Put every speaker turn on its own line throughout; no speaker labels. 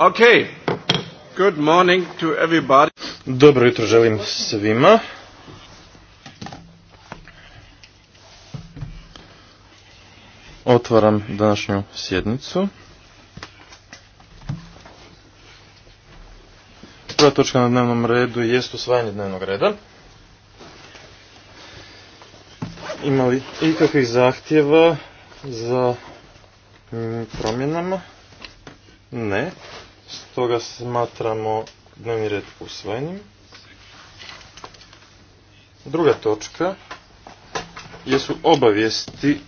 Okay. Good morning to everybody.
Dobro jutro želim svima. Otvaram današnju sjednicu. Prva točka na dnevnom redu jest usvajanje dnevnog reda. Imali ikakvih zahtjeva za mm, promjenama? Ne toga smatramo dnevni red usvojenim. Druga točka jesu obavijesti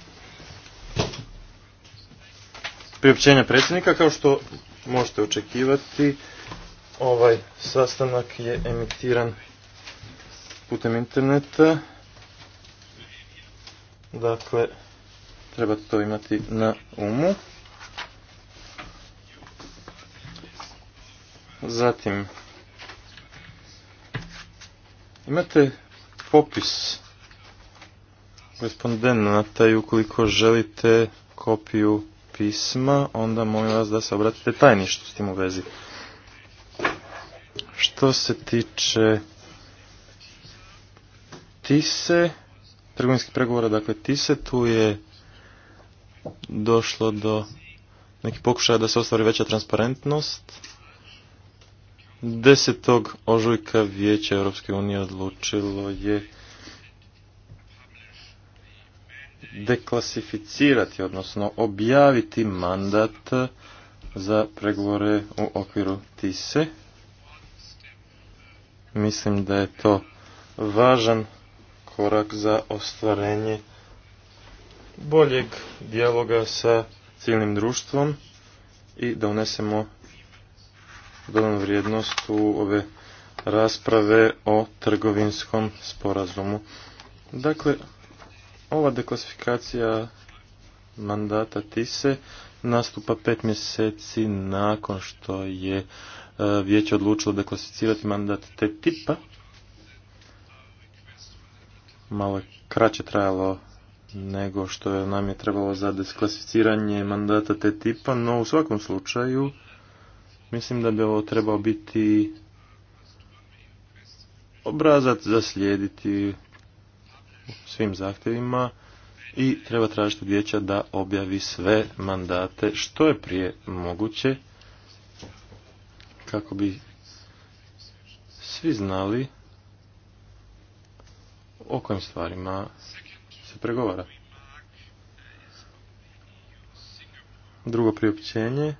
priopćenja predsjednika. Kao što možete očekivati, ovaj sastanak je emitiran putem interneta. Dakle, trebate to imati na umu. Zatim, imate popis respondenata i ukoliko želite kopiju pisma, onda molim vas da se obratite tajništvu s tim u vezi. Što se tiče TISE, trgovinskih pregovora, dakle TISE, tu je došlo do nekih pokušaja da se ostvari veća transparentnost 10. ožujka Vijeće Europske unije odlučilo je deklasificirati, odnosno objaviti mandat za pregovore u okviru TISE. Mislim da je to važan korak za ostvarenje boljeg dijaloga sa civilnim društvom i da unesemo dodanu vrijednost u ove rasprave o trgovinskom sporazumu. Dakle, ova deklasifikacija mandata TISE nastupa pet mjeseci nakon što je e, vijeće odlučilo deklasificirati mandat te tipa. Malo je kraće trajalo nego što nam je trebalo za deklasificiranje mandata te tipa, no u svakom slučaju Mislim da bi ovo trebao biti obrazac za slijediti svim zahtjevima i treba tražiti vijeća da objavi sve mandate što je prije moguće kako bi svi znali o kojim stvarima se pregovara. Drugo priopćenje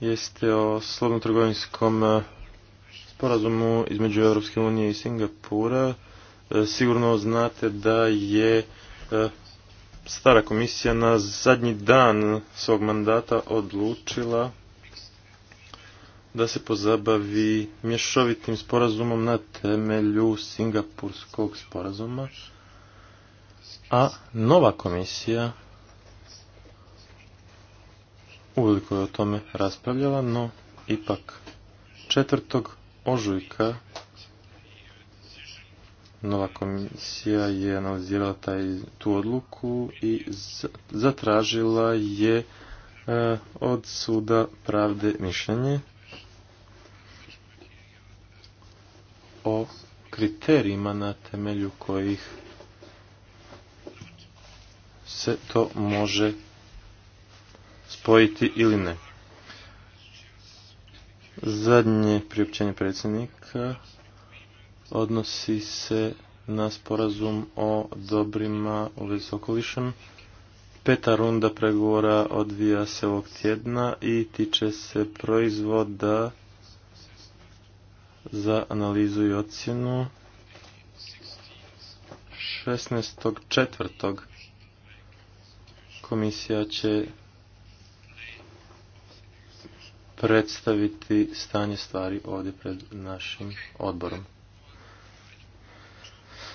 jeste o slobodnom trgovinskom e, sporazumu između Europske unije i Singapura. E, sigurno znate da je e, stara komisija na zadnji dan svog mandata odlučila da se pozabavi mješovitim sporazumom na temelju Singapurskog sporazuma, a nova komisija Uveliko je o tome raspravljala, no ipak 4. ožujka nova komisija je analizirala taj, tu odluku i zatražila je e, od suda pravde mišljenje o kriterijima na temelju kojih se to može spojiti ili ne. Zadnje priopćenje predsjednika odnosi se na sporazum o dobrima u vezi s okolišem. Peta runda pregovora odvija se ovog tjedna i tiče se proizvoda za analizu i ocjenu četvrtog Komisija će predstaviti stanje stvari ovdje pred našim odborom.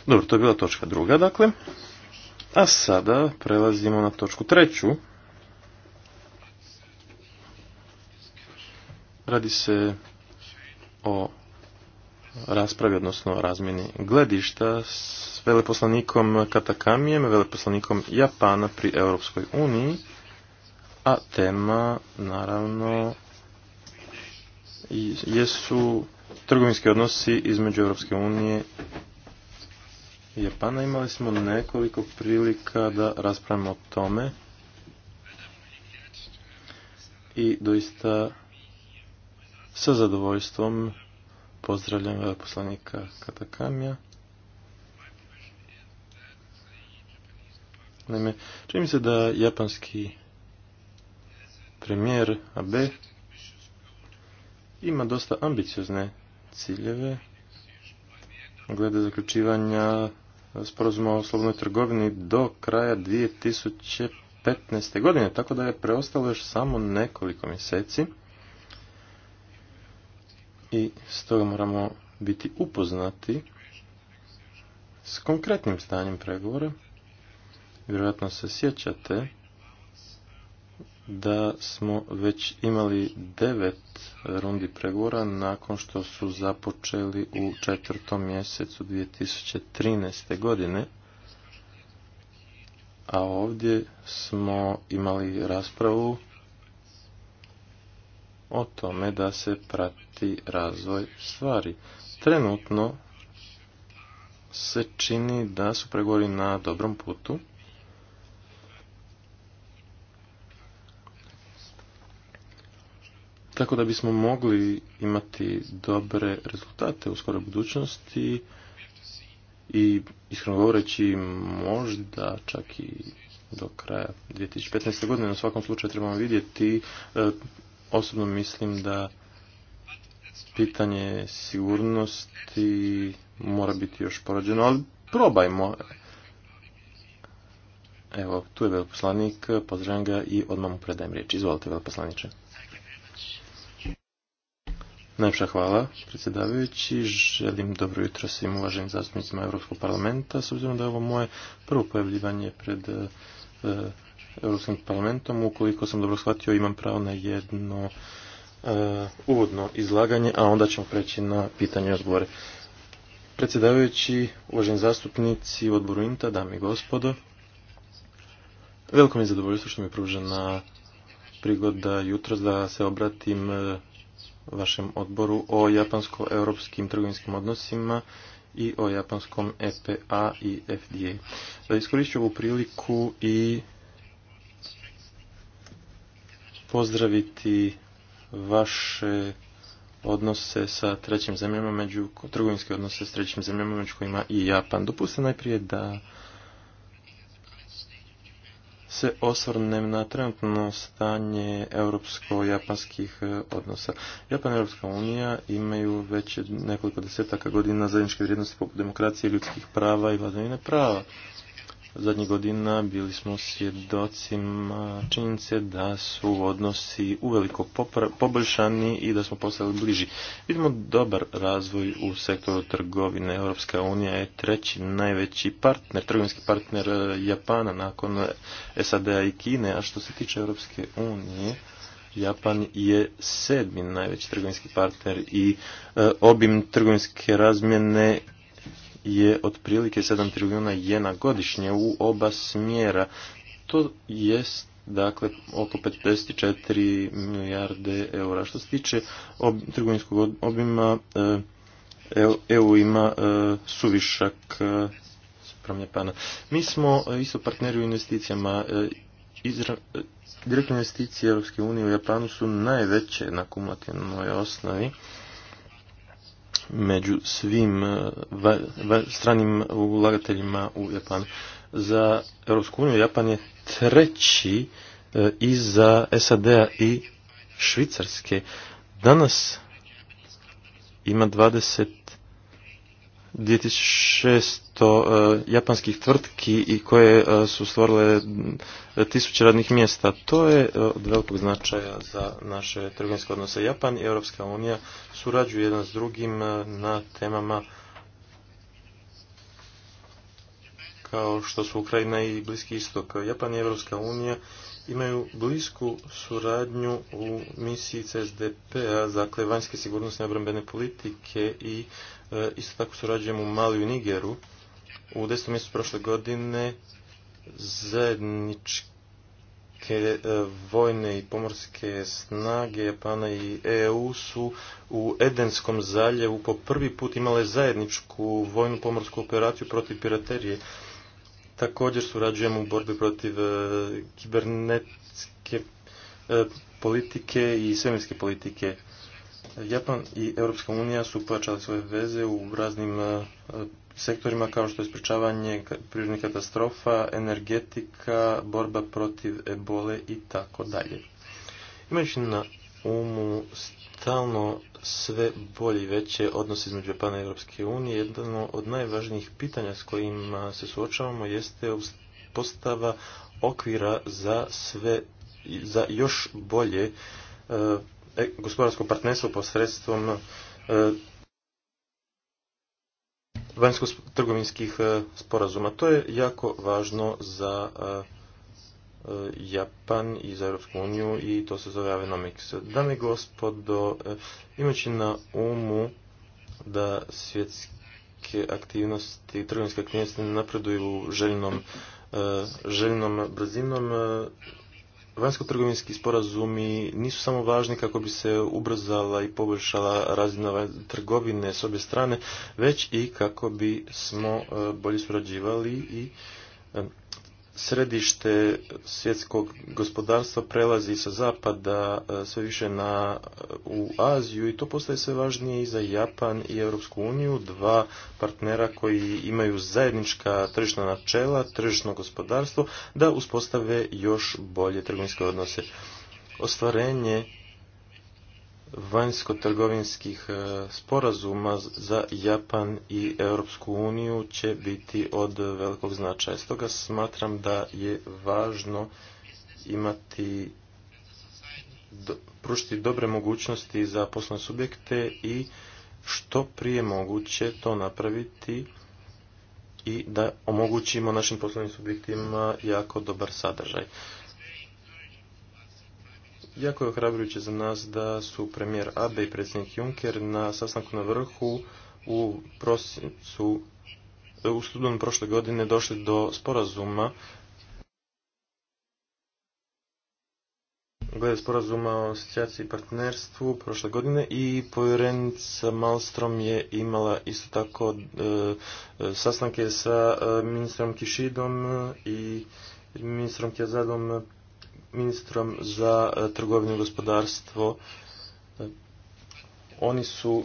Dobro, to je bila točka druga, dakle. A sada prelazimo na točku treću. Radi se o raspravi, odnosno razmjeni gledišta s veleposlanikom Katakamijem, veleposlanikom Japana pri Europskoj uniji, a tema naravno jesu trgovinski odnosi između Europske unije i Japana. Imali smo nekoliko prilika da raspravimo o tome i doista sa zadovoljstvom pozdravljam poslanika Katakamija. Naime, čini se da japanski premijer Abe ima dosta ambiciozne ciljeve glede zaključivanja sporazuma o slobodnoj trgovini do kraja 2015. godine, tako da je preostalo još samo nekoliko mjeseci i stoga moramo biti upoznati s konkretnim stanjem pregovora. Vjerojatno se sjećate da smo već imali devet rundi pregovora nakon što su započeli u četvrtom mjesecu 2013. godine. A ovdje smo imali raspravu o tome da se prati razvoj stvari. Trenutno se čini da su pregovori na dobrom putu. Tako da bismo mogli imati dobre rezultate u skoroj budućnosti i iskreno govoreći možda čak i do kraja 2015. godine. na svakom slučaju trebamo vidjeti. E, osobno mislim da pitanje sigurnosti mora biti još porađeno, ali probajmo. Evo, tu je veleposlanik, pozdravljam ga i odmah mu predajem riječ. Izvolite, poslanice. Najpša hvala, predsjedavajući. Želim dobro jutro svim uvaženim zastupnicima Europskog parlamenta, s obzirom da je ovo moje prvo pojavljivanje pred e, Europskim parlamentom. Ukoliko sam dobro shvatio, imam pravo na jedno e, uvodno izlaganje, a onda ćemo preći na pitanje i odgovore. Predsjedavajući, uvaženi zastupnici odboru INTA, dame i gospodo, veliko mi je zadovoljstvo što mi je pružena prigoda jutros da se obratim e, vašem odboru o japansko-europskim trgovinskim odnosima i o japanskom EPA i FDA. E, iskoristit ovu priliku i pozdraviti vaše odnose sa trećim zemljama, među trgovinske odnose s trećim zemljama, među kojima i Japan. Dopustite najprije da se osvrnem na trenutno stanje europsko-japanskih e, odnosa. Japan i Europska unija imaju već nekoliko desetaka godina zajedničke vrijednosti poput demokracije, ljudskih prava i vladavine prava zadnjih godina bili smo svjedocima činjenice da su odnosi uveliko poboljšani i da smo postali bliži. Vidimo dobar razvoj u sektoru trgovine. Europska unija je treći najveći partner, trgovinski partner Japana nakon SAD-a i Kine, a što se tiče Europske unije, Japan je sedmi najveći trgovinski partner i e, obim trgovinske razmjene je otprilike 7 trilijuna jena godišnje u oba smjera. To jest dakle oko 54 milijarde eura. Što se tiče trgovinskog obima, e, EU e ima e, suvišak e, Japana. Mi smo isto partneri u investicijama. Izra, direktne investicije Europske unije u Japanu su najveće na kumulativnoj osnovi među svim eh, stranim ulagateljima u Japanu. Za Europsku uniju Japan je treći e, iza sad i Švicarske. Danas ima 20 2600 eh, japanskih tvrtki i koje eh, su stvorile mm, tisuće radnih mjesta. To je eh, od velikog značaja za naše trgovinske odnose. Japan i Europska unija surađuju jedan s drugim na temama kao što su Ukrajina i Bliski istok. Japan i Europska unija imaju blisku suradnju u misiji CSDP-a, dakle vanjske sigurnosne obrambene politike i E, isto tako surađujemo u Maliju i Nigeru. U desetom mjestu prošle godine zajedničke e, vojne i pomorske snage Japana i EU su u Edenskom zaljevu po prvi put imale zajedničku vojnu pomorsku operaciju protiv piraterije. Također surađujemo u borbi protiv e, kibernetske politike i svemirske politike. Japan i Europska unija su pojačali svoje veze u raznim e, sektorima kao što je sprečavanje prirodnih katastrofa, energetika, borba protiv ebole i tako dalje. Imajući na umu stalno sve bolje i veće odnose između Japana i Europske unije, jedno od najvažnijih pitanja s kojima se suočavamo jeste postava okvira za sve, za još bolje e, E, gospodarsko partnerstvo posredstvom e, vanjsko-trgovinskih e, sporazuma. To je jako važno za Japan i za Europsku uniju i to se zove Avenomics. Dame gospodo, imajući na umu da svjetske aktivnosti, trgovinske aktivnosti napreduju željnom, željnom brzinom, vanjsko-trgovinski sporazumi nisu samo važni kako bi se ubrzala i poboljšala razina trgovine s obje strane, već i kako bi smo e, bolje surađivali i e, središte svjetskog gospodarstva prelazi sa zapada e, sve više na, e, u Aziju i to postaje sve važnije i za Japan i Europsku uniju, dva partnera koji imaju zajednička tržišna načela, tržišno gospodarstvo, da uspostave još bolje trgovinske odnose. Ostvarenje vanjsko-trgovinskih e, sporazuma za Japan i Europsku uniju će biti od velikog značaja. Stoga smatram da je važno imati pružiti dobre mogućnosti za poslovne subjekte i što prije moguće to napraviti i da omogućimo našim poslovnim subjektima jako dobar sadržaj. Jako je ohrabrujuće za nas da su premijer Abe i predsjednik Juncker na sastanku na vrhu u prosincu u studenom prošle godine došli do sporazuma glede sporazuma o asocijaciji i partnerstvu prošle godine i povjerenica Malstrom je imala isto tako e, sastanke sa e, ministrom Kišidom e, i ministrom Kjazadom ministrom za e, trgovinu i gospodarstvo. E, oni su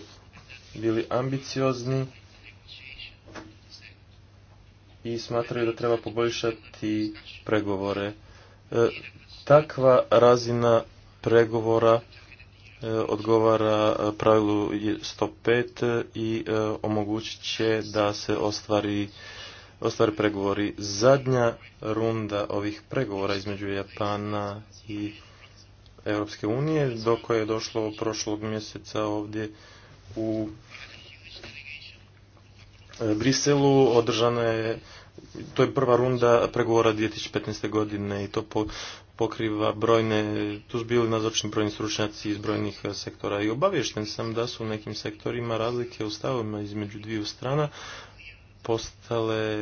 bili ambiciozni i smatraju da treba poboljšati pregovore. E, takva razina pregovora odgovara pravilu 105 i omogućit će da se ostvari ostvari pregovori. Zadnja runda ovih pregovora između Japana i Europske unije, do koje je došlo prošlog mjeseca ovdje u e, Briselu, održana je to je prva runda pregovora 2015. godine i to pokriva brojne, tu su bili nazočni brojni stručnjaci iz brojnih e, sektora i obavješten sam da su u nekim sektorima razlike u stavovima između dviju strana, postale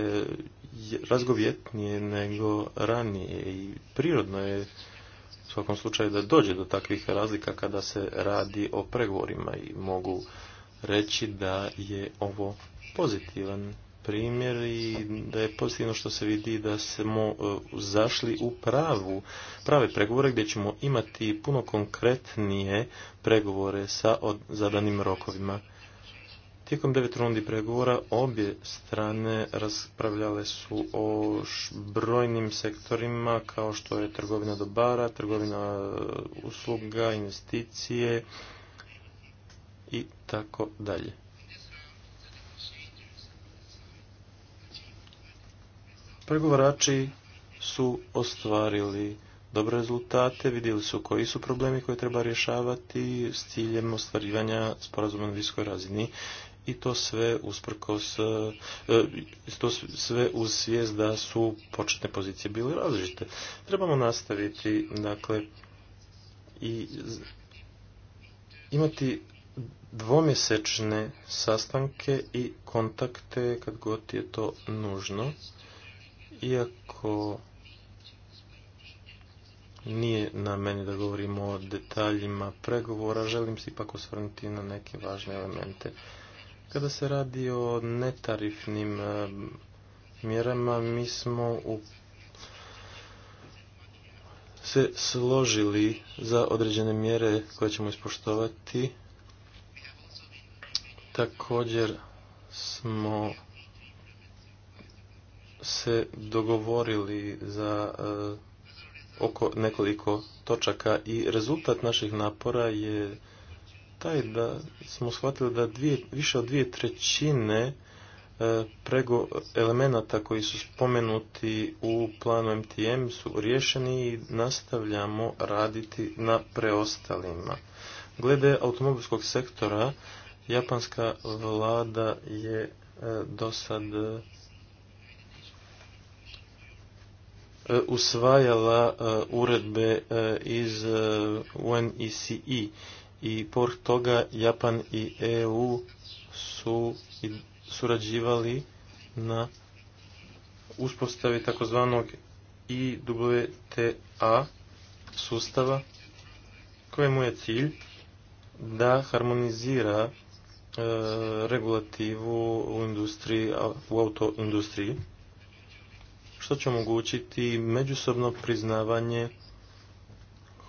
razgovjetnije nego ranije i prirodno je u svakom slučaju da dođe do takvih razlika kada se radi o pregovorima i mogu reći da je ovo pozitivan primjer i da je pozitivno što se vidi da smo e, zašli u pravu, prave pregovore gdje ćemo imati puno konkretnije pregovore sa zadanim rokovima. Tijekom devet rundi pregovora obje strane raspravljale su o brojnim sektorima kao što je trgovina dobara, trgovina e, usluga, investicije i tako dalje. Pregovarači su ostvarili dobre rezultate, vidjeli su koji su problemi koje treba rješavati s ciljem ostvarivanja sporazuma na viskoj razini i to sve usprkos e, e, to sve uz svijest da su početne pozicije bile različite. Trebamo nastaviti dakle i imati dvomjesečne sastanke i kontakte kad god je to nužno iako nije na meni da govorimo o detaljima pregovora, želim se ipak osvrnuti na neke važne elemente. Kada se radi o netarifnim e, mjerama, mi smo u se složili za određene mjere koje ćemo ispoštovati. Također smo se dogovorili za e, oko nekoliko točaka i rezultat naših napora je taj da smo shvatili da dvije, više od dvije trećine e, prego elemenata koji su spomenuti u planu MTM su riješeni i nastavljamo raditi na preostalima. Glede automobilskog sektora, japanska vlada je e, do sad e, usvajala uredbe iz UNECE i povrh toga Japan i EU su surađivali na uspostavi takozvanog IWTA sustava kojemu je cilj da harmonizira e, regulativu u industriji, u autoindustriji, što će omogućiti međusobno priznavanje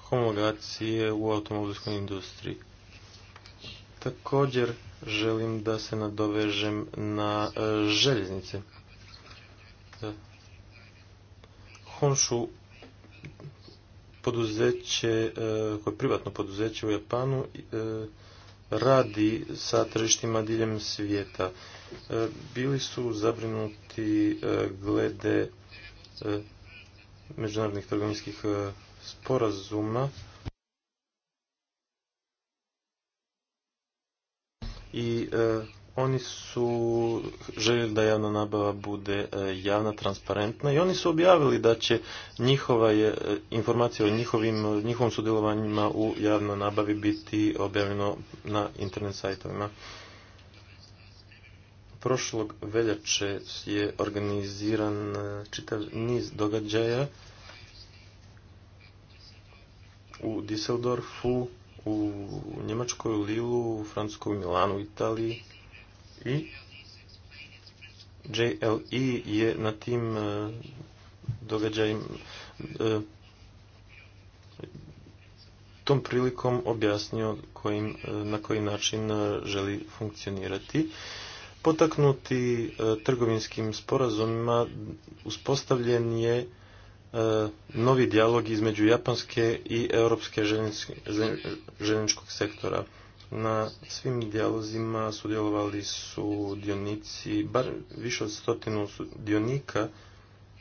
homologacije u automobilskoj industriji. Također želim da se nadovežem na e, željeznice. Honshu poduzeće, e, koje je privatno poduzeće u Japanu, e, radi sa tržištima diljem svijeta. Bili su zabrinuti glede međunarodnih trgovinskih sporazuma i e, oni su željeli da javna nabava bude e, javna, transparentna i oni su objavili da će njihova je e, informacija o njihovim, njihovom sudjelovanjima u javnoj nabavi biti objavljeno na internet sajtovima. Prošlog veljače je organiziran čitav niz događaja u Düsseldorfu, u Njemačkoj, u Lilu, u Francuskoj, u Milanu, u Italiji i JLE je na tim e, događajima e, tom prilikom objasnio e, na koji način želi funkcionirati. Potaknuti trgovinskim sporazumima uspostavljen je E, novi dijalog između japanske i europske željezničkog sektora. Na svim dijalozima sudjelovali su dionici, bar više od stotinu dionika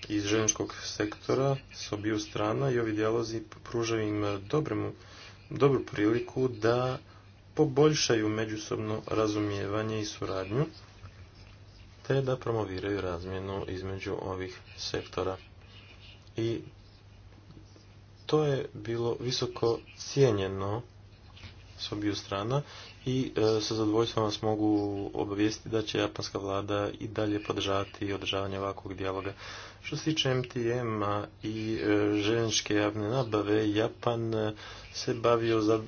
iz željezničkog sektora s obiju strana i ovi dijalozi pružaju im dobremu, dobru priliku da poboljšaju međusobno razumijevanje i suradnju te da promoviraju razmjenu između ovih sektora i to je bilo visoko cijenjeno s obiju strana i e, sa zadovoljstvom vas mogu obavijestiti da će japanska vlada i dalje podržavati održavanje ovakvog dijaloga. Što se tiče MTM-a i e, javne nabave, Japan e, se bavio za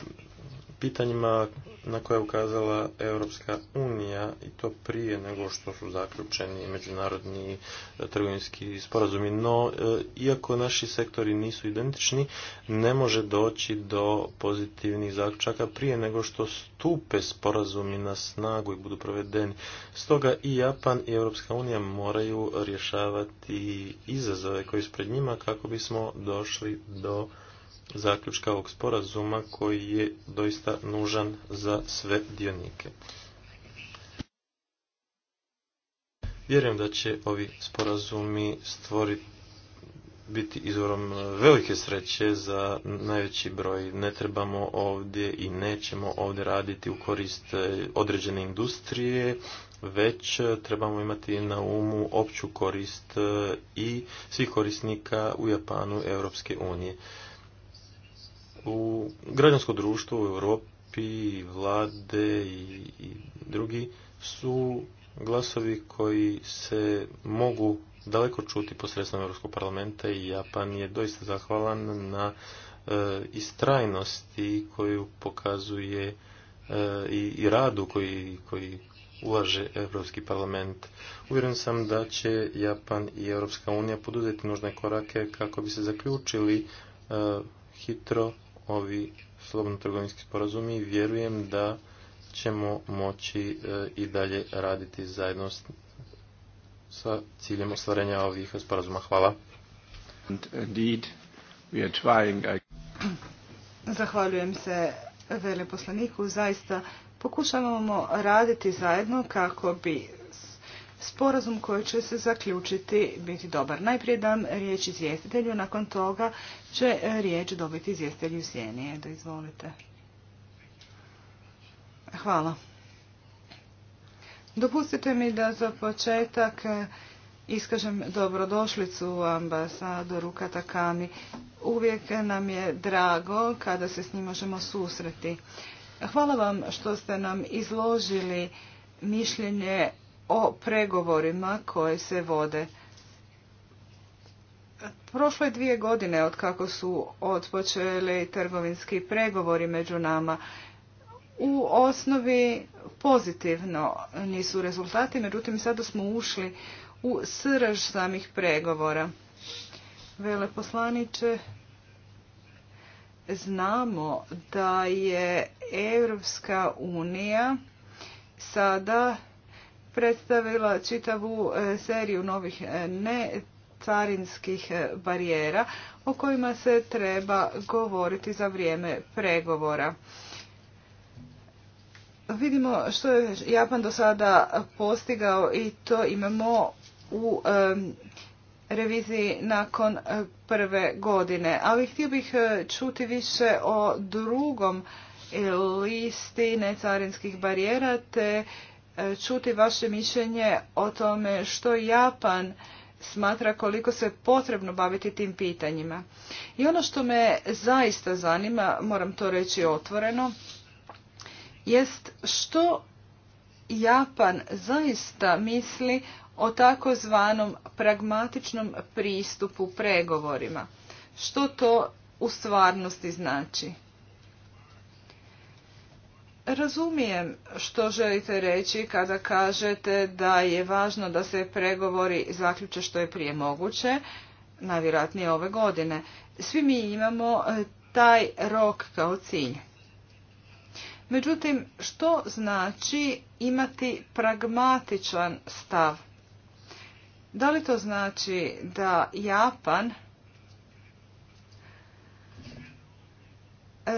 pitanjima na koje je ukazala Europska unija i to prije nego što su zaključeni međunarodni e, trgovinski sporazumi. No, e, iako naši sektori nisu identični, ne može doći do pozitivnih zaključaka prije nego što stupe sporazumi na snagu i budu provedeni. Stoga i Japan i Europska unija moraju rješavati izazove koji su pred njima kako bismo došli do zaključka ovog sporazuma koji je doista nužan za sve dionike. Vjerujem da će ovi sporazumi stvoriti biti izvorom velike sreće za najveći broj. Ne trebamo ovdje i nećemo ovdje raditi u korist e, određene industrije, već e, trebamo imati na umu opću korist e, i svih korisnika u Japanu Europske unije u građansko društvo u Europi vlade i, drugi su glasovi koji se mogu daleko čuti posredstvom Europskog parlamenta i Japan je doista zahvalan na e, istrajnosti koju pokazuje e, i, i radu koji, koji ulaže Europski parlament. Uvjeren sam da će Japan i Europska unija poduzeti nužne korake kako bi se zaključili e, hitro ovi slobodno trgovinski sporazumi i vjerujem da ćemo moći e, i dalje raditi zajedno sa ciljem ostvarenja ovih sporazuma. Hvala.
Zahvaljujem se veleposlaniku. Zaista pokušavamo raditi zajedno kako bi sporazum koji će se zaključiti biti dobar. Najprije dam riječ izvjestitelju, nakon toga će e, riječ dobiti izvjestitelju u Da izvolite. Hvala. Dopustite mi da za početak e, iskažem dobrodošlicu ambasadoru Katakami. Uvijek nam je drago kada se s njim možemo susreti. Hvala vam što ste nam izložili mišljenje o pregovorima koje se vode. Prošle dvije godine od kako su otpočeli trgovinski pregovori među nama. U osnovi pozitivno nisu rezultati, međutim sada smo ušli u srž samih pregovora. Veleposlaniče, znamo da je Europska unija sada predstavila čitavu e, seriju novih e, necarinskih e, barijera o kojima se treba govoriti za vrijeme pregovora. Vidimo što je Japan do sada postigao i to imamo u reviziji nakon prve godine. Ali htio bih čuti više o drugom listi necarinskih barijera te čuti vaše mišljenje o tome što Japan smatra koliko se potrebno baviti tim pitanjima. I ono što me zaista zanima, moram to reći otvoreno, jest što Japan zaista misli o takozvanom pragmatičnom pristupu pregovorima. Što to u stvarnosti znači? Razumijem što želite reći kada kažete da je važno da se pregovori zaključe što je prije moguće, najvjerojatnije ove godine. Svi mi imamo e, taj rok kao cilj. Međutim, što znači imati pragmatičan stav? Da li to znači da Japan E,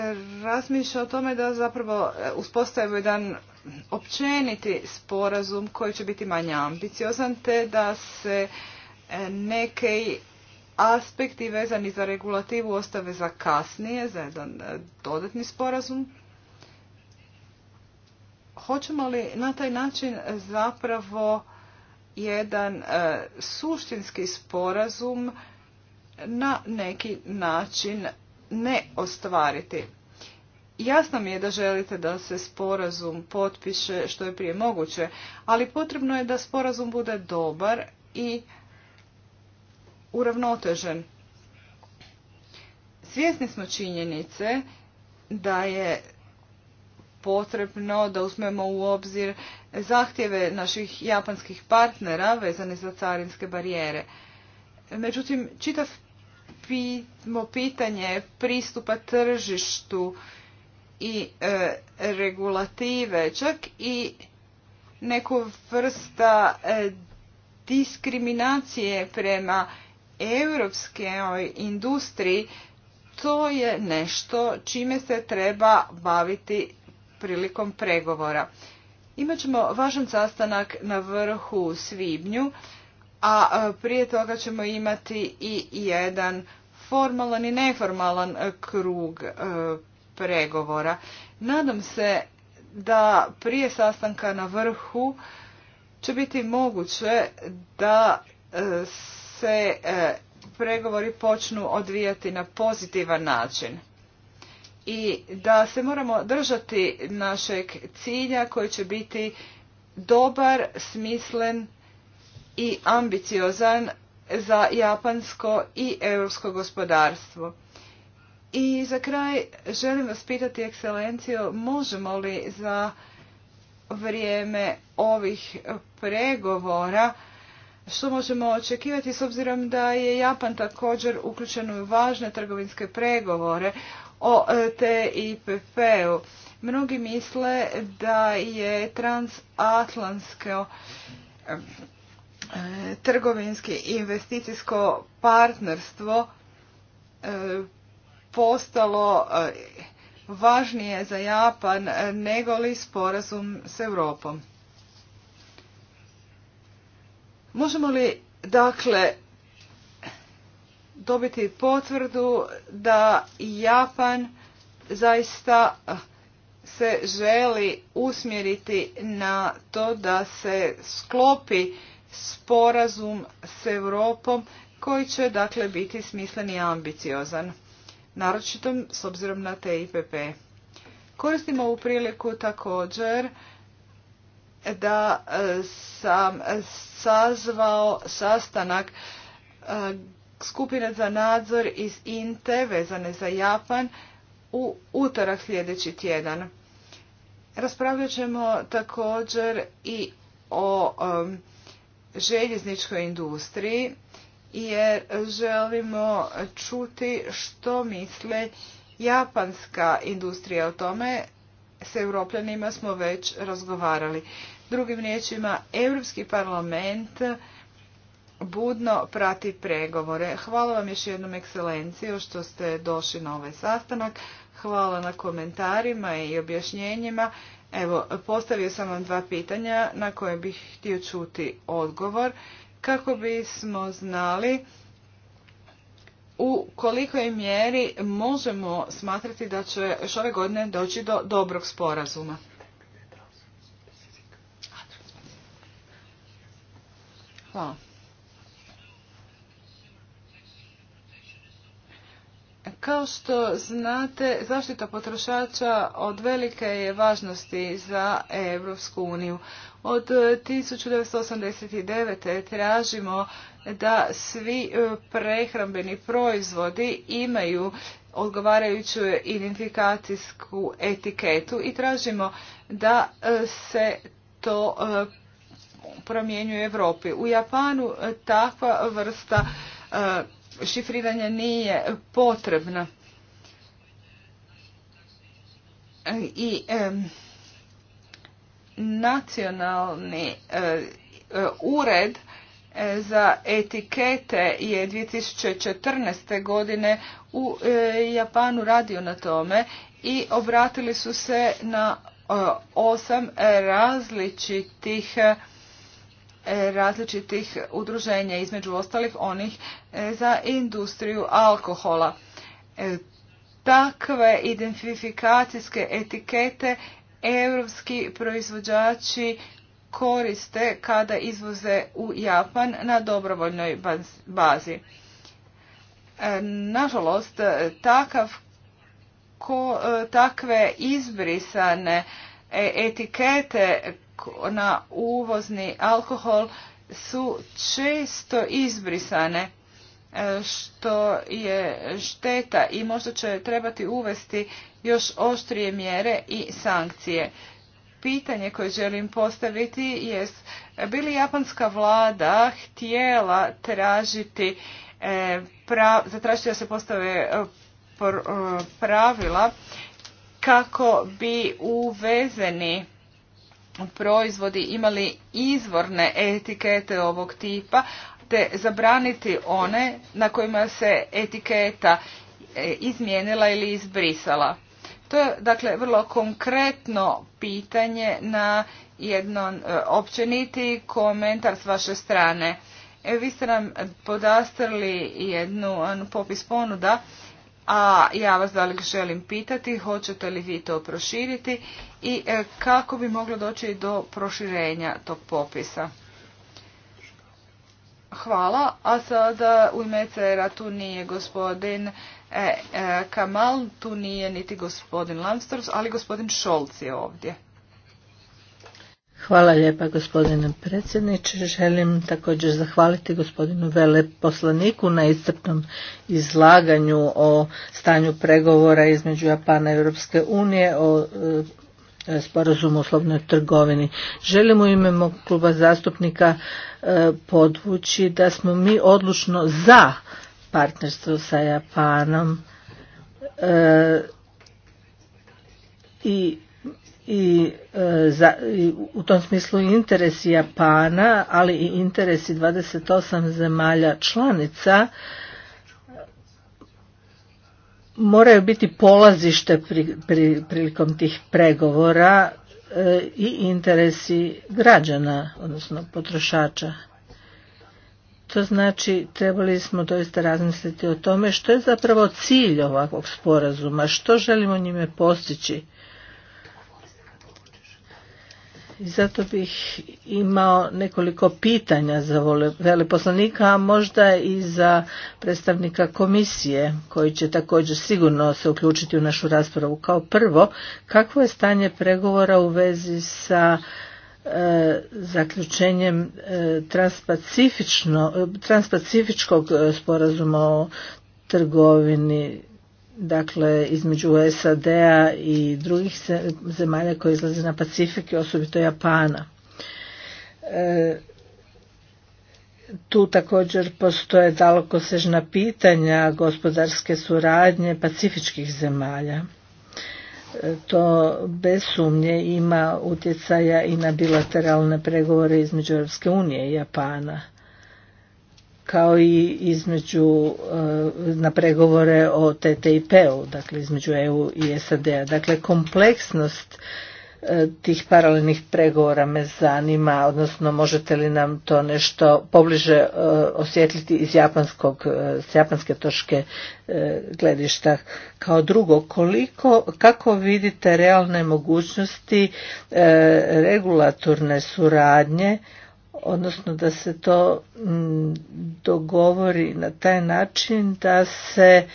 razmišlja o tome da zapravo e, uspostavimo jedan općeniti sporazum koji će biti manje ambiciozan te da se e, neke aspekti vezani za regulativu ostave za kasnije, za jedan dodatni sporazum. Hoćemo li na taj način zapravo jedan suštinski sporazum na neki način ne ostvariti. Jasno mi je da želite da se sporazum potpiše što je prije moguće, ali potrebno je da sporazum bude dobar i uravnotežen. Svjesni smo činjenice da je potrebno da uzmemo u obzir zahtjeve naših japanskih partnera vezane za carinske barijere. Međutim, čitav pitanje pristupa tržištu i e, regulative, čak i neku vrsta e, diskriminacije prema europskoj industriji, to je nešto čime se treba baviti prilikom pregovora. Imaćemo važan sastanak na vrhu u svibnju a prije toga ćemo imati i jedan formalan i neformalan e, krug e, pregovora. Nadam se da prije sastanka na vrhu će biti moguće da e, se pregovori počnu odvijati na pozitivan način i da se moramo držati našeg cilja koji će biti dobar, smislen i ambiciozan za japansko i europsko gospodarstvo. I za kraj želim vas pitati, ekscelencijo, možemo li za vrijeme ovih pregovora što možemo očekivati s obzirom da je Japan također uključen u važne trgovinske pregovore o e, TIPP-u. Mnogi misle da je transatlantsko E, trgovinski investicijsko partnerstvo e, postalo e, važnije za Japan nego li sporazum s Europom. Možemo li dakle dobiti potvrdu da Japan zaista se želi usmjeriti na to da se sklopi sporazum s Europom koji će dakle biti smislen i ambiciozan, naročito s obzirom na TIPP. Koristimo ovu priliku također da e, sam sazvao sastanak e, skupine za nadzor iz INTE vezane za Japan u utorak sljedeći tjedan. Raspravljat ćemo također i o e, željezničkoj industriji jer želimo čuti što misle japanska industrija o tome. S europljanima smo već razgovarali. Drugim riječima, Europski parlament budno prati pregovore. Hvala vam još jednom ekscelenciju što ste došli na ovaj sastanak. Hvala na komentarima i objašnjenjima. Evo, postavio sam vam dva pitanja na koje bih htio čuti odgovor kako bismo znali u kolikoj mjeri možemo smatrati da će još ove godine doći do dobrog sporazuma. Hvala. Kao što znate, zaštita potrošača od velike je važnosti za Europsku uniju. Od 1989. tražimo da svi e, prehrambeni proizvodi imaju odgovarajuću identifikacijsku etiketu i tražimo da e, se to e, promijenju u Europi. U Japanu takva vrsta šifriranje nije potrebno. I nacionalni eh, ured eh, za etikete je 2014. godine u eh, Japanu radio na tome i obratili su se na osam različitih E, različitih udruženja, između ostalih onih e, za industriju alkohola. E, takve identifikacijske etikete europski proizvođači koriste kada izvoze u Japan na dobrovoljnoj bazi. Nažalost, takav takve izbrisane etikete na uvozni alkohol su često izbrisane e, što je šteta i možda će trebati uvesti još oštrije mjere i sankcije. Pitanje koje želim postaviti je bi li japanska vlada htjela tražiti e, pra, zatražiti da se postave e, pravila kako bi uvezeni proizvodi imali izvorne etikete ovog tipa, te zabraniti one na kojima se etiketa e, izmijenila ili izbrisala. To je dakle vrlo konkretno pitanje na jednom e, općeniti komentar s vaše strane. E, vi ste nam podastrli jednu popis ponuda a ja vas da želim pitati hoćete li vi to proširiti i e, kako bi moglo doći do proširenja tog popisa. Hvala, a sada u ime Cera tu nije gospodin e, e, Kamal, tu nije niti gospodin Lamstorz, ali gospodin Šolc je ovdje.
Hvala lijepa gospodine predsjedniče. Želim također zahvaliti gospodinu veleposlaniku na iscrpnom izlaganju o stanju pregovora između Japana i Europske unije o e, sporazumu o slobodnoj trgovini. Želim u ime kluba zastupnika e, podvući da smo mi odlučno za partnerstvo sa Japanom e, i i, e, za, u tom smislu interesi Japana, ali i interesi 28 zemalja članica moraju biti polazište prilikom tih pregovora e, i interesi građana, odnosno potrošača. To znači trebali smo doista razmisliti o tome što je zapravo cilj ovakvog sporazuma, što želimo njime postići Zato bih imao nekoliko pitanja za veleposlanika, a možda i za predstavnika komisije, koji će također sigurno se uključiti u našu raspravu. Kao prvo, kakvo je stanje pregovora u vezi sa e, zaključenjem e, e transpacifičkog e, sporazuma o trgovini dakle između SAD-a i drugih zemalja koje izlaze na Pacifik i osobito Japana. E, tu također postoje dalekosežna pitanja gospodarske suradnje pacifičkih zemalja. E, to bez sumnje ima utjecaja i na bilateralne pregovore između Europske unije i Japana kao i između eh, na pregovore o TTIP-u, dakle između EU i SAD-a. Dakle, kompleksnost eh, tih paralelnih pregovora me zanima, odnosno možete li nam to nešto pobliže eh, osjetljiti iz japanskog, s japanske točke gledišta. Kao drugo, koliko, kako vidite realne mogućnosti regulatorne suradnje odnosno da se to mm, dogovori na taj način da se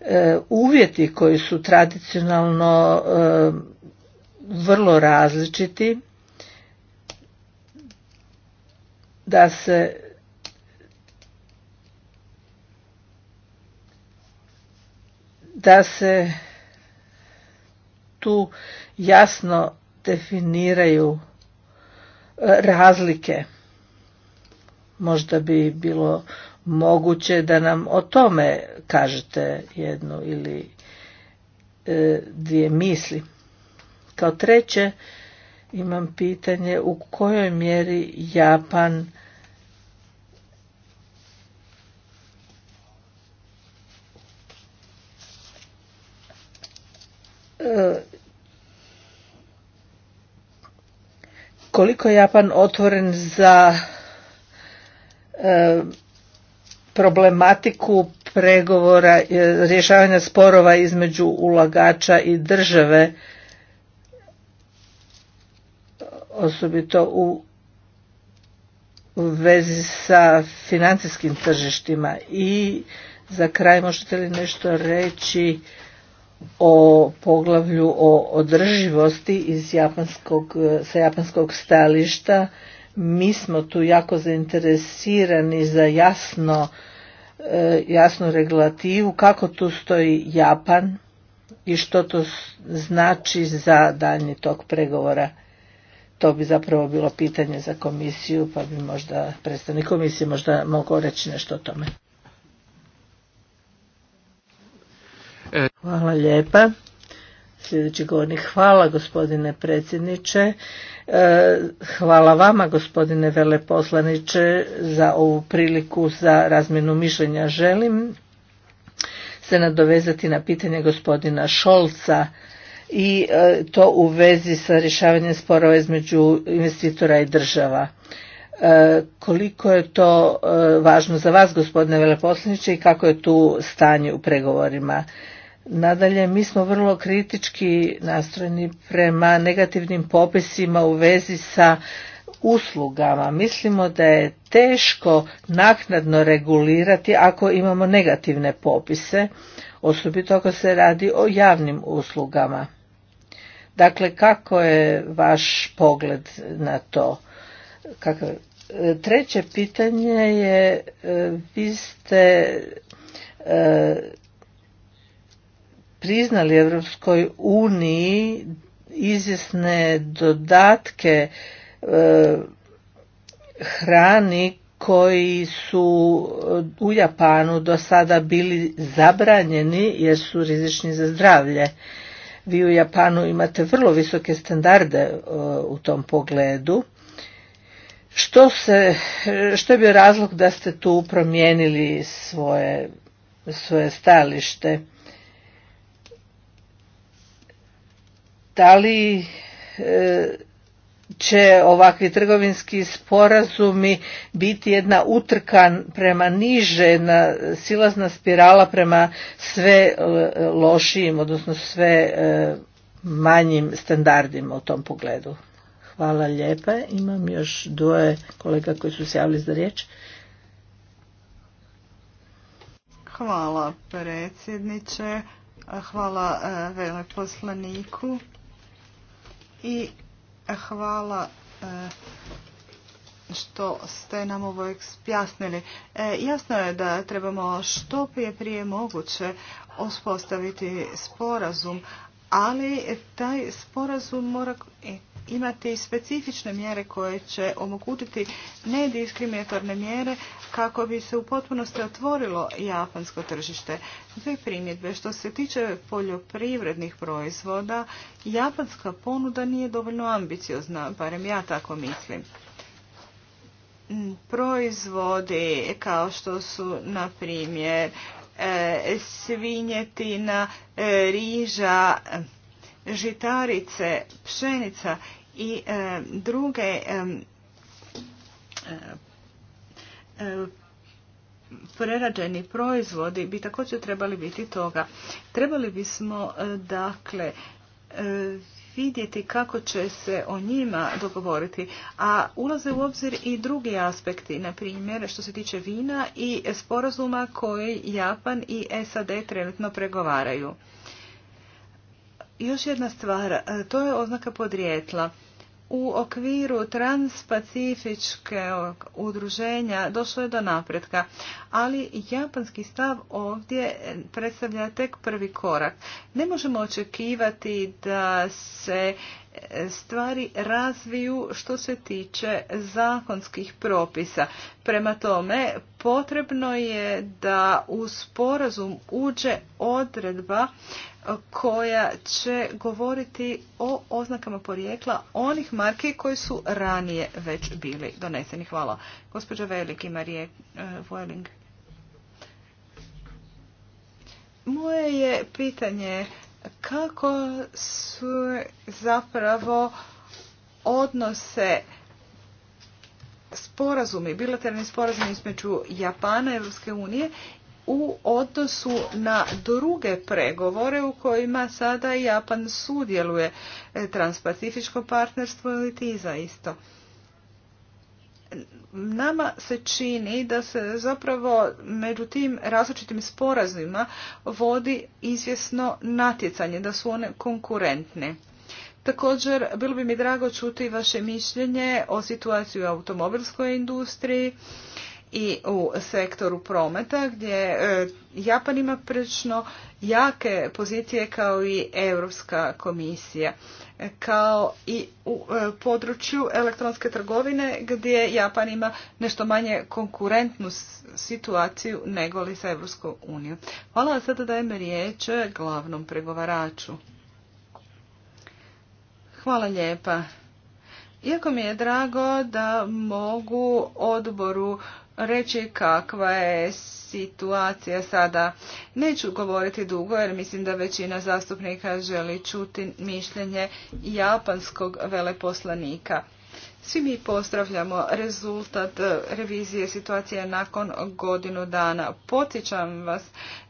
e, uvjeti koji su tradicionalno e, vrlo različiti da se da se tu jasno definiraju razlike. Možda bi bilo moguće da nam o tome kažete jednu ili e, dvije misli. Kao treće imam pitanje u kojoj mjeri Japan koliko je Japan otvoren za e, problematiku pregovora e, rješavanja sporova između ulagača i države osobito u vezi sa financijskim tržištima i za kraj možete li nešto reći o poglavlju o održivosti iz japanskog, e, sa japanskog stajališta. Mi smo tu jako zainteresirani za jasno, e, jasnu regulativu, kako tu stoji Japan i što to znači za daljnji tok pregovora. To bi zapravo bilo pitanje za komisiju, pa bi možda predstavnik komisije možda mogao reći nešto o tome. Hvala lijepa. Sljedeći govornik, hvala gospodine predsjedniče, e, hvala vama gospodine veleposlaniče za ovu priliku za razmjenu mišljenja. Želim se nadovezati na pitanje gospodina Šolca i e, to u vezi sa rješavanjem sporova između investitora i država. E, koliko je to važno za vas gospodine veleposlaniče i kako je tu stanje u pregovorima? Nadalje, mi smo vrlo kritički nastrojeni prema negativnim popisima u vezi sa uslugama. Mislimo da je teško naknadno regulirati ako imamo negativne popise, osobito ako se radi o javnim uslugama. Dakle, kako je vaš pogled na to? Kako... Treće pitanje je, e, vi ste e, priznali Europskoj uniji izvjesne dodatke e, hrani koji su u Japanu do sada bili zabranjeni jer su rizični za zdravlje. Vi u Japanu imate vrlo visoke standarde e, u tom pogledu. Što, se, što je bio razlog da ste tu promijenili svoje, svoje stajalište? da li e, će ovakvi trgovinski sporazumi biti jedna utrkan prema niže, jedna silazna spirala prema sve e, lošijim, odnosno sve e, manjim standardima u tom pogledu. Hvala lijepa. Imam još dvoje kolega koji su se javili za riječ.
Hvala predsjedniče. Hvala veleposlaniku i hvala e, što ste nam ovo objasnili. E, jasno je da trebamo što prije prije moguće uspostaviti sporazum, ali taj sporazum mora imati specifične mjere koje će omogućiti nediskriminatorne mjere kako bi se u potpunosti otvorilo japansko tržište. Dve primjedbe. Što se tiče poljoprivrednih proizvoda, japanska ponuda nije dovoljno ambiciozna, barem ja tako mislim. Mm, proizvodi kao što su, na primjer, e, svinjetina, e, riža, žitarice, pšenica i e, druge E, prerađeni proizvodi bi također trebali biti toga. Trebali bismo e, dakle e, vidjeti kako će se o njima dogovoriti, a ulaze u obzir i drugi aspekti, na primjer što se tiče vina i sporazuma koji Japan i SAD trenutno pregovaraju. Još jedna stvar, to je oznaka podrijetla u okviru transpacifičkog udruženja došlo je do napretka, ali japanski stav ovdje predstavlja tek prvi korak. Ne možemo očekivati da se stvari razviju što se tiče zakonskih propisa. Prema tome, potrebno je da u sporazum uđe odredba koja će govoriti o oznakama porijekla onih marki koji su ranije već bili doneseni. Hvala. Gospođa Velik Marije eh, Vojling. Moje je pitanje kako su zapravo odnose sporazumi, bilateralni sporazumi između Japana i Europske unije u odnosu na druge pregovore u kojima sada Japan sudjeluje e, transpacifičko partnerstvo ili za isto nama se čini da se zapravo među tim različitim sporazima vodi izvjesno natjecanje, da su one konkurentne. Također, bilo bi mi drago čuti vaše mišljenje o situaciji u automobilskoj industriji i u sektoru prometa gdje e, Japan ima prilično jake pozicije kao i Europska komisija kao i u e, području elektronske trgovine gdje Japan ima nešto manje konkurentnu situaciju nego li sa Europskom unijom. Hvala vam sada dajem riječ glavnom pregovaraču. Hvala lijepa. Iako mi je drago da mogu odboru reći kakva je situacija sada. Neću govoriti dugo jer mislim da većina zastupnika želi čuti mišljenje japanskog veleposlanika. Svi mi pozdravljamo rezultat revizije situacije nakon godinu dana. Potičam vas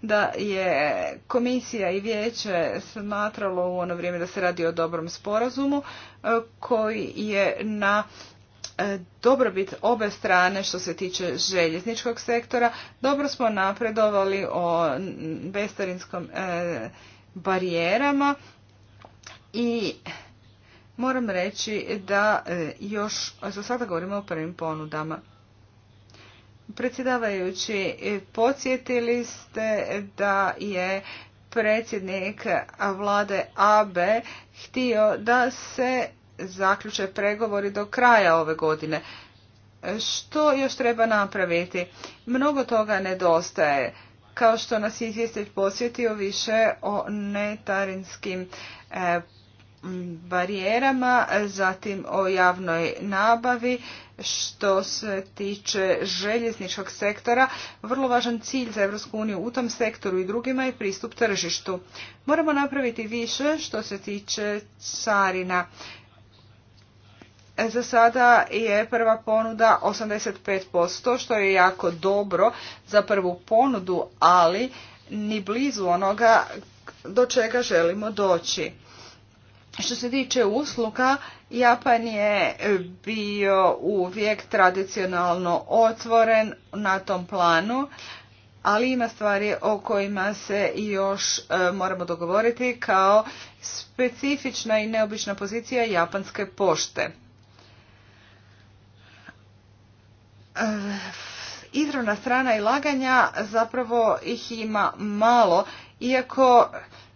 da je komisija i vijeće smatralo u ono vrijeme da se radi o dobrom sporazumu e, koji je na E, dobrobit obe strane što se tiče željezničkog sektora. Dobro smo napredovali o bestarinskom e, barijerama i moram reći da e, još za sada govorimo o prvim ponudama. Predsjedavajući, podsjetili ste da je predsjednik vlade AB htio da se zaključe pregovori do kraja ove godine. Što još treba napraviti? Mnogo toga nedostaje. Kao što nas je posjetio više o netarinskim e, barijerama, zatim o javnoj nabavi, što se tiče željezničkog sektora, vrlo važan cilj za EU uniju u tom sektoru i drugima je pristup tržištu. Moramo napraviti više što se tiče carina. Za sada je prva ponuda 85%, što je jako dobro za prvu ponudu, ali ni blizu onoga do čega želimo doći. Što se tiče usluga, Japan je bio uvijek tradicionalno otvoren na tom planu, ali ima stvari o kojima se još e, moramo dogovoriti kao specifična i neobična pozicija japanske pošte. Eh, izravna strana i laganja zapravo ih ima malo, iako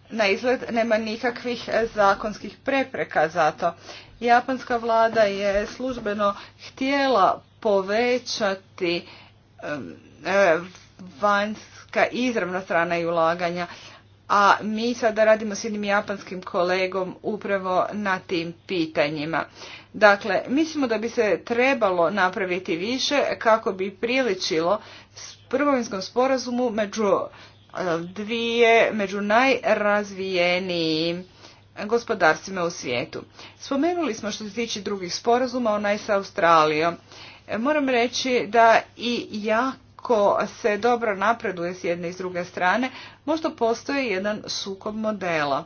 na izgled nema nikakvih eh, zakonskih prepreka za to. Japanska vlada je službeno htjela povećati eh, vanjska izravna strana i ulaganja a mi sada radimo s jednim japanskim kolegom upravo na tim pitanjima. Dakle, mislimo da bi se trebalo napraviti više kako bi priličilo s sporazumu među e, dvije, među najrazvijenijim gospodarstvima u svijetu. Spomenuli smo što se tiče drugih sporazuma, onaj sa Australijom. E, moram reći da i ja ako se dobro napreduje s jedne i s druge strane, možda postoji jedan sukob modela.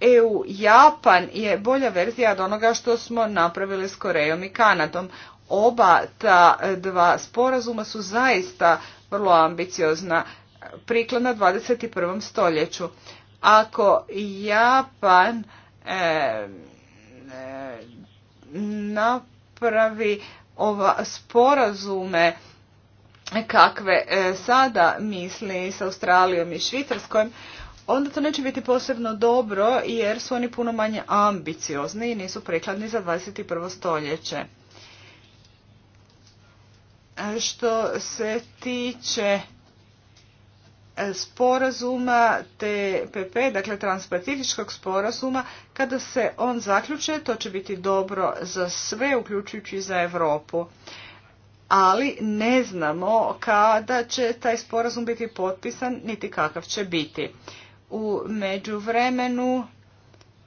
EU Japan je bolja verzija od onoga što smo napravili s Korejom i Kanadom. Oba ta dva sporazuma su zaista vrlo ambiciozna, prikladna 21. stoljeću. Ako Japan e, e, napravi ova sporazume kakve e, sada misli s Australijom i Švicarskom, onda to neće biti posebno dobro jer su oni puno manje ambiciozni i nisu prekladni za 21. stoljeće. E, što se tiče sporazuma TPP, dakle transpacifičkog sporazuma, kada se on zaključe, to će biti dobro za sve, uključujući za Europu. Ali ne znamo kada će taj sporazum biti potpisan, niti kakav će biti. U međuvremenu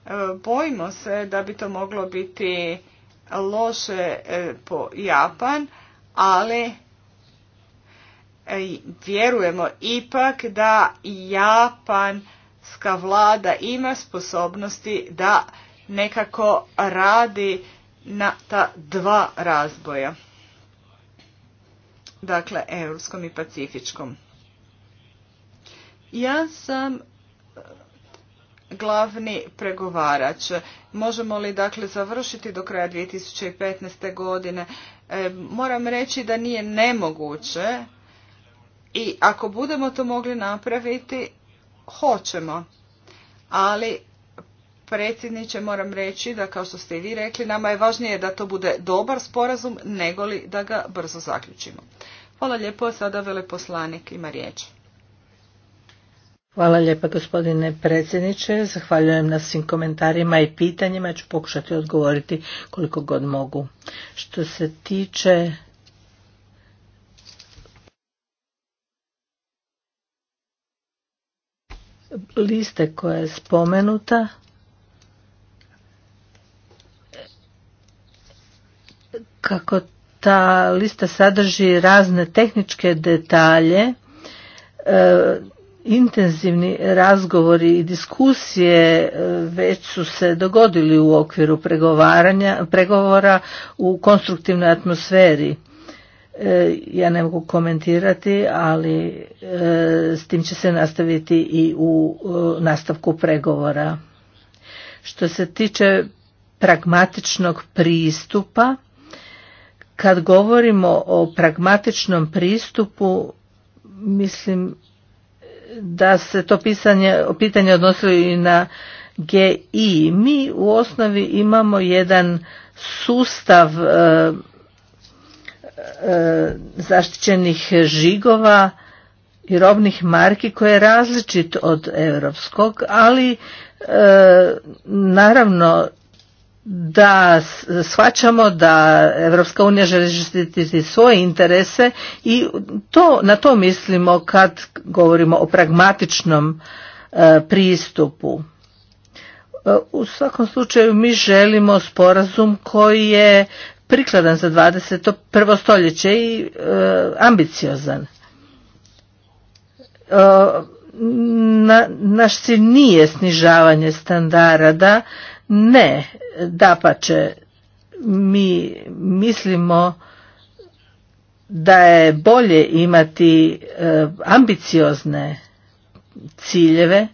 e, bojimo se da bi to moglo biti loše e, po Japan, ali E, vjerujemo ipak da japanska vlada ima sposobnosti da nekako radi na ta dva razboja. Dakle, europskom i pacifičkom. Ja sam glavni pregovarač. Možemo li dakle završiti do kraja 2015. godine? E, moram reći da nije nemoguće i ako budemo to mogli napraviti, hoćemo. Ali predsjedniče moram reći da kao što ste i vi rekli, nama je važnije da to bude dobar sporazum nego li da ga brzo zaključimo. Hvala lijepo, sada veleposlanik ima riječ.
Hvala lijepa gospodine predsjedniče, zahvaljujem na svim komentarima i pitanjima, ja ću pokušati odgovoriti koliko god mogu. Što se tiče liste koja je spomenuta kako ta lista sadrži razne tehničke detalje e, intenzivni razgovori i diskusije e, već su se dogodili u okviru pregovaranja pregovora u konstruktivnoj atmosferi E, ja ne mogu komentirati, ali e, s tim će se nastaviti i u e, nastavku pregovora. Što se tiče pragmatičnog pristupa, kad govorimo o pragmatičnom pristupu, mislim da se to pisanje, pitanje odnosilo i na GI. Mi u osnovi imamo jedan sustav E, zaštićenih žigova i robnih marki koje je različit od europskog, ali e, naravno da shvaćamo da Europska unija želi štititi svoje interese i to, na to mislimo kad govorimo o pragmatičnom e, pristupu. u svakom slučaju mi želimo sporazum koji je prikladan za 21. stoljeće i e, ambiciozan. E, naš cilj nije snižavanje standarda, ne, dapače, mi mislimo da je bolje imati e, ambiciozne ciljeve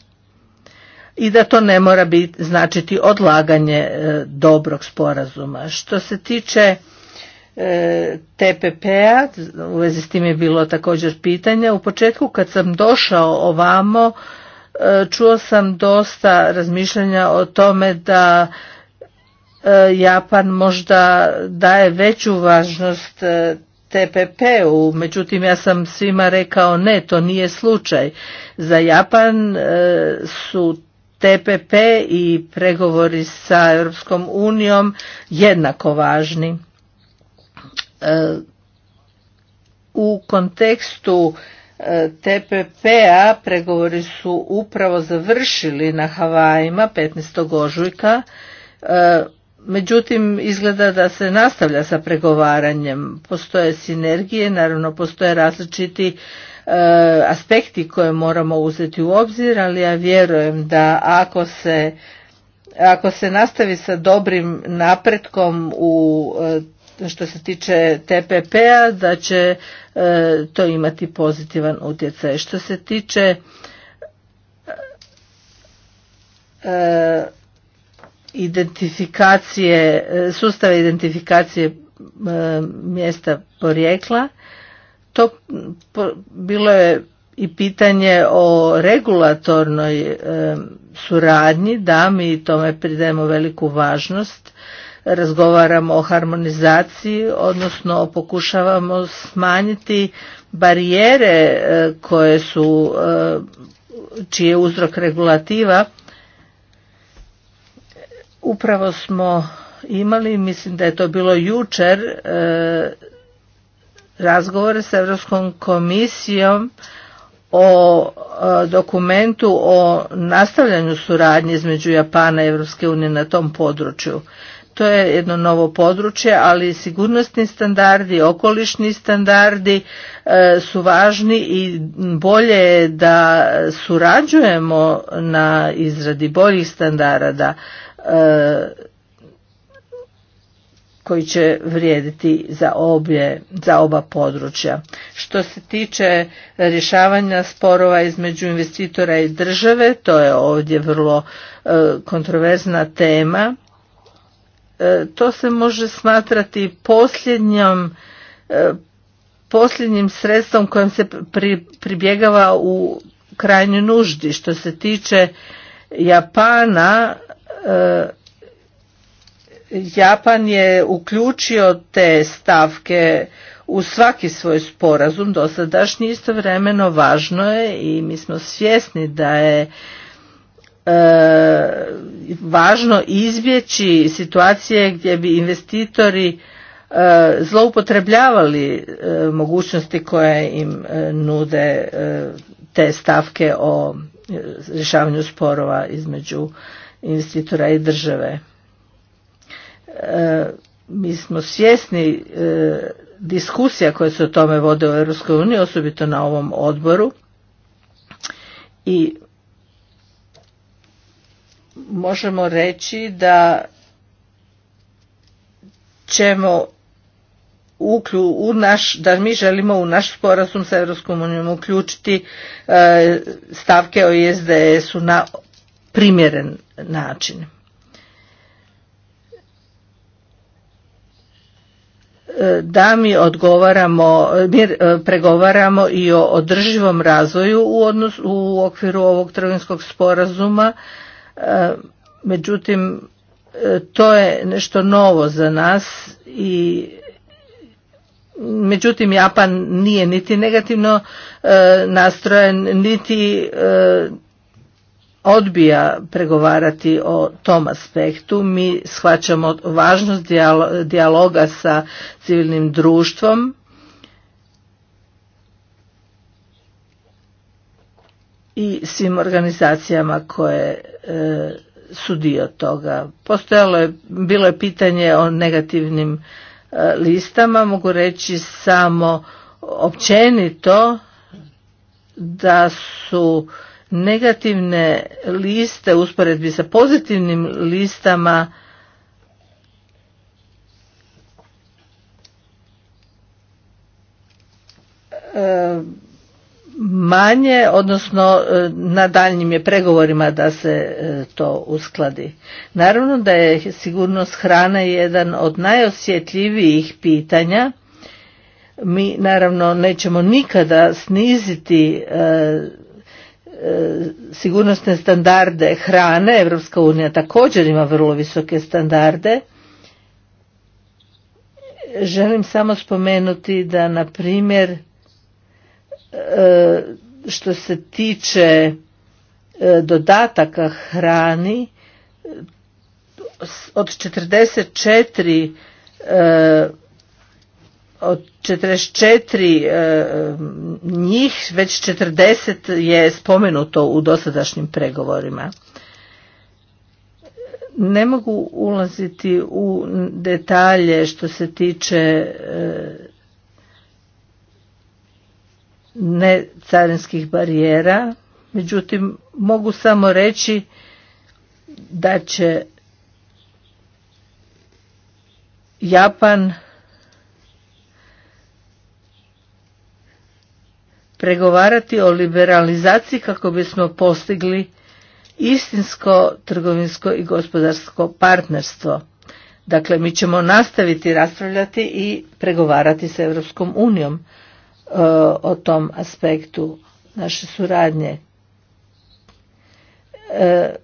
i da to ne mora biti značiti odlaganje e, dobrog sporazuma. Što se tiče e, TPP-a, u vezi s tim je bilo također pitanja, u početku kad sam došao ovamo e, čuo sam dosta razmišljanja o tome da Japan možda daje veću važnost TPP-u, međutim ja sam svima rekao ne, to nije slučaj. Za Japan su TPP i pregovori sa Europskom unijom jednako važni. E, u kontekstu e, TPP-a pregovori su upravo završili na Havajima 15. ožujka, e, međutim izgleda da se nastavlja sa pregovaranjem. Postoje sinergije, naravno postoje različiti Eh, aspekti koje moramo uzeti u obzir, ali ja vjerujem da ako se ako se nastavi sa dobrim napretkom u eh, što se tiče TPP-a da će eh, to imati pozitivan utjecaj. Što se tiče identifikacije, sustava identifikacije mjesta porijekla, to bilo je i pitanje o regulatornoj e, suradnji, da mi tome pridajemo veliku važnost. Razgovaramo o harmonizaciji, odnosno pokušavamo smanjiti barijere e, koje su, e, čiji je uzrok regulativa. Upravo smo imali, mislim da je to bilo jučer, razgovore sa Europskom komisijom o e, dokumentu o nastavljanju suradnje između Japana i Europske unije na tom području. To je jedno novo područje, ali sigurnosni standardi, okolišni standardi e, su važni i bolje je da surađujemo na izradi boljih standarda e, koji će vrijediti za, obje, za oba područja. Što se tiče rješavanja sporova između investitora i države, to je ovdje vrlo e, kontroverzna tema. E, to se može smatrati posljednjom e, posljednjim sredstvom kojem se pribjegava u krajnjoj nuždi. Što se tiče Japana, Japan je uključio te stavke u svaki svoj sporazum dosadašnji istovremeno važno je i mi smo svjesni da je e, važno izbjeći situacije gdje bi investitori e, zloupotrebljavali e, mogućnosti koje im e, nude te stavke o rješavanju sporova između investitora i države E, mi smo svjesni e, diskusija koje se o tome vode u EU, osobito na ovom odboru. I možemo reći da ćemo uklju, u naš, da mi želimo u naš sporazum sa Europskom unijom uključiti e, stavke o ISDS-u na primjeren način. da mi odgovaramo, mi e, pregovaramo i o održivom razvoju u, odnos, u okviru ovog trgovinskog sporazuma, e, međutim e, to je nešto novo za nas i međutim Japan nije niti negativno nastrojen, niti odbija pregovarati o tom aspektu. Mi shvaćamo važnost dijaloga sa civilnim društvom. i svim organizacijama koje e, su dio toga. Postojalo je, bilo je pitanje o negativnim e, listama, mogu reći samo općenito da su negativne liste usporedbi sa pozitivnim listama e, manje, odnosno e, na daljnjim je pregovorima da se e, to uskladi. Naravno da je sigurnost hrane jedan od najosjetljivijih pitanja. Mi naravno nećemo nikada sniziti sigurnosne standarde hrane, Europska unija također ima vrlo visoke standarde. Želim samo spomenuti da, na primjer, e, što se tiče e, dodataka hrani, od 44 od 44 e, njih, već 40 je spomenuto u dosadašnjim pregovorima. Ne mogu ulaziti u detalje što se tiče e, necarinskih barijera, međutim mogu samo reći da će Japan pregovarati o liberalizaciji kako bismo postigli istinsko trgovinsko i gospodarsko partnerstvo. Dakle, mi ćemo nastaviti raspravljati i pregovarati sa Europskom unijom e, o tom aspektu naše suradnje. E,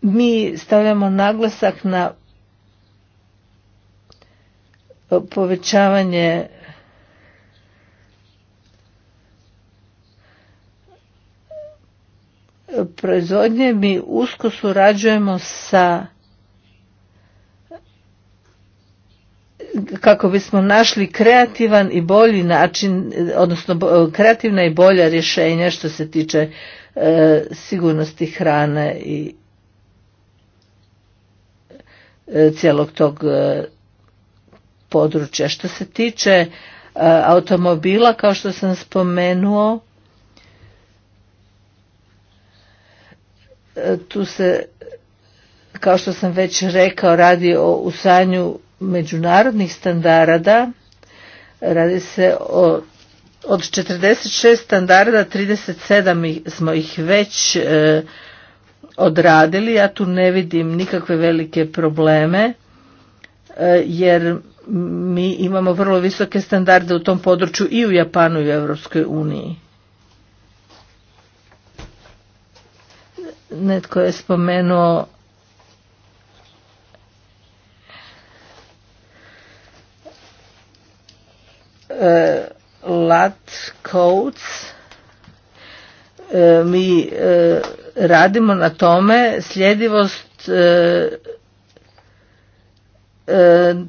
mi stavljamo naglasak na povećavanje proizvodnje mi usko surađujemo sa kako bismo našli kreativan i bolji način, odnosno kreativna i bolja rješenja što se tiče e, sigurnosti hrane i e, cijelog tog e, područja. Što se tiče automobila, kao što sam spomenuo, Tu se, kao što sam već rekao, radi o usanju međunarodnih standarda. Radi se o od 46 standarda 37 smo ih već e, odradili, ja tu ne vidim nikakve velike probleme e, jer mi imamo vrlo visoke standarde u tom području i u Japanu i u Europskoj uniji. Netko je spomenuo uh, lat codes e, mi e, radimo na tome sljedivost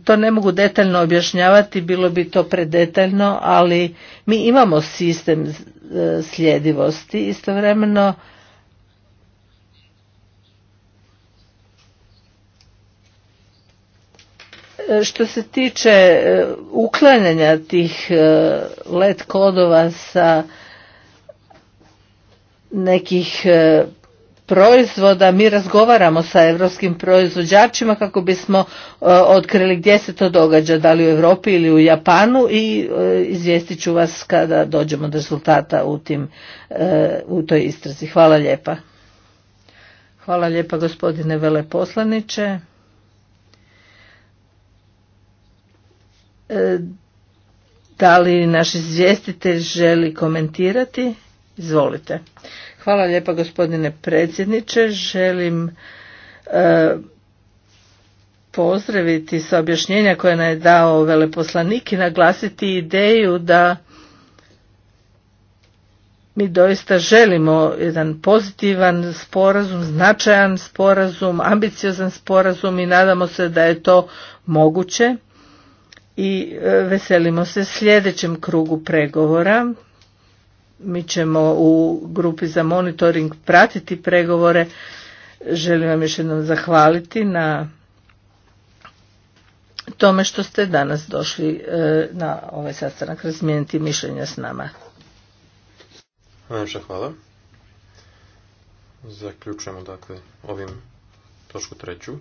to ne mogu detaljno objašnjavati bilo bi to predetaljno ali mi imamo sistem sljedivosti istovremeno Što se tiče e, uklanjanja tih e, LED kodova sa nekih e, proizvoda, mi razgovaramo sa evropskim proizvođačima kako bismo otkrili gdje se to događa, da li u Europi ili u Japanu i izvijestit ću vas kada dođemo do rezultata u, u toj istrazi. Hvala lijepa. Hvala lijepa gospodine veleposlaniče. E, da li naš izvjestitelj želi komentirati? Izvolite. Hvala lijepa gospodine predsjedniče. Želim e, pozdraviti sa objašnjenja koje nam je dao veleposlanik i naglasiti ideju da mi doista želimo jedan pozitivan sporazum, značajan sporazum, ambiciozan sporazum i nadamo se da je to moguće i e, veselimo se sljedećem krugu pregovora. Mi ćemo u grupi za monitoring pratiti pregovore. Želim vam još jednom zahvaliti na tome što ste danas došli e, na ovaj sastanak razmijeniti mišljenja s nama.
hvala. Zaključujemo dakle ovim točku treću.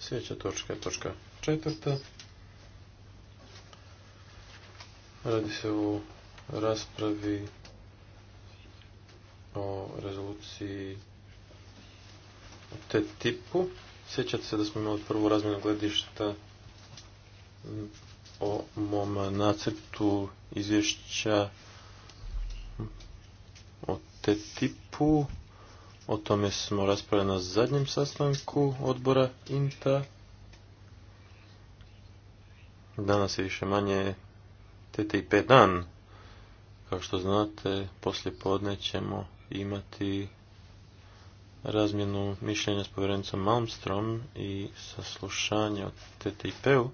Sljedeća točka je točka četvrta. Radi se o raspravi o rezoluciji te tipu. Sjećate se da smo imali prvu razmjenu gledišta o mom nacrtu izvješća o te tipu. O tome smo raspravili na zadnjem sastanku odbora INTA. Danas je više manje TTIP dan. Kao što znate, poslije podne ćemo imati razmjenu mišljenja s povjerenicom Malmstrom i saslušanje od TTIP-u.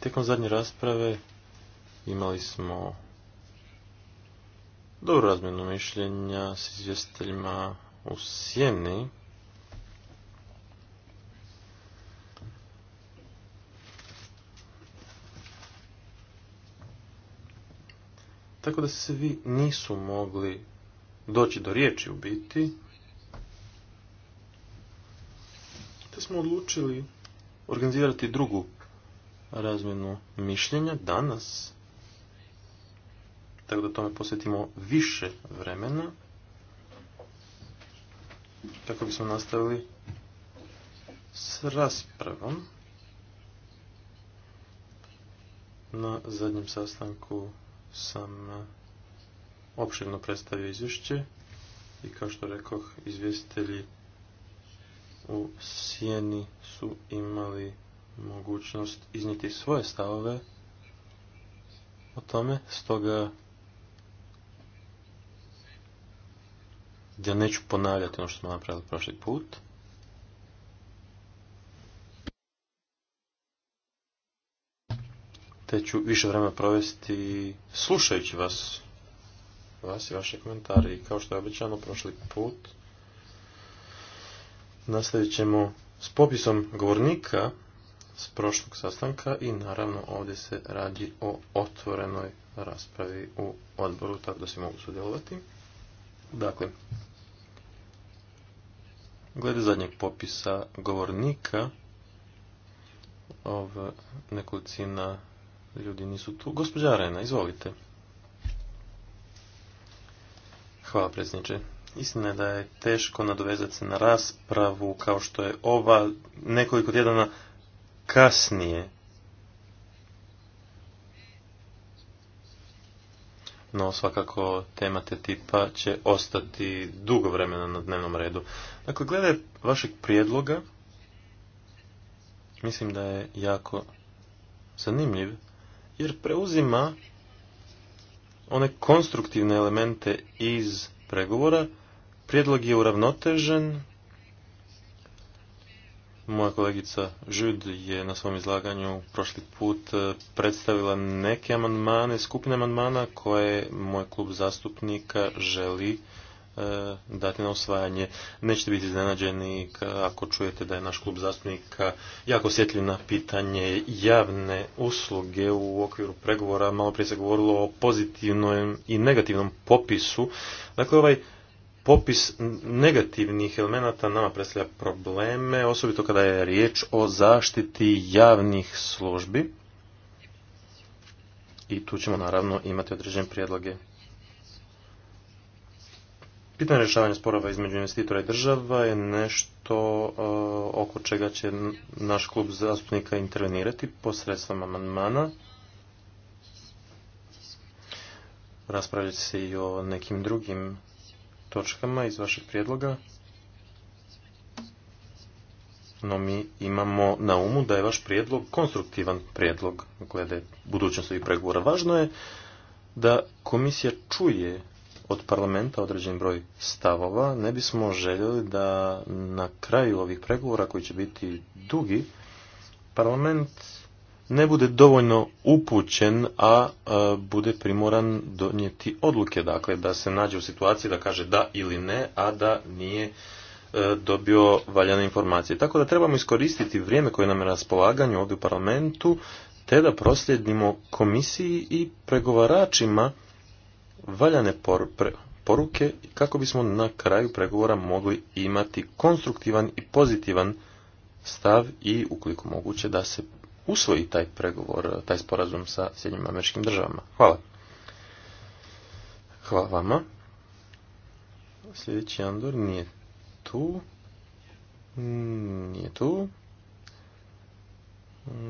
Tijekom zadnje rasprave imali smo dobru razmjenu mišljenja s izvjestiteljima u Sjeni Tako da svi nisu mogli doći do riječi u biti. Te smo odlučili organizirati drugu razmjenu mišljenja danas. Tako da tome posjetimo više vremena. Kako bismo nastavili s raspravom na zadnjem sastanku sam e, opširno predstavio izvješće i kao što rekoh, izvjestitelji u Sjeni su imali mogućnost iznijeti svoje stavove o tome, stoga ja neću ponavljati ono što smo napravili prošli put. te ću više vremena provesti slušajući vas, vas i vaše komentare. I kao što je obećano prošli put, nastavit ćemo s popisom govornika s prošlog sastanka i naravno ovdje se radi o otvorenoj raspravi u odboru, tako da se mogu sudjelovati. Dakle, glede zadnjeg popisa govornika, ov nekolicina ljudi nisu tu. Gospođa Arena, izvolite. Hvala predsjedniče. Istina je da je teško nadovezati se na raspravu kao što je ova nekoliko tjedana kasnije. No, svakako tema te tipa će ostati dugo vremena na dnevnom redu. Dakle, gledaj vašeg prijedloga, mislim da je jako zanimljiv jer preuzima one konstruktivne elemente iz pregovora. Prijedlog je uravnotežen. Moja kolegica Žud je na svom izlaganju prošli put eh, predstavila neke amandmane, skupine amandmana koje moj klub zastupnika želi E, dati na osvajanje. Nećete biti iznenađeni ako čujete da je naš klub zastupnika jako osjetljiv na pitanje javne usluge u okviru pregovora. Malo prije se govorilo o pozitivnom i negativnom popisu. Dakle, ovaj popis negativnih elemenata nama predstavlja probleme, osobito kada je riječ o zaštiti javnih službi. I tu ćemo naravno imati određene prijedloge. Pitanje rješavanja sporova između investitora i država je nešto e, oko čega će naš klub zastupnika intervenirati posredstvom amandmana. Raspravljati se i o nekim drugim točkama iz vašeg prijedloga. No mi imamo na umu da je vaš prijedlog konstruktivan prijedlog glede budućnosti i pregovora. Važno je da komisija čuje od parlamenta određen broj stavova, ne bismo željeli da na kraju ovih pregovora koji će biti dugi, parlament ne bude dovoljno upućen, a bude primoran donijeti odluke, dakle da se nađe u situaciji da kaže da ili ne, a da nije e, dobio valjane informacije. Tako da trebamo iskoristiti vrijeme koje nam je na raspolaganju ovdje u parlamentu, te da proslijedimo komisiji i pregovaračima valjane poruke kako bismo na kraju pregovora mogli imati konstruktivan i pozitivan stav i ukoliko moguće da se usvoji taj pregovor, taj sporazum sa Sjednjim američkim državama. Hvala. Hvala vama. Sljedeći Andor nije tu. Nije tu.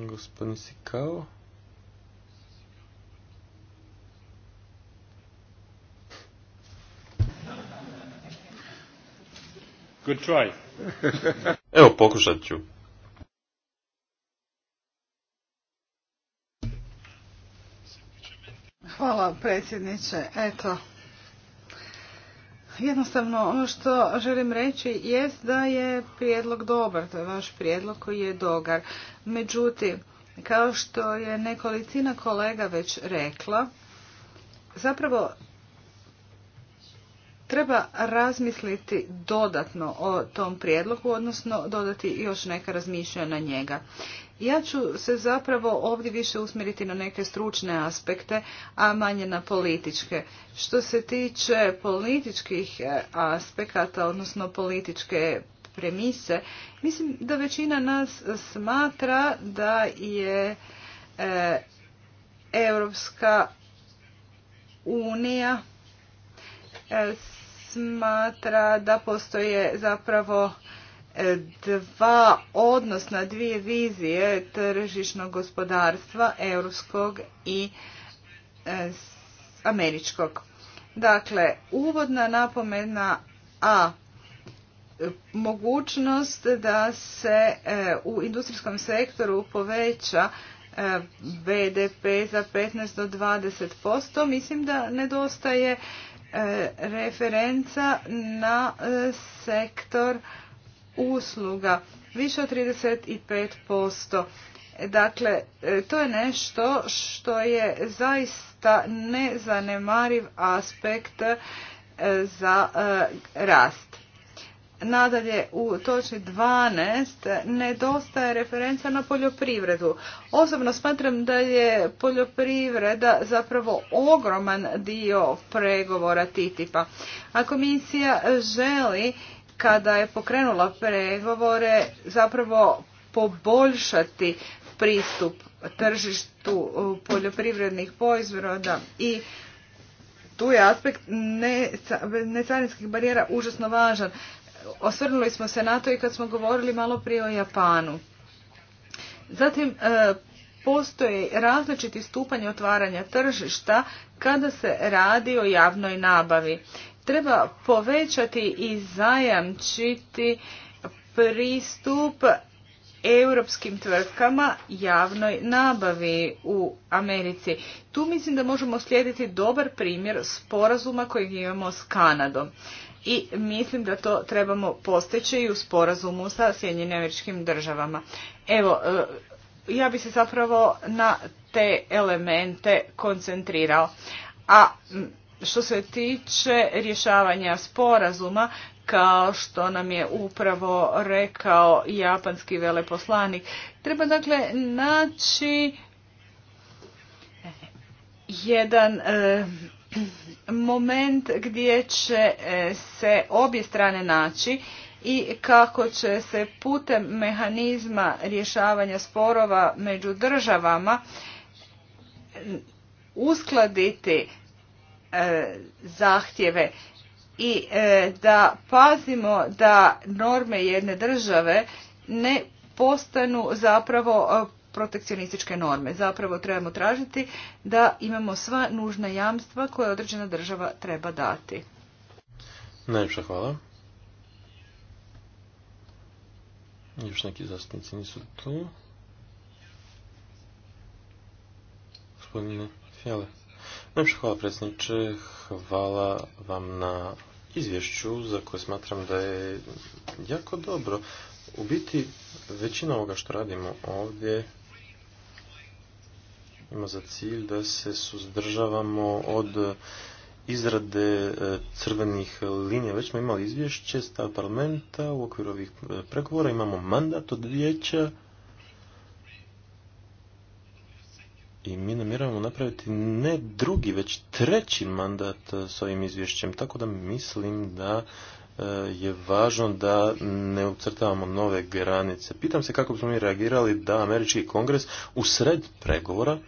Gospodin Sikao. Good try. Evo, pokušat ću.
Hvala predsjedniče. Eto, jednostavno ono što želim reći jest da je prijedlog dobar, to je vaš prijedlog koji je dogar. Međutim, kao što je nekolicina kolega već rekla, zapravo treba razmisliti dodatno o tom prijedlogu, odnosno dodati još neka razmišljanja na njega. Ja ću se zapravo ovdje više usmjeriti na neke stručne aspekte, a manje na političke. Što se tiče političkih e, aspekata, odnosno političke premise, mislim da većina nas smatra da je e, Europska unija E, smatra da postoje zapravo e, dva odnosna dvije vizije tržišnog gospodarstva europskog i e, američkog. Dakle, uvodna napomena A mogućnost da se u industrijskom sektoru poveća BDP za 15 do 20%, mislim da nedostaje referenca na e, sektor usluga, više od 35%. Dakle, e, to je nešto što je zaista nezanemariv aspekt e, za rast. Nadalje, u točni 12 nedostaje referenca na poljoprivredu. Osobno smatram da je poljoprivreda zapravo ogroman dio pregovora TTIP-a. A komisija želi, kada je pokrenula pregovore, zapravo poboljšati pristup tržištu poljoprivrednih proizvoda i tu je aspekt necarinskih barijera užasno važan osvrnuli smo se na to i kad smo govorili malo prije o Japanu. Zatim, e, postoje različiti stupanje otvaranja tržišta kada se radi o javnoj nabavi. Treba povećati i zajamčiti pristup europskim tvrtkama javnoj nabavi u Americi. Tu mislim da možemo slijediti dobar primjer sporazuma kojeg imamo s Kanadom i mislim da to trebamo postići i u sporazumu sa Sjedinjenim američkim državama. Evo, e, ja bi se zapravo na te elemente koncentrirao. A što se tiče rješavanja sporazuma, kao što nam je upravo rekao japanski veleposlanik, treba dakle naći jedan e, moment gdje će e, se obje strane naći i kako će se putem mehanizma rješavanja sporova među državama e, uskladiti e, zahtjeve i da pazimo da norme jedne države ne postanu zapravo protekcionističke norme. Zapravo trebamo tražiti da imamo sva nužna jamstva koje određena država treba dati.
Najljepša hvala. Još neki zastupnici nisu tu. Gospodine Fjale. Najljepša hvala Hvala vam na izvješću za koje smatram da je jako dobro. U biti većina ovoga što radimo ovdje ima za cilj da se suzdržavamo od e, izrade e, crvenih linija. Već smo imali izvješće stav parlamenta u okviru ovih e, pregovora. Imamo mandat od vijeća i mi namjeravamo napraviti ne drugi, već treći mandat s ovim izvješćem. Tako da mislim da je važno da ne ucrtavamo nove granice. Pitam se kako bismo mi reagirali da američki kongres u sred pregovora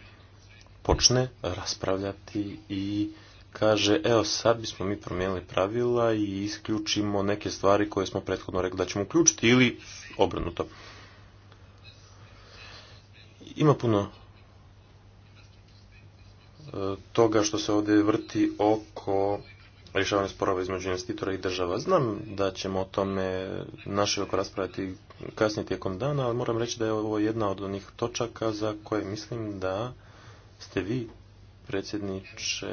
počne raspravljati i kaže evo sad bismo mi promijenili pravila i isključimo neke stvari koje smo prethodno rekli da ćemo uključiti ili obrnuto. Ima puno e, toga što se ovdje vrti oko rješavanja sporova između investitora i država. Znam da ćemo o tome naširoko raspravljati kasnije tijekom dana, ali moram reći da je ovo jedna od onih točaka za koje mislim da ste vi, predsjedniče,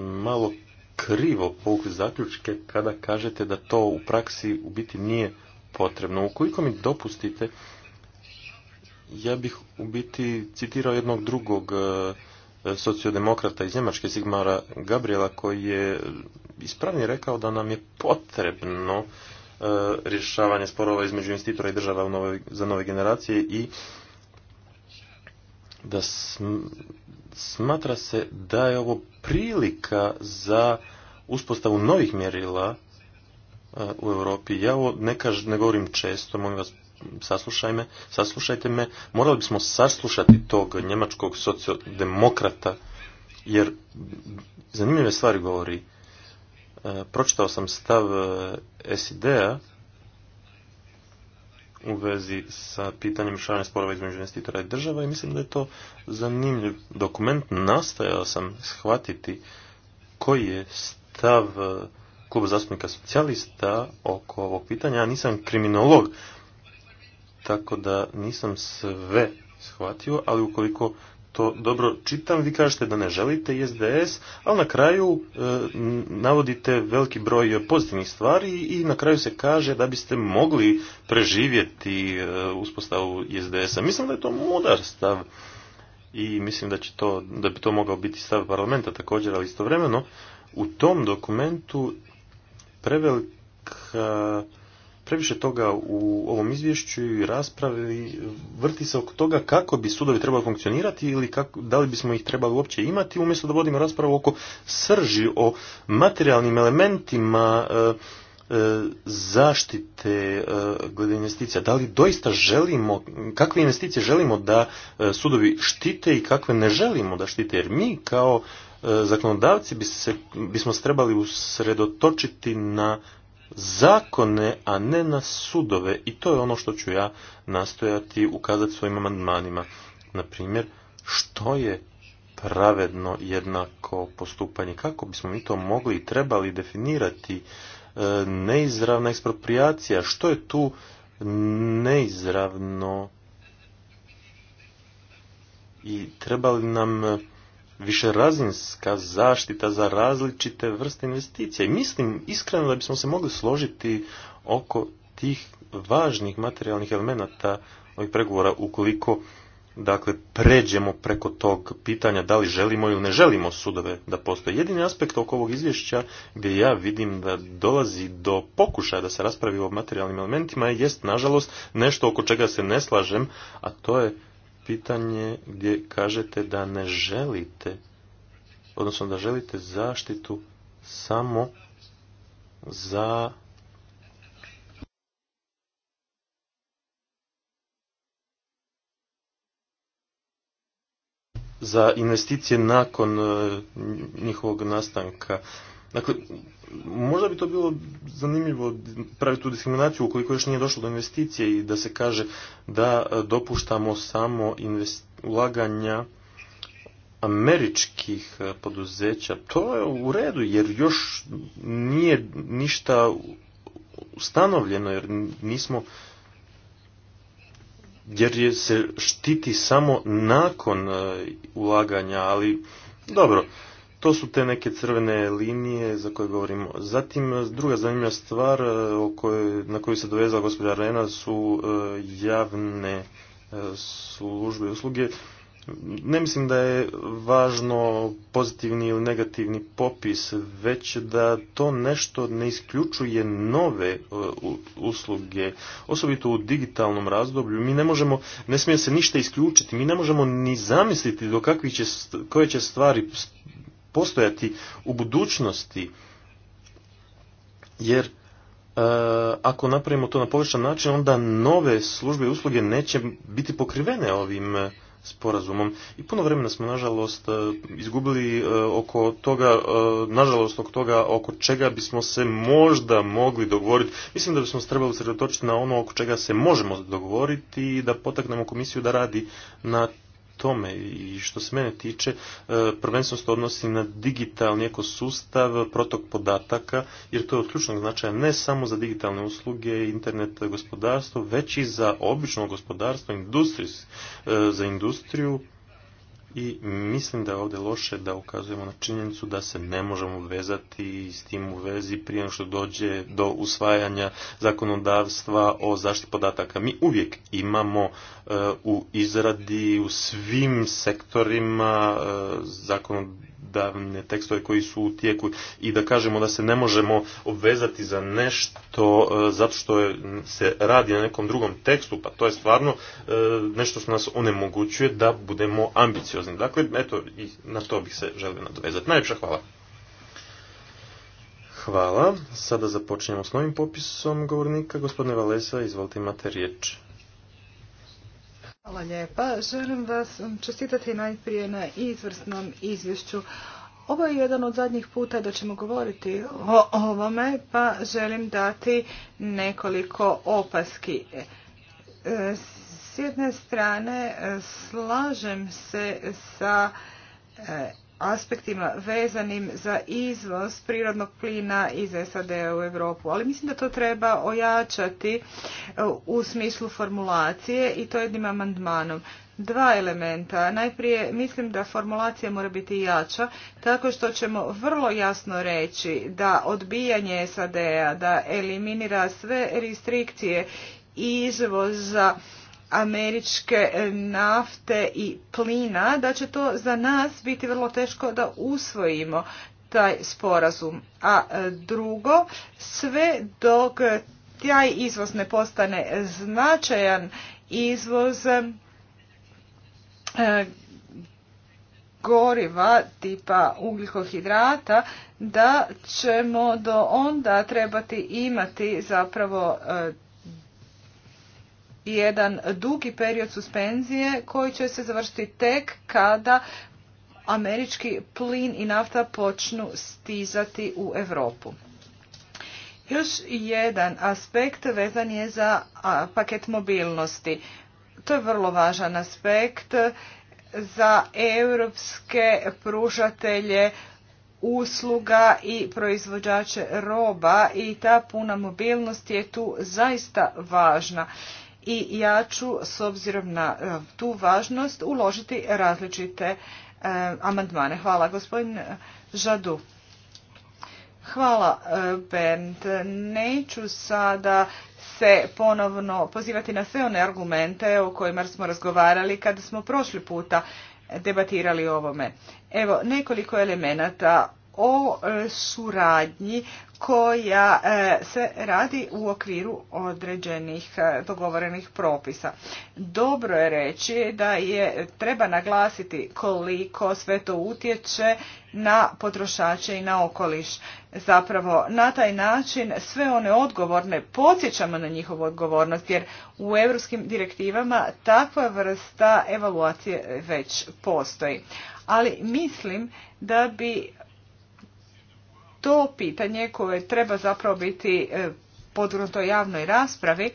malo krivo povukli zaključke kada kažete da to u praksi u biti nije potrebno. Ukoliko mi dopustite, ja bih u biti citirao jednog drugog e, sociodemokrata iz Njemačke, Sigmara Gabriela, koji je ispravnije rekao da nam je potrebno e, rješavanje sporova između institutora i država za nove generacije i da smatra se da je ovo prilika za uspostavu novih mjerila e, u Europi. Ja ovo ne, kaž, ne govorim često, molim vas saslušaj me, saslušajte me. Morali bismo saslušati tog njemačkog sociodemokrata, jer zanimljive stvari govori. E, pročitao sam stav e, SID-a u vezi sa pitanjem rješavanja sporova između investitora i država i mislim da je to zanimljiv dokument. Nastojao sam shvatiti koji je stav eh, kluba zastupnika socijalista oko ovog pitanja. Ja nisam kriminolog, tako da nisam sve shvatio, ali ukoliko to dobro čitam, vi kažete da ne želite SDS, ali na kraju e, navodite veliki broj pozitivnih stvari i na kraju se kaže da biste mogli preživjeti e, uspostavu SDS-a. Mislim da je to mudar stav i mislim da, će to, da bi to mogao biti stav parlamenta također, ali istovremeno u tom dokumentu prevelika previše toga u ovom izvješću i raspravi vrti se oko toga kako bi sudovi trebali funkcionirati ili kako, da li bismo ih trebali uopće imati, umjesto da vodimo raspravu oko srži, o materijalnim elementima e, e, zaštite e, glede investicija. Da li doista želimo, kakve investicije želimo da sudovi štite i kakve ne želimo da štite, jer mi kao zakonodavci bismo se trebali usredotočiti na zakone, a ne na sudove. I to je ono što ću ja nastojati ukazati svojim amandmanima. Naprimjer, što je pravedno jednako postupanje. Kako bismo mi to mogli i trebali definirati e, neizravna ekspropriacija? Što je tu neizravno i trebali nam višerazinska zaštita za različite vrste investicija. I mislim iskreno da bismo se mogli složiti oko tih važnih materijalnih elemenata ovih pregovora ukoliko dakle pređemo preko tog pitanja da li želimo ili ne želimo sudove da postoje. Jedini aspekt oko ovog izvješća gdje ja vidim da dolazi do pokušaja da se raspravi o materijalnim elementima jest nažalost nešto oko čega se ne slažem, a to je pitanje gdje kažete da ne želite, odnosno da želite zaštitu samo za za investicije nakon e, njihovog nastanka. Dakle, možda bi to bilo zanimljivo praviti tu diskriminaciju ukoliko još nije došlo do investicije i da se kaže da e, dopuštamo samo ulaganja američkih e, poduzeća. To je u redu jer još nije ništa ustanovljeno jer nismo jer se štiti samo nakon e, ulaganja, ali dobro. To su te neke crvene linije za koje govorimo. Zatim, druga zanimljiva stvar e, na koju se dovezala gospođa Rena su e, javne e, službe i usluge. Ne mislim da je važno pozitivni ili negativni popis, već da to nešto ne isključuje nove usluge, osobito u digitalnom razdoblju. Mi ne možemo, ne smije se ništa isključiti, mi ne možemo ni zamisliti do kakvih će, koje će stvari postojati u budućnosti, jer e, ako napravimo to na površan način, onda nove službe i usluge neće biti pokrivene ovim e, sporazumom. I puno vremena smo, nažalost, e, izgubili oko toga, nažalost, oko toga oko čega bismo se možda mogli dogovoriti. Mislim da bismo se trebali sredotočiti na ono oko čega se možemo dogovoriti i da potaknemo komisiju da radi na tome i što se mene tiče, e, prvenstveno se odnosi na digitalni ekosustav, protok podataka, jer to je od ključnog značaja ne samo za digitalne usluge, internet gospodarstvo, već i za obično gospodarstvo, industriju, e, za industriju, i mislim da je ovdje loše da ukazujemo na činjenicu da se ne možemo vezati s tim u vezi prije što dođe do usvajanja zakonodavstva o zaštiti podataka. Mi uvijek imamo e, u izradi u svim sektorima e, zakonodavstva da tekstove koji su u tijeku i da kažemo da se ne možemo obvezati za nešto e, zato što se radi na nekom drugom tekstu, pa to je stvarno e, nešto što nas onemogućuje da budemo ambiciozni. Dakle, eto, i na to bih se želio nadovezati. Najljepša hvala. Hvala. Sada započinjemo s novim popisom govornika. Gospodine Valesa, izvolite imate riječ.
Hvala lijepa. Želim vas čestitati najprije na izvrsnom izvješću. Ovo je jedan od zadnjih puta da ćemo govoriti o ovome, pa želim dati nekoliko opaski. E, s jedne strane e, slažem se sa e, aspektima vezanim za izvoz prirodnog plina iz SAD u Europu. Ali mislim da to treba ojačati e, u smislu formulacije i to jednim amandmanom. Dva elementa. Najprije mislim da formulacija mora biti jača tako što ćemo vrlo jasno reći da odbijanje SAD-a da eliminira sve restrikcije izvoza američke e, nafte i plina, da će to za nas biti vrlo teško da usvojimo taj sporazum. A e, drugo, sve dok taj izvoz ne postane značajan izvoz e, goriva tipa ugljikohidrata, da ćemo do onda trebati imati zapravo jedan dugi period suspenzije koji će se završiti tek kada američki plin i nafta počnu stizati u Europu. Još jedan aspekt vezan je za paket mobilnosti. To je vrlo važan aspekt za europske pružatelje usluga i proizvođače roba i ta puna mobilnost je tu zaista važna i ja ću s obzirom na e, tu važnost uložiti različite e, amandmane. Hvala gospodin Žadu. Hvala e, Bernd. Neću sada se ponovno pozivati na sve one argumente o kojima smo razgovarali kada smo prošli puta debatirali o ovome. Evo nekoliko elemenata o e, suradnji koja e, se radi u okviru određenih e, dogovorenih propisa. Dobro je reći da je treba naglasiti koliko sve to utječe na potrošače i na okoliš. Zapravo na taj način sve one odgovorne podsjećamo na njihovu odgovornost jer u europskim direktivama takva vrsta evaluacije već postoji. Ali mislim da bi to pitanje koje treba zapravo biti e, podvrgnuto javnoj raspravi,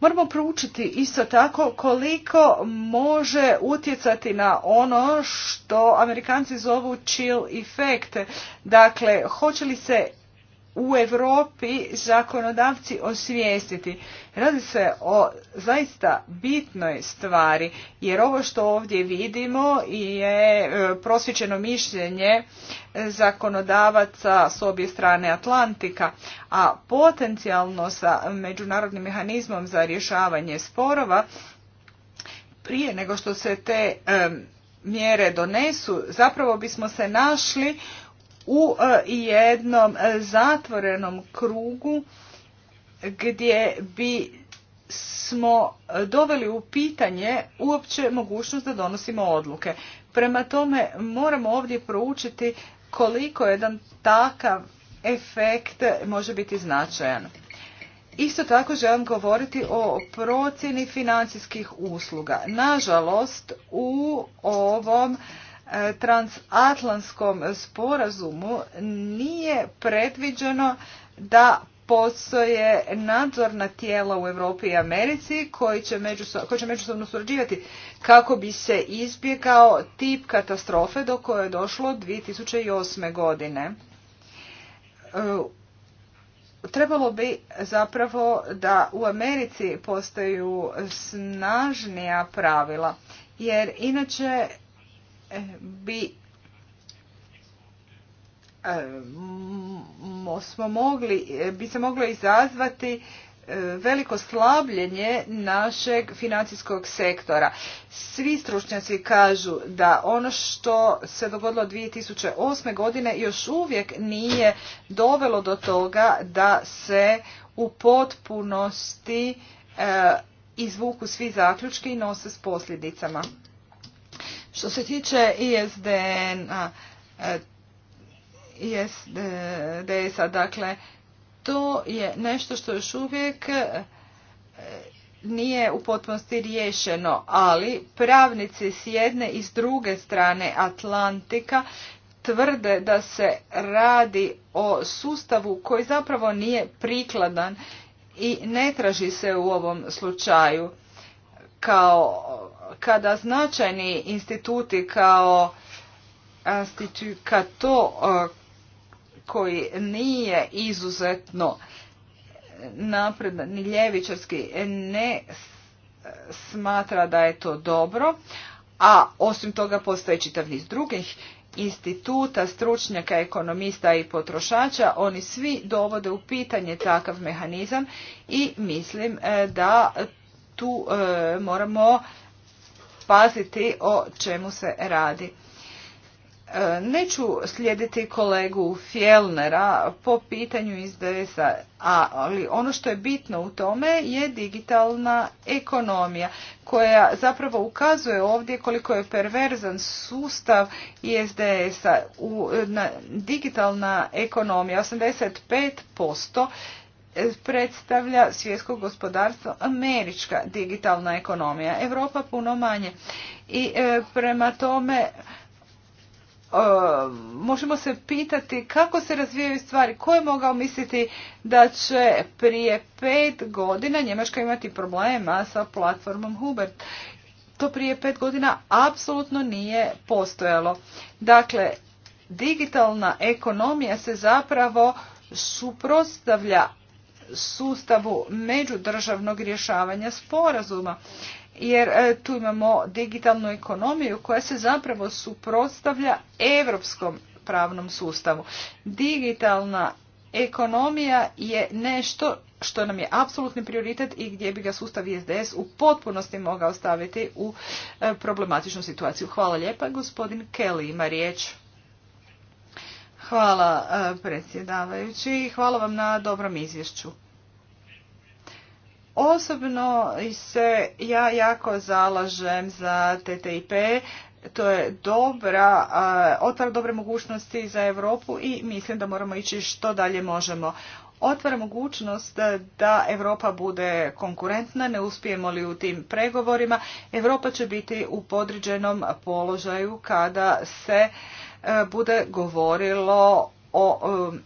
Moramo proučiti isto tako koliko može utjecati na ono što Amerikanci zovu chill effect. Dakle, hoće li se u Europi zakonodavci osvijestiti. Radi se o zaista bitnoj stvari, jer ovo što ovdje vidimo je e, prosvičeno mišljenje zakonodavaca s obje strane Atlantika, a potencijalno sa međunarodnim mehanizmom za rješavanje sporova prije nego što se te mjere donesu, zapravo bismo se našli u e, jednom e, zatvorenom krugu gdje bi smo doveli u pitanje uopće mogućnost da donosimo odluke. Prema tome moramo ovdje proučiti koliko jedan takav efekt može biti značajan. Isto tako želim govoriti o procjeni financijskih usluga. Nažalost, u ovom transatlantskom sporazumu nije predviđeno da postoje nadzorna tijela u Europi i Americi koji će, međusobno, koji će međusobno surađivati kako bi se izbjegao tip katastrofe do koje je došlo 2008. godine. E, trebalo bi zapravo da u Americi postaju snažnija pravila jer inače bi e, smo mogli, e, bi se moglo izazvati e, veliko slabljenje našeg financijskog sektora. Svi stručnjaci kažu da ono što se dogodilo 2008. godine još uvijek nije dovelo do toga da se u potpunosti izvuku svi zaključki i nose s posljedicama. Što se tiče isdn ISDS-a, e, dakle, to je nešto što još uvijek e, nije u potpunosti riješeno, ali pravnici s jedne i s druge strane Atlantika tvrde da se radi o sustavu koji zapravo nije prikladan i ne traži se u ovom slučaju kao kada značajni instituti kao e, to e, koji nije izuzetno napredan ni ljevičarski ne smatra da je to dobro, a osim toga postoje čitav niz drugih instituta, stručnjaka, ekonomista i potrošača, oni svi dovode u pitanje takav mehanizam i mislim e, da tu moramo paziti o čemu se radi. E, neću slijediti kolegu Fjelnera po pitanju ISDS-a, ali ono što je bitno u tome je digitalna ekonomija koja zapravo ukazuje ovdje koliko je perverzan sustav ISDS-a. Digitalna ekonomija 85% predstavlja svjetsko gospodarstvo američka digitalna ekonomija. Europa puno manje. I e, prema tome e, možemo se pitati kako se razvijaju stvari. Ko je mogao misliti da će prije pet godina Njemačka imati problema sa platformom Hubert? To prije pet godina apsolutno nije postojalo. Dakle, digitalna ekonomija se zapravo suprotstavlja sustavu međudržavnog rješavanja sporazuma. Jer e, tu imamo digitalnu ekonomiju koja se zapravo suprotstavlja europskom pravnom sustavu. Digitalna ekonomija je nešto što nam je apsolutni prioritet i gdje bi ga sustav ISDS u potpunosti mogao staviti u e, problematičnu situaciju. Hvala lijepa. Gospodin Kelly ima riječ. Hvala e, predsjedavajući i hvala vam na dobrom izvješću. Osobno se ja jako zalažem za TTIP, to je dobra, e, otvara dobre mogućnosti za Europu i mislim da moramo ići što dalje možemo otvara mogućnost da Europa bude konkurentna, ne uspijemo li u tim pregovorima, Europa će biti u podređenom položaju kada se e, bude govorilo o e,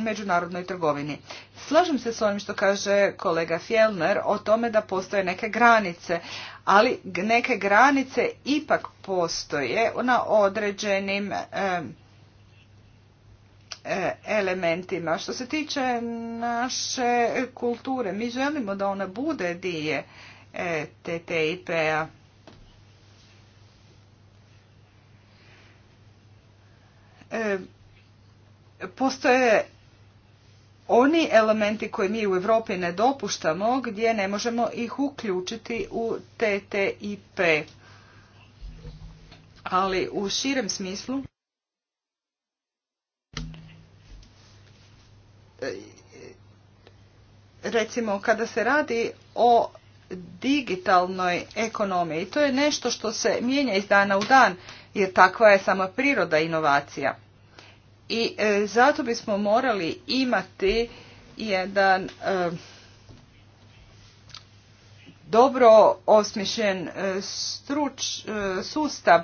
međunarodnoj trgovini. Slažem se s onim što kaže kolega Fjellner o tome da postoje neke granice, ali neke granice ipak postoje na određenim e, E, elementima. Što se tiče naše kulture, mi želimo da ona bude dije TTIP-a. E, postoje oni elementi koje mi u Europi ne dopuštamo gdje ne možemo ih uključiti u TTIP. Ali u širem smislu E, recimo kada se radi o digitalnoj ekonomiji. To je nešto što se mijenja iz dana u dan jer takva je sama priroda inovacija. I e, zato bismo morali imati jedan e, dobro osmišljen struč, sustav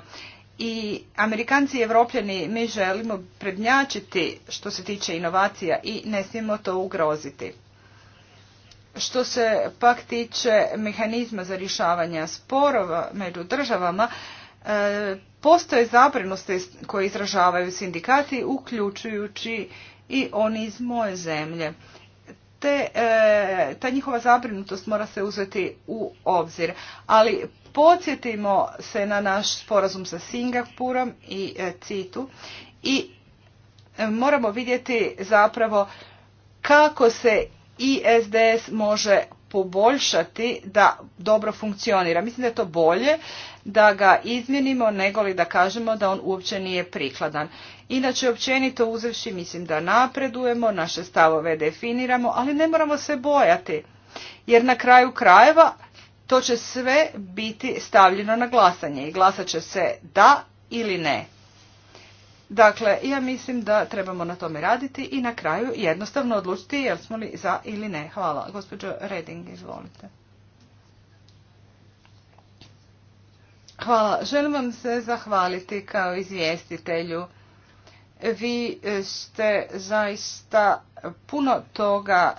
i Amerikanci i Evropljani mi želimo prednjačiti što se tiče inovacija i ne smijemo to ugroziti. Što se pak tiče mehanizma za rješavanje sporova među državama, e, postoje zabrinutosti koje izražavaju sindikati, uključujući i oni iz moje zemlje. Te, e, ta njihova zabrinutost mora se uzeti u obzir, ali Podsjetimo se na naš sporazum sa Singapurom i e, CITU i e, moramo vidjeti zapravo kako se ISDS može poboljšati da dobro funkcionira. Mislim da je to bolje da ga izmjenimo nego li da kažemo da on uopće nije prikladan. Inače, općenito uzevši, mislim da napredujemo, naše stavove definiramo, ali ne moramo se bojati. Jer na kraju krajeva to će sve biti stavljeno na glasanje i glasat će se da ili ne. Dakle, ja mislim da trebamo na tome raditi i na kraju jednostavno odlučiti jel smo li za ili ne. Hvala. Gospođo Reding, izvolite. Hvala. Želim vam se zahvaliti kao izvjestitelju. Vi ste zaista puno toga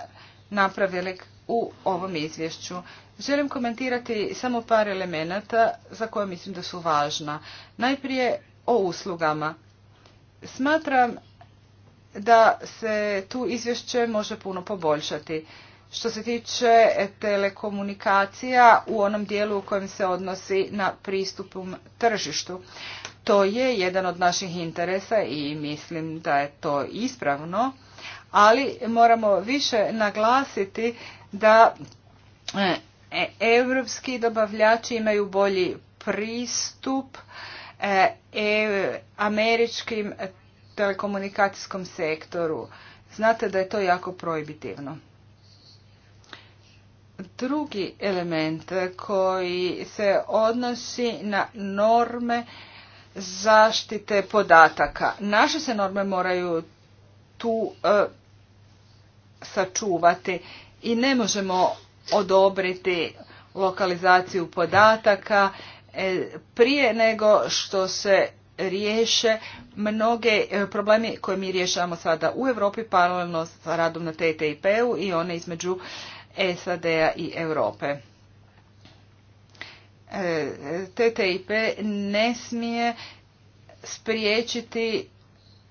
napravili u ovom izvješću. Želim komentirati samo par elemenata za koje mislim da su važna. Najprije o uslugama. Smatram da se tu izvješće može puno poboljšati. Što se tiče telekomunikacija u onom dijelu u kojem se odnosi na pristupom tržištu. To je jedan od naših interesa i mislim da je to ispravno, ali moramo više naglasiti da e, Europski dobavljači imaju bolji pristup e, e, američkim telekomunikacijskom sektoru. Znate da je to jako proibitivno. Drugi element koji se odnosi na norme zaštite podataka. Naše se norme moraju tu e, sačuvati i ne možemo odobriti lokalizaciju podataka e, prije nego što se riješe mnoge e, problemi koje mi rješavamo sada u Europi paralelno sa radom na TTIP-u i one između SAD-a i Europe. E, TTIP ne smije spriječiti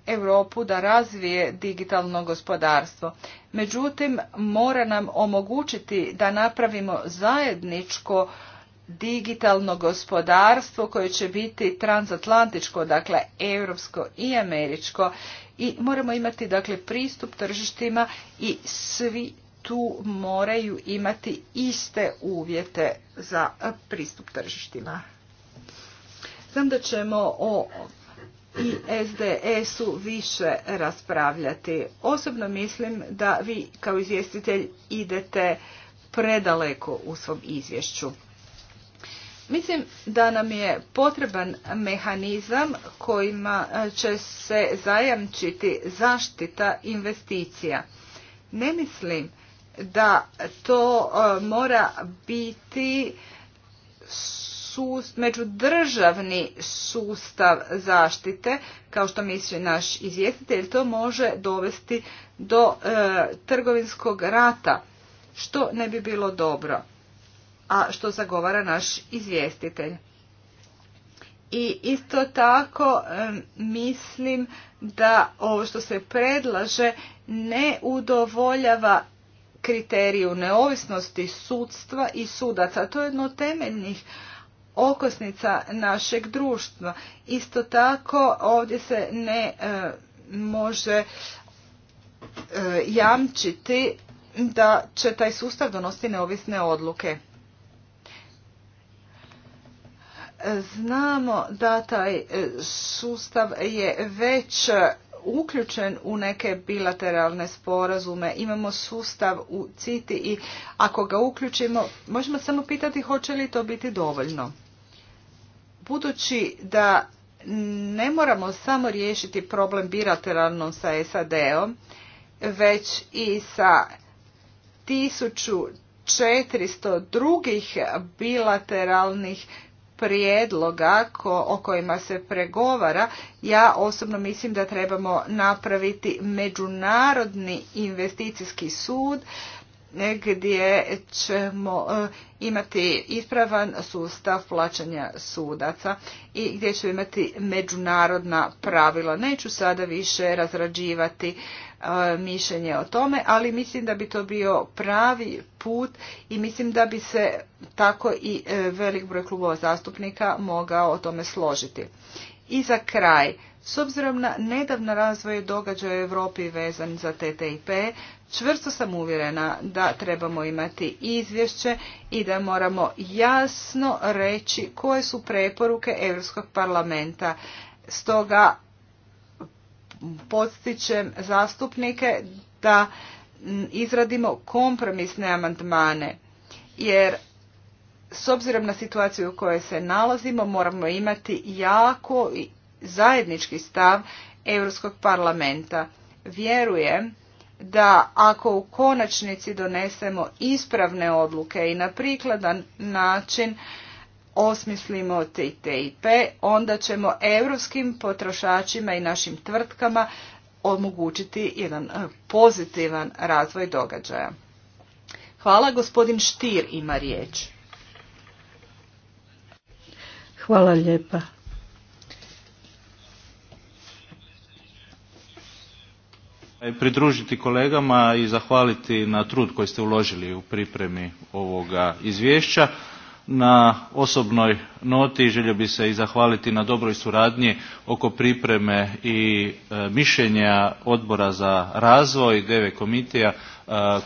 Europu da razvije digitalno gospodarstvo. Međutim, mora nam omogućiti da napravimo zajedničko digitalno gospodarstvo koje će biti transatlantičko, dakle europsko i američko i moramo imati dakle pristup tržištima i svi tu moraju imati iste uvjete za pristup tržištima. Znam da ćemo o i SDS-u e više raspravljati. Osobno mislim da vi kao izvjestitelj idete predaleko u svom izvješću. Mislim da nam je potreban mehanizam kojima e, će se zajamčiti zaštita investicija. Ne mislim da to e, mora biti sust, međudržavni sustav zaštite, kao što misli naš izvjestitelj, to može dovesti do e, trgovinskog rata, što ne bi bilo dobro, a što zagovara naš izvjestitelj. I isto tako e, mislim da ovo što se predlaže ne udovoljava kriteriju neovisnosti sudstva i sudaca. To je jedno od temeljnih okosnica našeg društva. Isto tako ovdje se ne e, može e, jamčiti da će taj sustav donositi neovisne odluke. Znamo da taj e, sustav je već uključen u neke bilateralne sporazume, imamo sustav u CITI i ako ga uključimo, možemo samo pitati hoće li to biti dovoljno. Budući da ne moramo samo riješiti problem bilateralnom sa SAD-om, već i sa 1400 drugih bilateralnih prijedloga ko, o kojima se pregovara, ja osobno mislim da trebamo napraviti međunarodni investicijski sud gdje ćemo e, imati ispravan sustav plaćanja sudaca i gdje ćemo imati međunarodna pravila. Neću sada više razrađivati e, mišljenje o tome, ali mislim da bi to bio pravi put i mislim da bi se tako i e, velik broj klubova zastupnika mogao o tome složiti. I za kraj, s obzirom na nedavna razvoj događaja u Europi vezan za TTIP, čvrsto sam uvjerena da trebamo imati izvješće i da moramo jasno reći koje su preporuke Europskog parlamenta. Stoga podstičem zastupnike da izradimo kompromisne amandmane, jer s obzirom na situaciju u kojoj se nalazimo moramo imati jako zajednički stav Europskog parlamenta. Vjerujem da ako u konačnici donesemo ispravne odluke i na prikladan način osmislimo TTIP, onda ćemo europskim potrošačima i našim tvrtkama omogućiti jedan e, pozitivan razvoj događaja. Hvala, gospodin Štir ima riječ.
Hvala lijepa.
E, pridružiti kolegama i zahvaliti na trud koji ste uložili u pripremi ovoga izvješća. Na osobnoj noti želio bi se i zahvaliti na dobroj suradnji oko pripreme i e, mišljenja Odbora za razvoj, deve komitija e,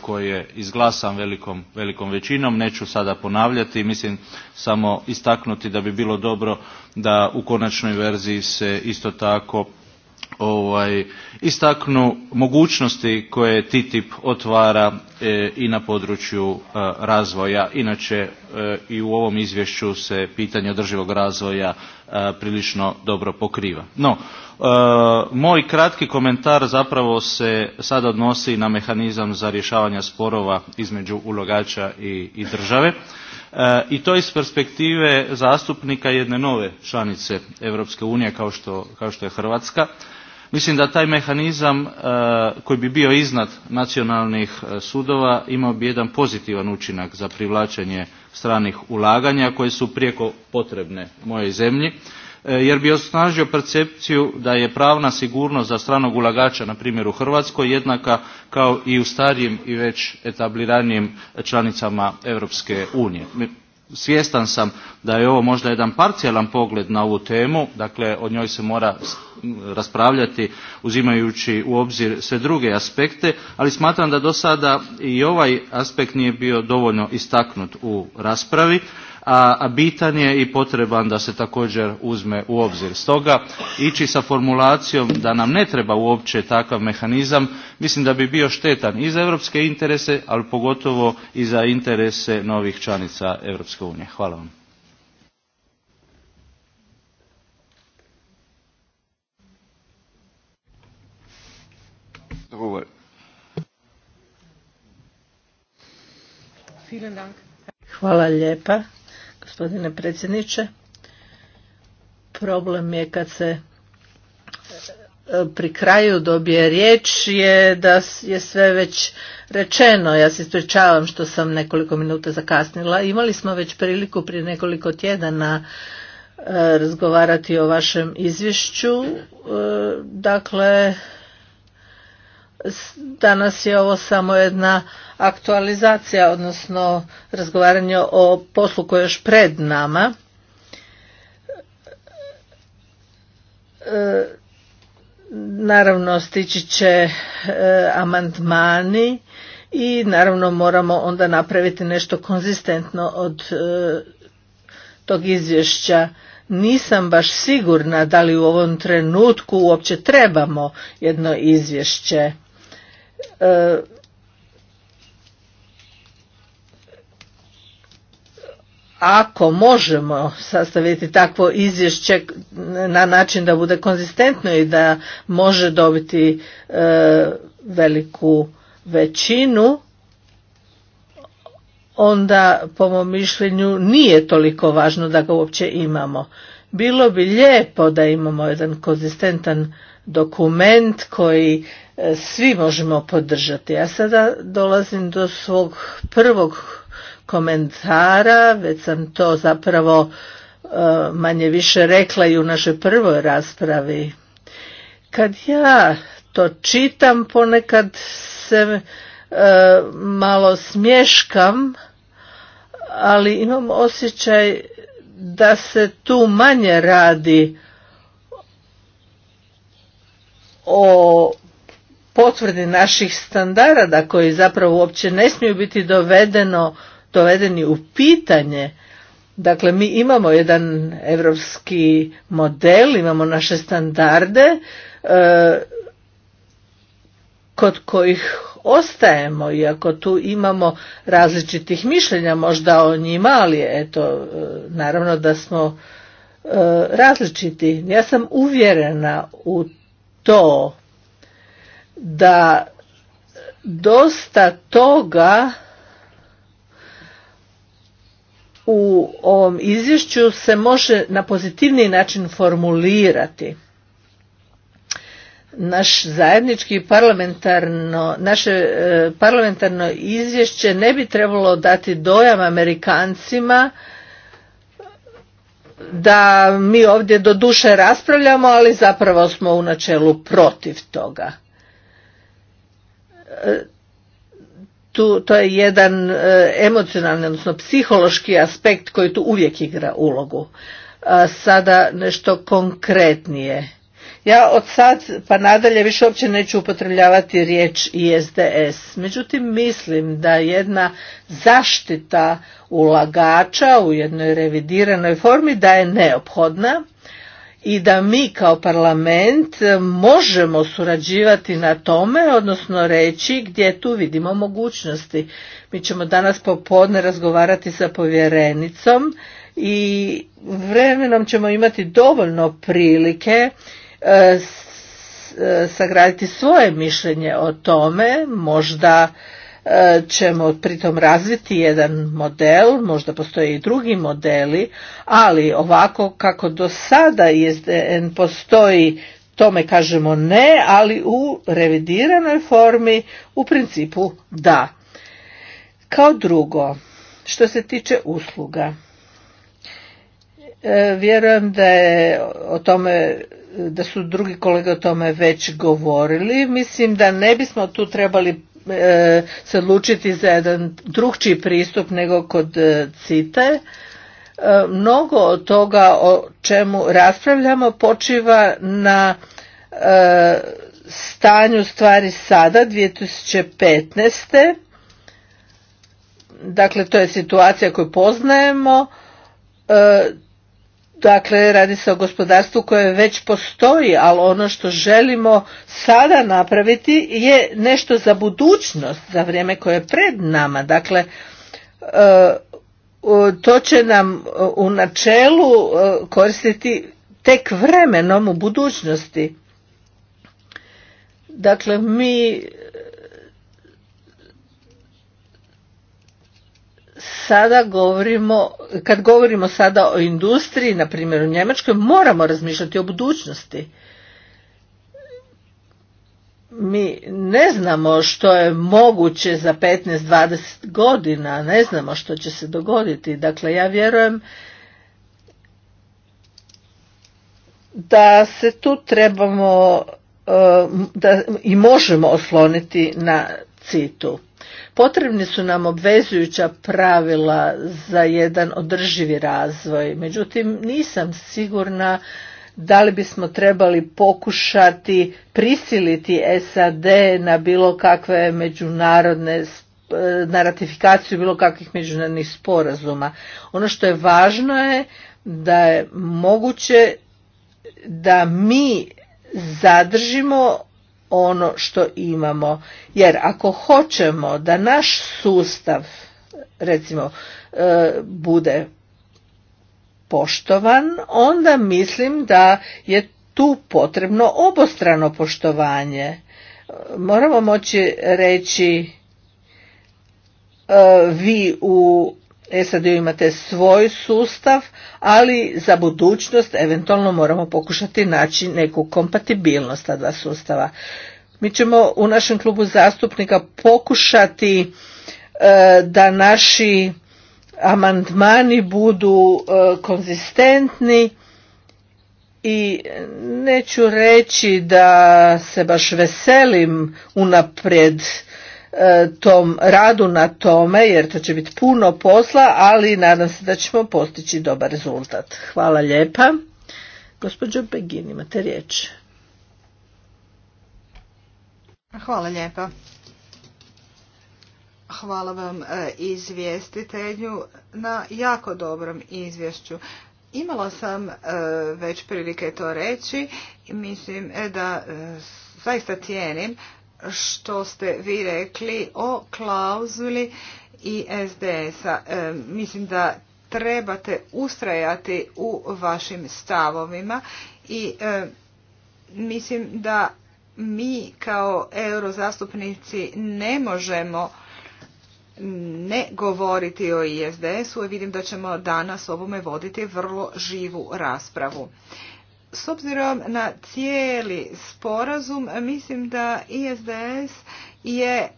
koji je izglasan velikom, velikom većinom. Neću sada ponavljati, mislim samo istaknuti da bi bilo dobro da u konačnoj verziji se isto tako ovaj, istaknu mogućnosti koje TTIP otvara e, i na području e, razvoja. Inače e, i u ovom izvješću se pitanje održivog razvoja prilično dobro pokriva. No, moj kratki komentar zapravo se sada odnosi na mehanizam za rješavanje sporova između ulogača i, i države i to iz perspektive zastupnika jedne nove članice Europske unije kao što, kao što je Hrvatska Mislim da taj mehanizam e, koji bi bio iznad nacionalnih e, sudova imao bi jedan pozitivan učinak za privlačenje stranih ulaganja koje su prijeko potrebne mojoj zemlji e, jer bi osnažio percepciju da je pravna sigurnost za stranog ulagača na primjer u hrvatskoj jednaka kao i u starijim i već etabliranijim članicama europske unije svjestan sam da je ovo možda jedan parcijalan pogled na ovu temu, dakle o njoj se mora raspravljati uzimajući u obzir sve druge aspekte, ali smatram da do sada i ovaj aspekt nije bio dovoljno istaknut u raspravi a bitan je i potreban da se također uzme u obzir. Stoga ići sa formulacijom da nam ne treba uopće takav mehanizam mislim da bi bio štetan i za europske interese, ali pogotovo i za interese novih članica Europske unije. Hvala vam.
Hvala lijepa gospodine predsjedniče. Problem je kad se e, pri kraju dobije riječ je da je sve već rečeno. Ja se ispričavam što sam nekoliko minuta zakasnila. Imali smo već priliku prije nekoliko tjedana e, razgovarati o vašem izvješću. E, dakle, Danas je ovo samo jedna aktualizacija, odnosno razgovaranje o poslu koji je još pred nama. E, naravno stići će e, amandmani i naravno moramo onda napraviti nešto konzistentno od e, tog izvješća nisam baš sigurna da li u ovom trenutku uopće trebamo jedno izvješće E, ako možemo sastaviti takvo izvješće na način da bude konzistentno i da može dobiti e, veliku većinu onda po mom mišljenju nije toliko važno da ga uopće imamo bilo bi lijepo da imamo jedan konzistentan dokument koji svi možemo podržati. Ja sada dolazim do svog prvog komentara, već sam to zapravo e, manje više rekla i u našoj prvoj raspravi. Kad ja to čitam ponekad se e, malo smješkam, ali imam osjećaj da se tu manje radi o potvrdi naših standarda koji zapravo uopće ne smiju biti dovedeno, dovedeni u pitanje. Dakle, mi imamo jedan evropski model, imamo naše standarde e, kod kojih ostajemo, iako tu imamo različitih mišljenja možda o njima, ali eto, e, naravno da smo e, različiti. Ja sam uvjerena u to da dosta toga u ovom izvješću se može na pozitivniji način formulirati. Naš zajednički parlamentarno, naše e, parlamentarno izvješće ne bi trebalo dati dojam Amerikancima da mi ovdje do duše raspravljamo, ali zapravo smo u načelu protiv toga tu, to je jedan e, emocionalni, odnosno psihološki aspekt koji tu uvijek igra ulogu. E, sada nešto konkretnije. Ja od sad pa nadalje više uopće neću upotrebljavati riječ ISDS. Međutim, mislim da jedna zaštita ulagača u jednoj revidiranoj formi da je neophodna i da mi kao parlament možemo surađivati na tome, odnosno reći gdje tu vidimo mogućnosti. Mi ćemo danas popodne razgovarati sa povjerenicom i vremenom ćemo imati dovoljno prilike e, e, sagraditi svoje mišljenje o tome, možda ćemo pritom razviti jedan model, možda postoje i drugi modeli, ali ovako kako do sada postoji, tome kažemo ne, ali u revidiranoj formi u principu da. Kao drugo, što se tiče usluga, e, vjerujem da je o tome da su drugi kolege o tome već govorili. Mislim da ne bismo tu trebali E, se odlučiti za jedan drugčiji pristup nego kod e, CITE. E, mnogo od toga o čemu raspravljamo počiva na stanju stvari sada 2015. Dakle, to je situacija koju poznajemo. Dakle, radi se o gospodarstvu koje već postoji, ali ono što želimo sada napraviti je nešto za budućnost, za vrijeme koje je pred nama. Dakle, e, to će nam u načelu e, koristiti tek vremenom u budućnosti. Dakle, mi sada govorimo, kad govorimo sada o industriji, na primjer u Njemačkoj, moramo razmišljati o budućnosti. Mi ne znamo što je moguće za 15-20 godina, ne znamo što će se dogoditi. Dakle, ja vjerujem da se tu trebamo e, da i možemo osloniti na citu. Potrebni su nam obvezujuća pravila za jedan održivi razvoj, međutim nisam sigurna da li bismo trebali pokušati prisiliti SAD na bilo kakve međunarodne e, na ratifikaciju bilo kakvih međunarodnih sporazuma. Ono što je važno je da je moguće da mi zadržimo ono što imamo. Jer ako hoćemo da naš sustav recimo e, bude poštovan, onda mislim da je tu potrebno obostrano poštovanje. E, moramo moći reći e, vi u SAD imate svoj sustav, ali za budućnost eventualno moramo pokušati naći neku kompatibilnost ta dva sustava. Mi ćemo u našem klubu zastupnika pokušati e, da naši amandmani budu e, konzistentni i neću reći da se baš veselim unaprijed E, tom radu na tome jer to će biti puno posla, ali nadam se da ćemo postići dobar rezultat. Hvala lijepa. Gospođo Begin, imate riječ.
Hvala lijepa. Hvala vam e, izvjestitelju na jako dobrom izvješću. Imala sam e, već prilike to reći i mislim da zaista cijenim što ste vi rekli o klauzuli i SDS-a. E, mislim da trebate ustrajati u vašim stavovima i e, mislim da mi kao eurozastupnici ne možemo ne govoriti o ISDS-u i vidim da ćemo danas ovome voditi vrlo živu raspravu. S obzirom na cijeli sporazum, mislim da ISDS je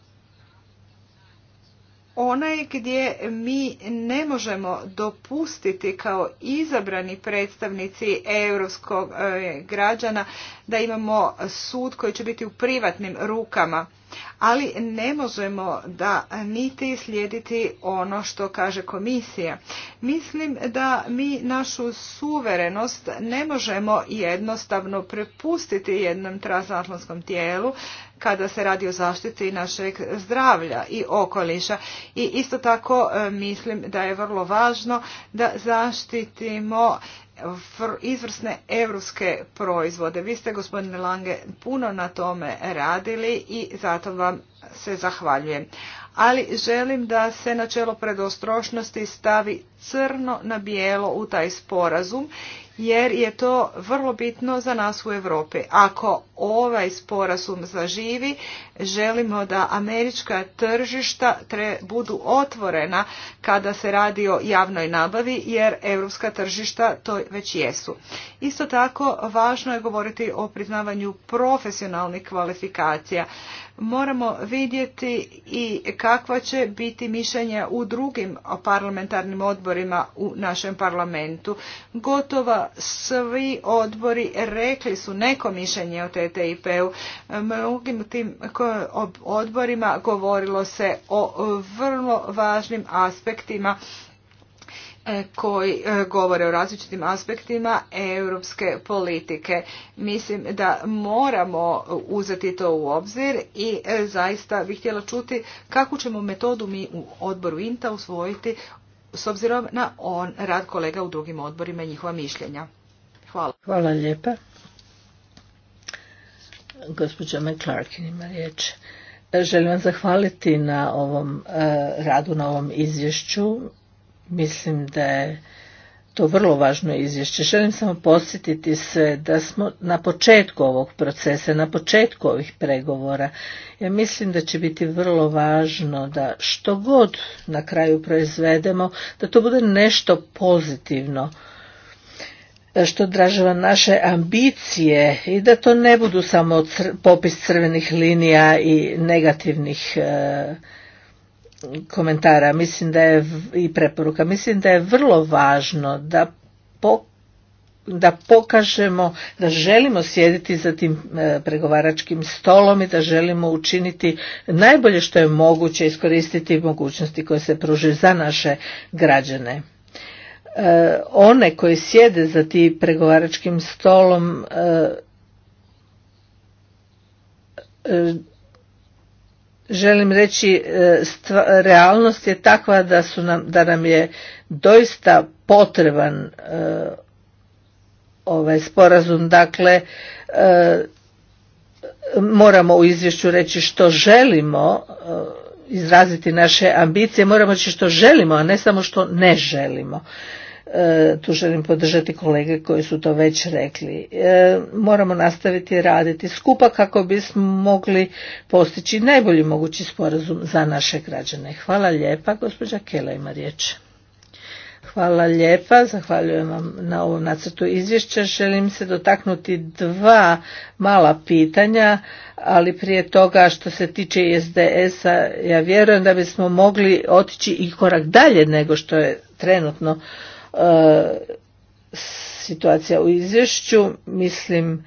onaj gdje mi ne možemo dopustiti kao izabrani predstavnici europskog e, građana da imamo sud koji će biti u privatnim rukama ali ne možemo da niti slijediti ono što kaže komisija. Mislim da mi našu suverenost ne možemo jednostavno prepustiti jednom transatlantskom tijelu kada se radi o zaštiti našeg zdravlja i okoliša. I isto tako e, mislim da je vrlo važno da zaštitimo izvrsne europske proizvode. Vi ste, gospodine Lange, puno na tome radili i zato vam se zahvaljujem. Ali želim da se načelo predostrošnosti stavi crno na bijelo u taj sporazum jer je to vrlo bitno za nas u Europi. Ako ovaj sporazum zaživi, želimo da američka tržišta tre, budu otvorena kada se radi o javnoj nabavi, jer europska tržišta to već jesu. Isto tako, važno je govoriti o priznavanju profesionalnih kvalifikacija. Moramo vidjeti i kakva će biti mišljenja u drugim parlamentarnim odborima u našem parlamentu. Gotova svi odbori rekli su neko mišljenje o TTIP-u. Mnogim tim odborima govorilo se o vrlo važnim aspektima e, koji e, govore o različitim aspektima europske politike. Mislim da moramo uzeti to u obzir i e, zaista bih htjela čuti kakvu ćemo metodu mi u odboru INTA usvojiti s obzirom na on, rad kolega u drugim odborima i njihova mišljenja. Hvala.
Hvala lijepa. Gospođa McClarkin ima riječ. Želim vam zahvaliti na ovom eh, radu, na ovom izvješću. Mislim da je to vrlo važno izvješće. Želim samo podsjetiti se da smo na početku ovog procesa, na početku ovih pregovora. Ja mislim da će biti vrlo važno da što god na kraju proizvedemo, da to bude nešto pozitivno što odražava naše ambicije i da to ne budu samo popis crvenih linija i negativnih e, komentara mislim da je i preporuka mislim da je vrlo važno da da pokažemo da želimo sjediti za tim e, pregovaračkim stolom i da želimo učiniti najbolje što je moguće iskoristiti mogućnosti koje se pruže za naše građane e, one koji sjede za tim pregovaračkim stolom e, želim reći e, realnost je takva da su nam da nam je doista potreban e, ovaj sporazum dakle e, moramo u izvješću reći što želimo izraziti naše ambicije moramo reći što želimo a ne samo što ne želimo E, tu želim podržati kolege koji su to već rekli. E, moramo nastaviti raditi skupa kako bismo mogli postići najbolji mogući sporazum za naše građane. Hvala lijepa, gospođa Kela ima riječ. Hvala lijepa, zahvaljujem vam na ovom nacrtu izvješća. Želim se dotaknuti dva mala pitanja, ali prije toga što se tiče sds a ja vjerujem da bismo mogli otići i korak dalje nego što je trenutno E, situacija u izvješću. Mislim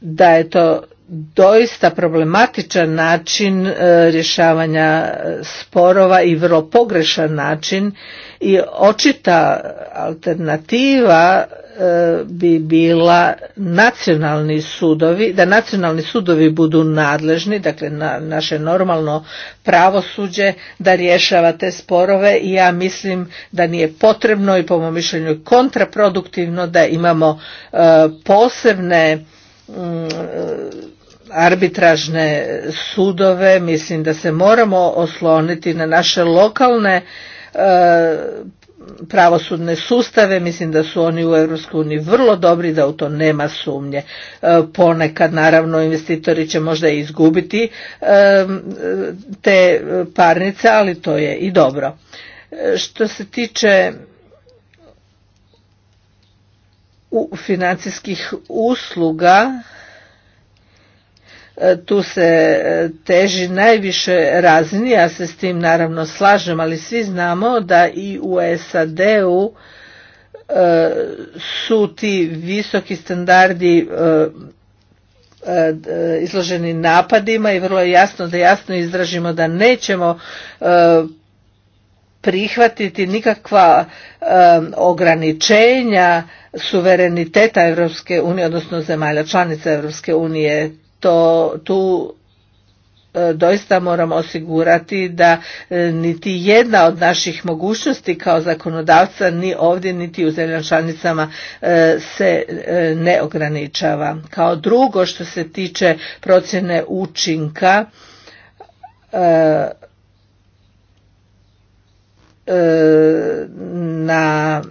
da je to doista problematičan način e, rješavanja sporova i vrlo pogrešan način i očita alternativa E, bi bila nacionalni sudovi, da nacionalni sudovi budu nadležni, dakle na, naše normalno pravosuđe da rješava te sporove i ja mislim da nije potrebno i po mom mišljenju kontraproduktivno da imamo e, posebne mm, e, arbitražne sudove, mislim da se moramo osloniti na naše lokalne pravosudne sustave, mislim da su oni u EU vrlo dobri, da u to nema sumnje. E, ponekad naravno investitori će možda i izgubiti e, te parnice, ali to je i dobro. E, što se tiče u financijskih usluga, tu se e, teži najviše razini, ja se s tim naravno slažem, ali svi znamo da i u SAD-u e, su ti visoki standardi e, izloženi napadima i vrlo je jasno da jasno izražimo da nećemo prihvatiti nikakva ograničenja suvereniteta Europske unije, odnosno zemalja članica Europske unije to tu e, doista moramo osigurati da e, niti jedna od naših mogućnosti kao zakonodavca ni ovdje niti u zemljama članicama e, se ne ograničava. Kao drugo što se tiče procjene učinka na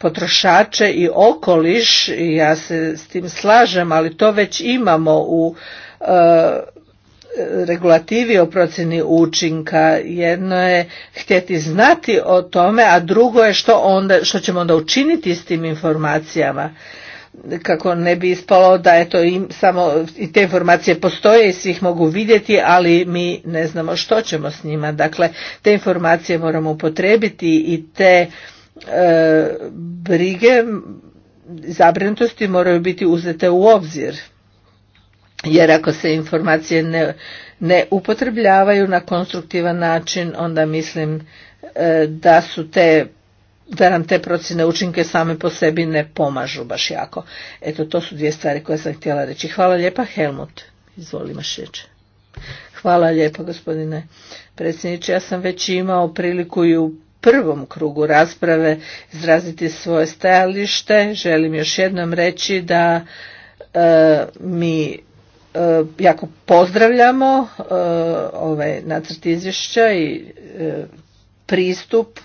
potrošače i okoliš, ja se s tim slažem, ali to već imamo u e, regulativi o procjeni učinka. Jedno je htjeti znati o tome, a drugo je što, onda, što ćemo onda učiniti s tim informacijama kako ne bi ispalo da je to samo i te informacije postoje i svih mogu vidjeti, ali mi ne znamo što ćemo s njima. Dakle, te informacije moramo upotrebiti i te E, brige zabrinutosti moraju biti uzete u obzir jer ako se informacije ne, ne upotrebljavaju na konstruktivan način onda mislim e, da su te da nam te procjene učinke same po sebi ne pomažu baš jako. Eto, to su dvije stvari koje sam htjela reći. Hvala lijepa, Helmut. Izvoli šećer. Hvala lijepa, gospodine predsjedniče. Ja sam već imao priliku i u prvom krugu rasprave izraziti svoje stajalište. Želim još jednom reći da e, mi e, jako pozdravljamo e, ovaj nacrt izvješća i pristup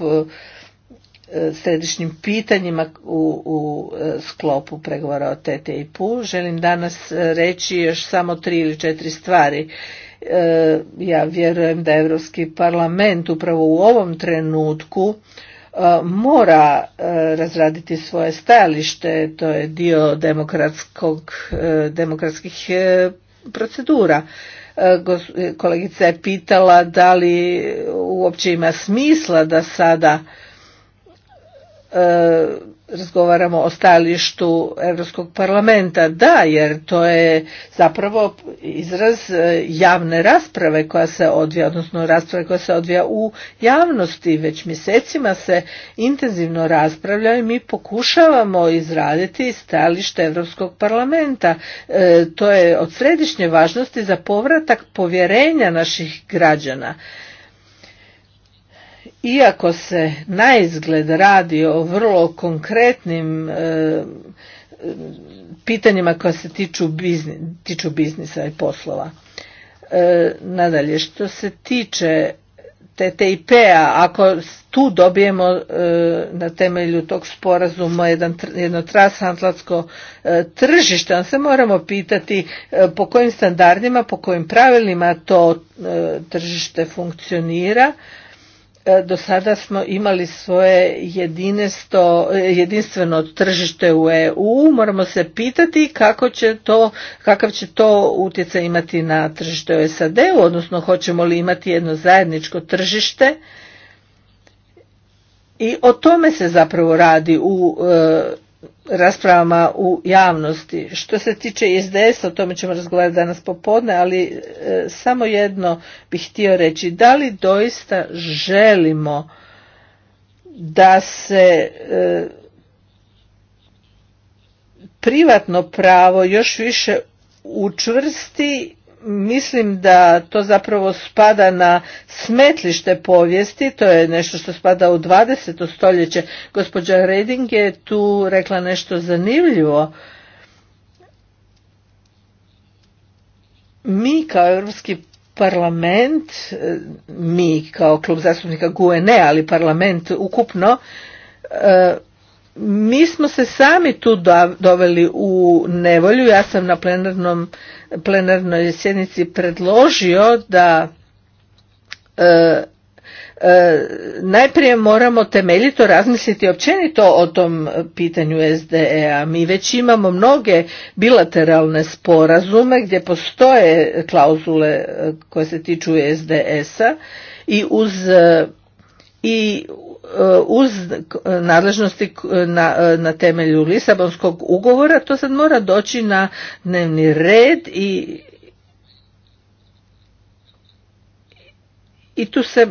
središnjim pitanjima u, u sklopu pregovora o TTIP-u. Želim danas reći još samo tri ili četiri stvari E, ja vjerujem da Europski parlament upravo u ovom trenutku e, mora e, razraditi svoje stajalište, to je dio demokratskih procedura. Kolegica je pitala da li uopće ima smisla da sada razgovaramo o stajalištu Europskog parlamenta. Da, jer to je zapravo izraz e, javne rasprave koja se odvija, odnosno rasprave koja se odvija u javnosti. Već mjesecima se intenzivno raspravlja i mi pokušavamo izraditi stajalište Europskog parlamenta. E, to je od središnje važnosti za povratak povjerenja naših građana iako se naizgled radi o vrlo konkretnim e, e, pitanjima koja se tiču, tiču biznisa i poslova. E, nadalje, što se tiče TTIP-a, ako tu dobijemo na temelju tog sporazuma jedan, jedno transatlantsko tržište, onda se moramo pitati po kojim standardima, po kojim pravilima to tržište funkcionira, E, do sada smo imali svoje e, jedinstveno tržište u EU, moramo se pitati kako će to, kakav će to utjecaj imati na tržište u SAD-u, odnosno hoćemo li imati jedno zajedničko tržište i o tome se zapravo radi u e, raspravama u javnosti. Što se tiče SDS, o tome ćemo razgovarati danas popodne, ali e, samo jedno bih htio reći. Da li doista želimo da se e, privatno pravo još više učvrsti mislim da to zapravo spada na smetlište povijesti, to je nešto što spada u 20. stoljeće. Gospođa Reding je tu rekla nešto zanimljivo. Mi kao Europski parlament, mi kao klub zastupnika GUE, ne, ali parlament ukupno, e, mi smo se sami tu doveli u nevolju. Ja sam na plenarnom, plenarnoj sjednici predložio da e, e najprije moramo temeljito razmisliti općenito o tom pitanju SDE-a. Mi već imamo mnoge bilateralne sporazume gdje postoje klauzule e, koje se tiču SDS-a i uz e, i E, uz nadležnosti e, na, e, na temelju Lisabonskog ugovora, to sad mora doći na dnevni red i i tu se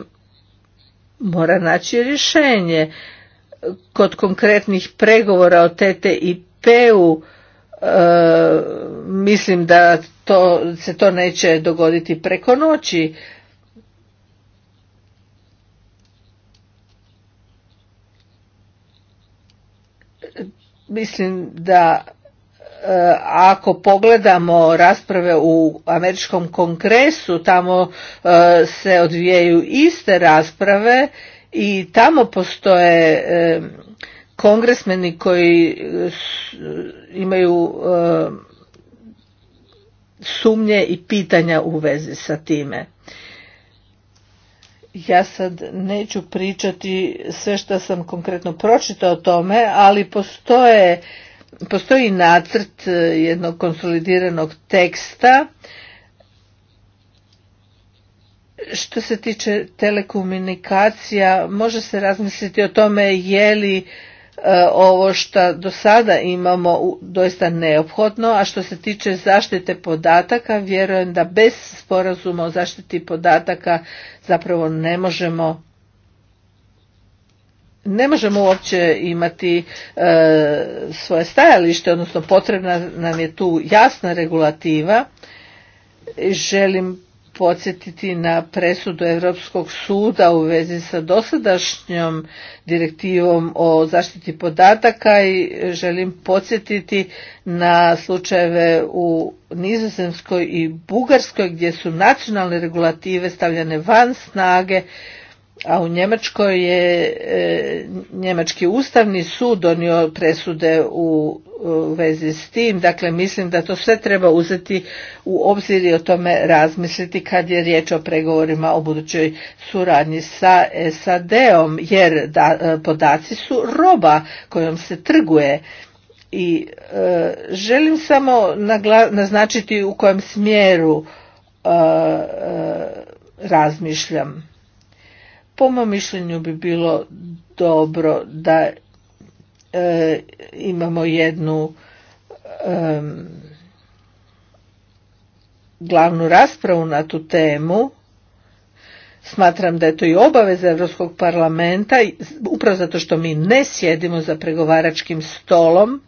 mora naći rješenje. Kod konkretnih pregovora o TTIP-u mislim da to, se to neće dogoditi preko noći. Mislim da e, ako pogledamo rasprave u američkom kongresu, tamo e, se odvijaju iste rasprave i tamo postoje e, kongresmeni koji imaju sumnje i pitanja u vezi sa time ja sad neću pričati sve što sam konkretno pročitao o tome, ali postoji nacrt e, jednog konsolidiranog teksta što se tiče telekomunikacija, može se razmisliti o tome je li E, ovo što do sada imamo doista neophodno, a što se tiče zaštite podataka, vjerujem da bez sporazuma o zaštiti podataka zapravo ne možemo ne možemo uopće imati e, svoje stajalište, odnosno potrebna nam je tu jasna regulativa. Želim podsjetiti na presudu Europskog suda u vezi sa dosadašnjom direktivom o zaštiti podataka i želim podsjetiti na slučajeve u Nizozemskoj i Bugarskoj gdje su nacionalne regulative stavljene van snage a u Njemačkoj je e, Njemački ustavni sud donio presude u, vezi s tim. Dakle, mislim da to sve treba uzeti u obzir i o tome razmisliti kad je riječ o pregovorima o budućoj suradnji sa SAD-om, jer e, podaci su roba kojom se trguje i e, želim samo naznačiti u kojem smjeru razmišljam. Po mom mišljenju bi bilo dobro da e, imamo jednu glavnu raspravu na tu temu. Smatram da je to i obaveza Europskog parlamenta, upravo zato što mi ne sjedimo za pregovaračkim stolom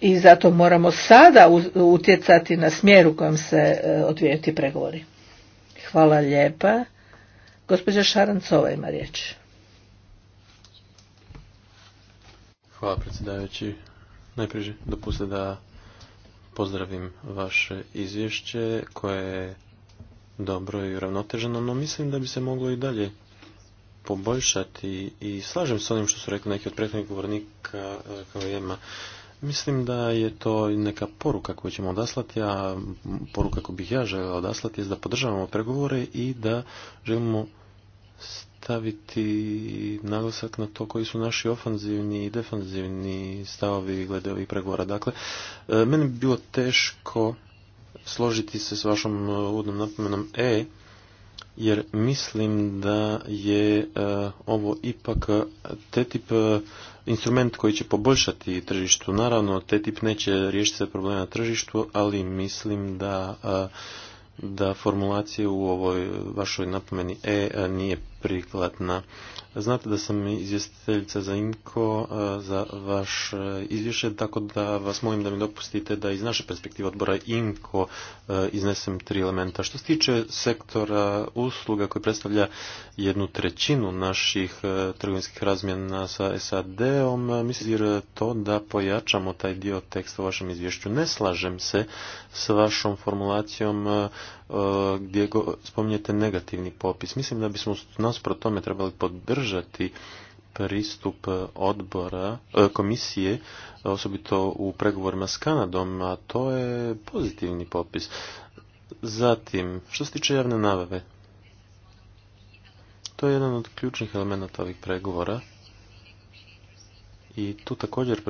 i zato moramo sada utjecati na smjer u kojem se e, odvijeti pregovori. Hvala lijepa. Gospođa Šarancova ima riječ.
Hvala predsjedavajući. Najprije dopustite da pozdravim vaše izvješće koje je dobro i uravnoteženo, no mislim da bi se moglo i dalje poboljšati i slažem se onim što su rekli neki od prethodnih govornika e, kao ema. Mislim da je to neka poruka koju ćemo odaslati, a poruka koju bih ja želio odaslati je da podržavamo pregovore i da želimo staviti naglasak na to koji su naši ofanzivni i defanzivni stavovi glede ovih pregovora. Dakle, e, meni bi bilo teško složiti se s vašom e, uvodnom napomenom E, jer mislim da je e, ovo ipak te tip instrument koji će poboljšati tržištu. Naravno, te tip neće riješiti sve probleme na tržištu, ali mislim da da formulacije u ovoj vašoj napomeni E nije prikladna. Znate da sam izvjestiteljica za INKO, e, za vaš e, izvješće, tako da vas molim da mi dopustite da iz naše perspektive odbora INKO e, iznesem tri elementa. Što se tiče sektora usluga koji predstavlja jednu trećinu naših trgovinskih razmjena sa SAD-om, mislim to da pojačamo taj dio teksta u vašem izvješću. Ne slažem se s vašom formulacijom E, gdje spominjete negativni popis. Mislim da bismo nasprot tome trebali podržati pristup odbora e, komisije, osobito u pregovorima s Kanadom, a to je pozitivni popis. Zatim, što se tiče javne nabave, to je jedan od ključnih elemenata ovih pregovora i tu također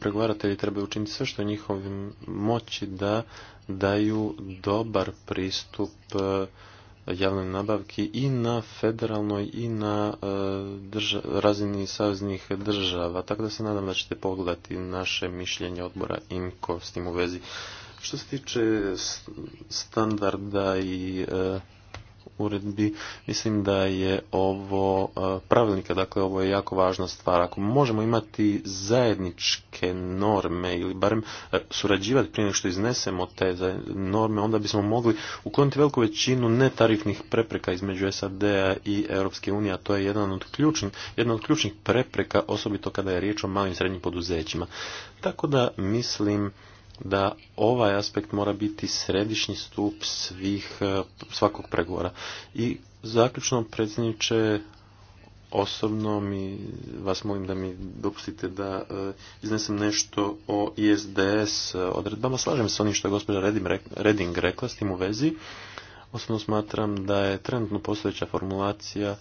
pregovaratelji trebaju učiniti sve što je njihovim moći da daju dobar pristup e, javnoj nabavki i na federalnoj i na e, razini saveznih država. Tako da se nadam da ćete pogledati naše mišljenje odbora INKO s tim u vezi. Što se tiče standarda i e, uredbi. Mislim da je ovo e, pravilnika, dakle ovo je jako važna stvar. Ako možemo imati zajedničke norme ili barem e, surađivati prije nego što iznesemo te norme, onda bismo mogli ukloniti veliku većinu netarifnih prepreka između SAD-a i Europske unije, a to je jedan od ključnih, jedna od ključnih prepreka, osobito kada je riječ o malim i srednjim poduzećima. Tako da mislim da ovaj aspekt mora biti središnji stup svih, eh, svakog pregovora. I zaključno, predsjedniče, osobno mi, vas molim da mi dopustite da eh, iznesem nešto o ISDS eh, odredbama. Slažem se onim što je gospođa Reding rekla s tim u vezi. Osobno smatram da je trenutno postojeća formulacija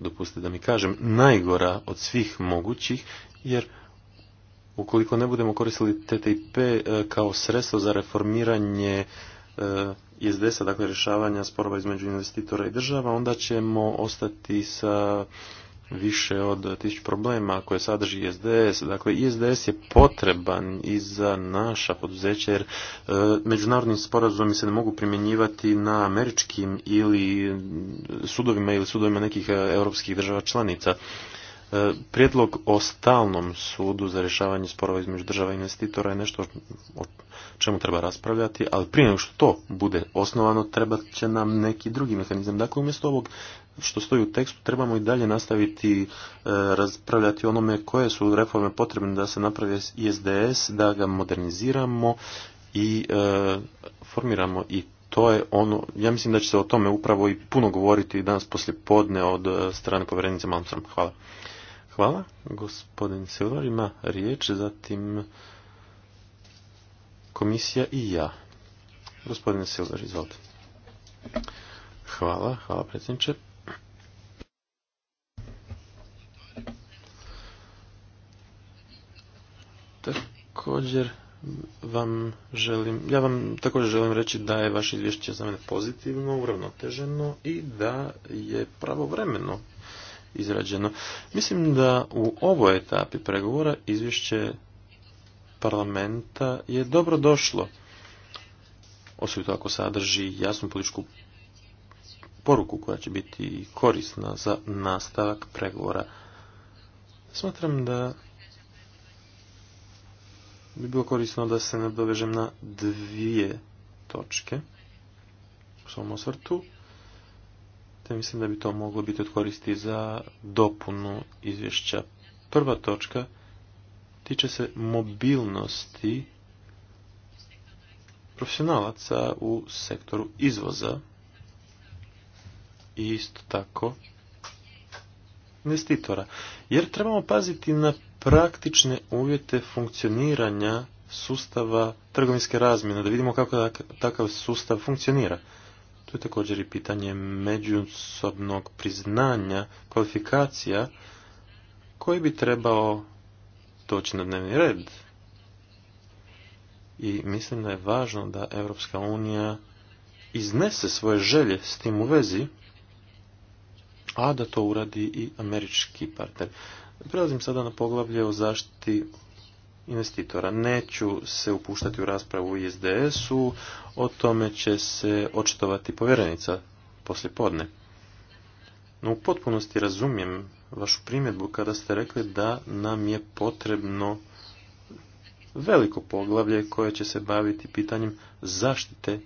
dopustite da mi kažem, najgora od svih mogućih, jer ukoliko ne budemo koristili TTIP e, kao sredstvo za reformiranje e, ISDS-a, dakle rješavanja sporova između investitora i država, onda ćemo ostati sa više od tisuć problema koje sadrži ISDS. Dakle, ISDS je potreban i za naša poduzeća jer e, međunarodni sporazumi se ne mogu primjenjivati na američkim ili sudovima ili sudovima nekih europskih država članica. E, prijedlog o stalnom sudu za rješavanje sporova između država i investitora je nešto o čemu treba raspravljati, ali prije nego što to bude osnovano, treba će nam neki drugi mehanizam. Dakle, umjesto ovog što stoji u tekstu, trebamo i dalje nastaviti e, raspravljati onome koje su reforme potrebne da se napravi ISDS, da ga moderniziramo i e, formiramo i to je ono, ja mislim da će se o tome upravo i puno govoriti danas poslije podne od strane povjerenice Malmström. Hvala. Hvala. Gospodin Silvar ima riječ, zatim komisija i ja. Gospodin Silvar, izvolite. Hvala, hvala predsjedniče. Također vam želim, ja vam također želim reći da je vaše izvješće za mene pozitivno, uravnoteženo i da je pravovremeno izrađeno. Mislim da u ovoj etapi pregovora izvješće parlamenta je dobro došlo. Osobito ako sadrži jasnu političku poruku koja će biti korisna za nastavak pregovora. Smatram da bi bilo korisno da se nadovežem na dvije točke u svom osvrtu te mislim da bi to moglo biti od za dopunu izvješća. Prva točka tiče se mobilnosti profesionalaca u sektoru izvoza i isto tako investitora. Jer trebamo paziti na praktične uvjete funkcioniranja sustava trgovinske razmjene, da vidimo kako takav sustav funkcionira. Tu je također i pitanje međusobnog priznanja kvalifikacija koji bi trebao doći na dnevni red. I mislim da je važno da Europska unija iznese svoje želje s tim u vezi, a da to uradi i američki partner. Prelazim sada na poglavlje o zaštiti investitora. Neću se upuštati u raspravu u ISDS-u, o tome će se očitovati povjerenica poslje podne. No u potpunosti razumijem vašu primjedbu kada ste rekli da nam je potrebno veliko poglavlje koje će se baviti pitanjem zaštite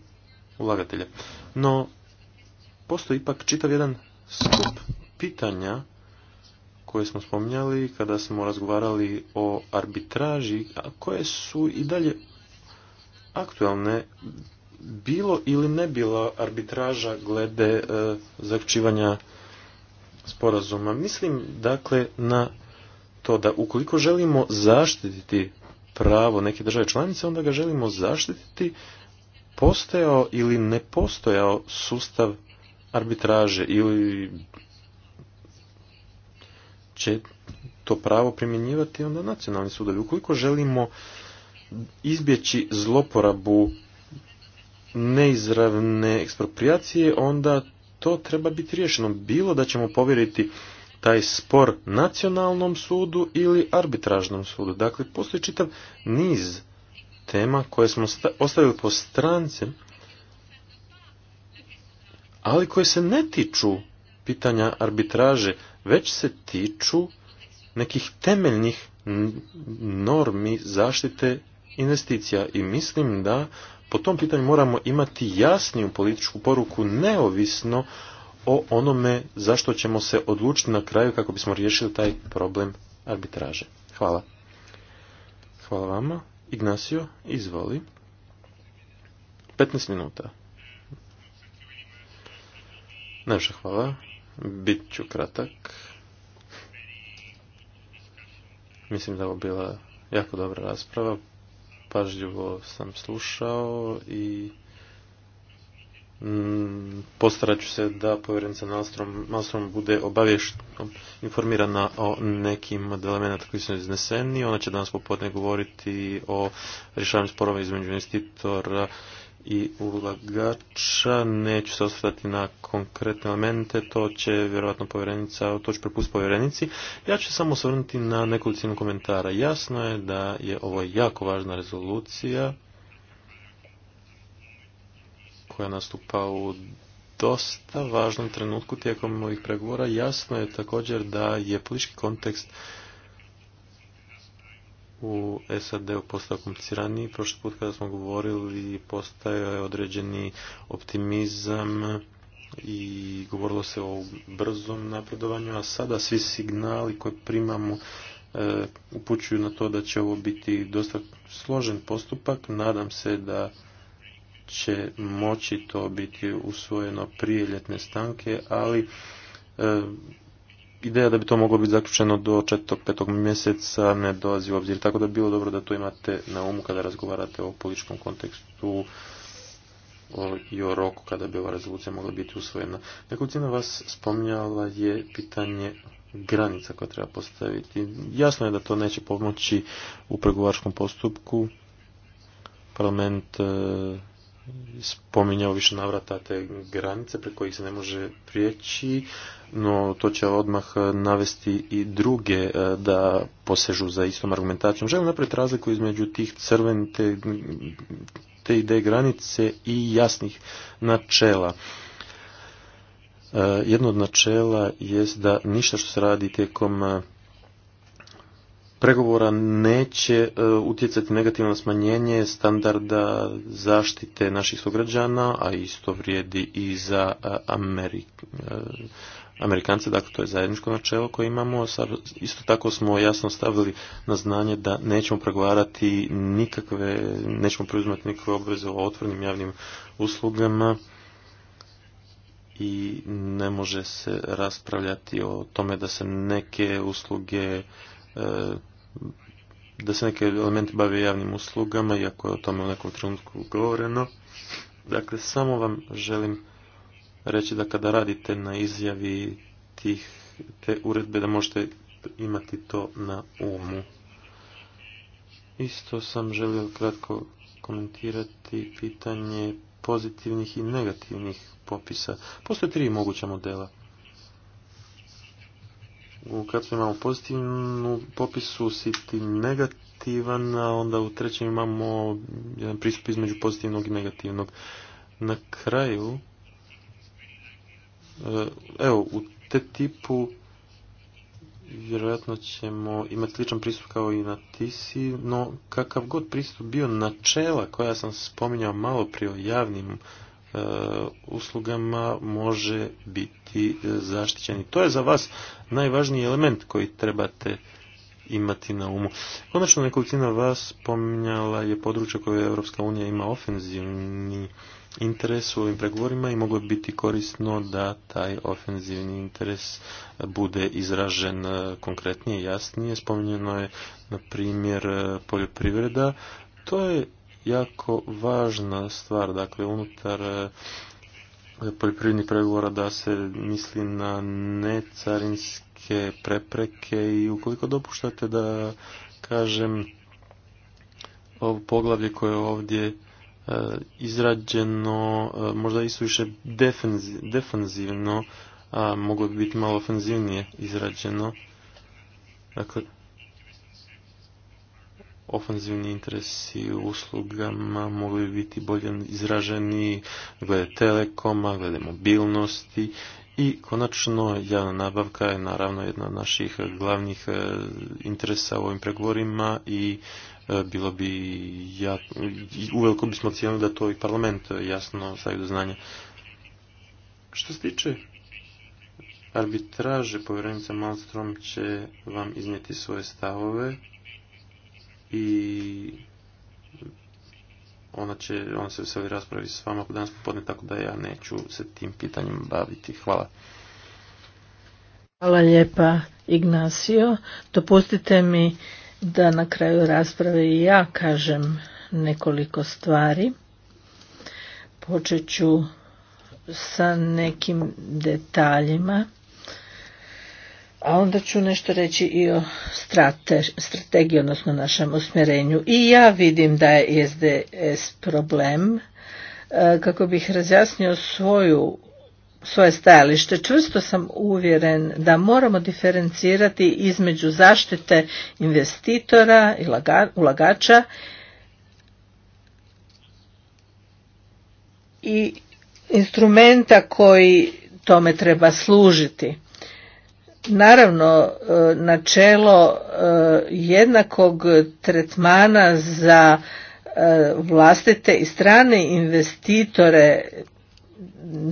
ulagatelja. No, postoji ipak čitav jedan skup pitanja koje smo spominjali kada smo razgovarali o arbitraži, a koje su i dalje aktualne, bilo ili ne bilo arbitraža glede e, zaključivanja sporazuma. Mislim dakle na to da ukoliko želimo zaštititi pravo neke države članice, onda ga želimo zaštititi postojao ili ne postojao sustav arbitraže ili će to pravo primjenjivati onda nacionalni sudovi. Ukoliko želimo izbjeći zloporabu neizravne ekspropriacije, onda to treba biti riješeno. Bilo da ćemo povjeriti taj spor nacionalnom sudu ili arbitražnom sudu. Dakle, postoji čitav niz tema koje smo ostavili po strance, ali koje se ne tiču pitanja arbitraže, već se tiču nekih temeljnih normi zaštite investicija i mislim da po tom pitanju moramo imati jasniju političku poruku neovisno o onome zašto ćemo se odlučiti na kraju kako bismo riješili taj problem arbitraže. Hvala. Hvala vama. Ignacio, izvoli. 15 minuta. Najviše hvala. Bit ću kratak. Mislim da je ovo bila jako dobra rasprava. Pažljivo sam slušao i mm, postarat ću se da povjerenica Malstrom, bude informirana o nekim od elemenata koji su izneseni. Ona će danas popodne govoriti o rješavanju sporova između investitora i ulagača. Neću se ostati na konkretne elemente, to će vjerojatno povjerenica, to ću prepustiti povjerenici. Ja ću samo osvrnuti na nekolicinu komentara. Jasno je da je ovo jako važna rezolucija koja nastupa u dosta važnom trenutku tijekom ovih pregovora. Jasno je također da je politički kontekst u SAD-u postao kompliciraniji. Prošli put kada smo govorili postao je određeni optimizam i govorilo se o brzom napredovanju, a sada svi signali koje primamo e, upućuju na to da će ovo biti dosta složen postupak. Nadam se da će moći to biti usvojeno prije ljetne stanke, ali e, ideja da bi to moglo biti zaključeno do četvrtog, petog mjeseca ne dolazi u obzir, tako da bi bilo dobro da to imate na umu kada razgovarate o političkom kontekstu i o roku kada bi ova rezolucija mogla biti usvojena. Nekolicina vas spominjala je pitanje granica koje treba postaviti. Jasno je da to neće pomoći u pregovaračkom postupku. Parlament e, spominjao više navrata te granice preko kojih se ne može prijeći, no to će odmah eh, navesti i druge eh, da posežu za istom argumentacijom. Želim napraviti razliku između tih crveni te, te ideje granice i jasnih načela. Eh, jedno od načela jest da ništa što se radi tijekom pregovora neće e, utjecati negativno na smanjenje standarda zaštite naših sugrađana, a isto vrijedi i za e, ameriku e, Amerikance, dakle to je zajedničko načelo koje imamo. Isto tako smo jasno stavili na znanje da nećemo pregovarati nikakve, nećemo preuzimati nikakve obveze o otvornim javnim uslugama i ne može se raspravljati o tome da se neke usluge E, da se neke elementi bave javnim uslugama, iako je o tome u nekom trenutku govoreno. Dakle, samo vam želim reći da kada radite na izjavi tih, te uredbe, da možete imati to na umu. Isto sam želio kratko komentirati pitanje pozitivnih i negativnih popisa. Postoje tri moguća modela. U ukratko imamo pozitivnu popisu, siti negativan, a onda u trećem imamo jedan pristup između pozitivnog i negativnog. Na kraju, e, evo, u te tipu vjerojatno ćemo imati sličan pristup kao i na TISI, no kakav god pristup bio načela koja sam spominjao malo prije o javnim E, uslugama može biti e, zaštićeni. to je za vas najvažniji element koji trebate imati na umu. Konačno nekolicina vas spominjala je područje koje Europska unija ima ofenzivni interes u ovim pregovorima i moglo bi biti korisno da taj ofenzivni interes bude izražen e, konkretnije, i jasnije. Spominjeno je, na primjer, poljoprivreda. To je jako važna stvar, dakle unutar e, poljoprivrednih pregovora da se misli na necarinske prepreke i ukoliko dopuštate da kažem ovo poglavlje koje je ovdje e, izrađeno e, možda i više defenzivno, a moglo bi biti malo ofenzivnije izrađeno. Dakle, ofenzivni interesi u uslugama mogli biti bolje izraženi glede telekoma, glede mobilnosti i konačno javna nabavka je naravno jedna od naših glavnih e, interesa u ovim pregovorima i e, bilo bi ja, uveliko bismo cijeli da to i parlament jasno staje do znanja. Što se tiče arbitraže, povjerenica Malmstrom će vam iznijeti svoje stavove i ona će, ona se sve raspravi s vama danas popodne, tako da ja neću se tim pitanjem baviti. Hvala.
Hvala lijepa Ignacio. Dopustite mi da na kraju rasprave i ja kažem nekoliko stvari. Počet ću sa nekim detaljima a onda ću nešto reći i o strategiji, odnosno našem usmjerenju. I ja vidim da je SDS problem, e, kako bih razjasnio svoju svoje stajalište. Čvrsto sam uvjeren da moramo diferencirati između zaštite investitora i ulagača i instrumenta koji tome treba služiti. Naravno, e, načelo e, jednakog tretmana za e, vlastite i strane investitore,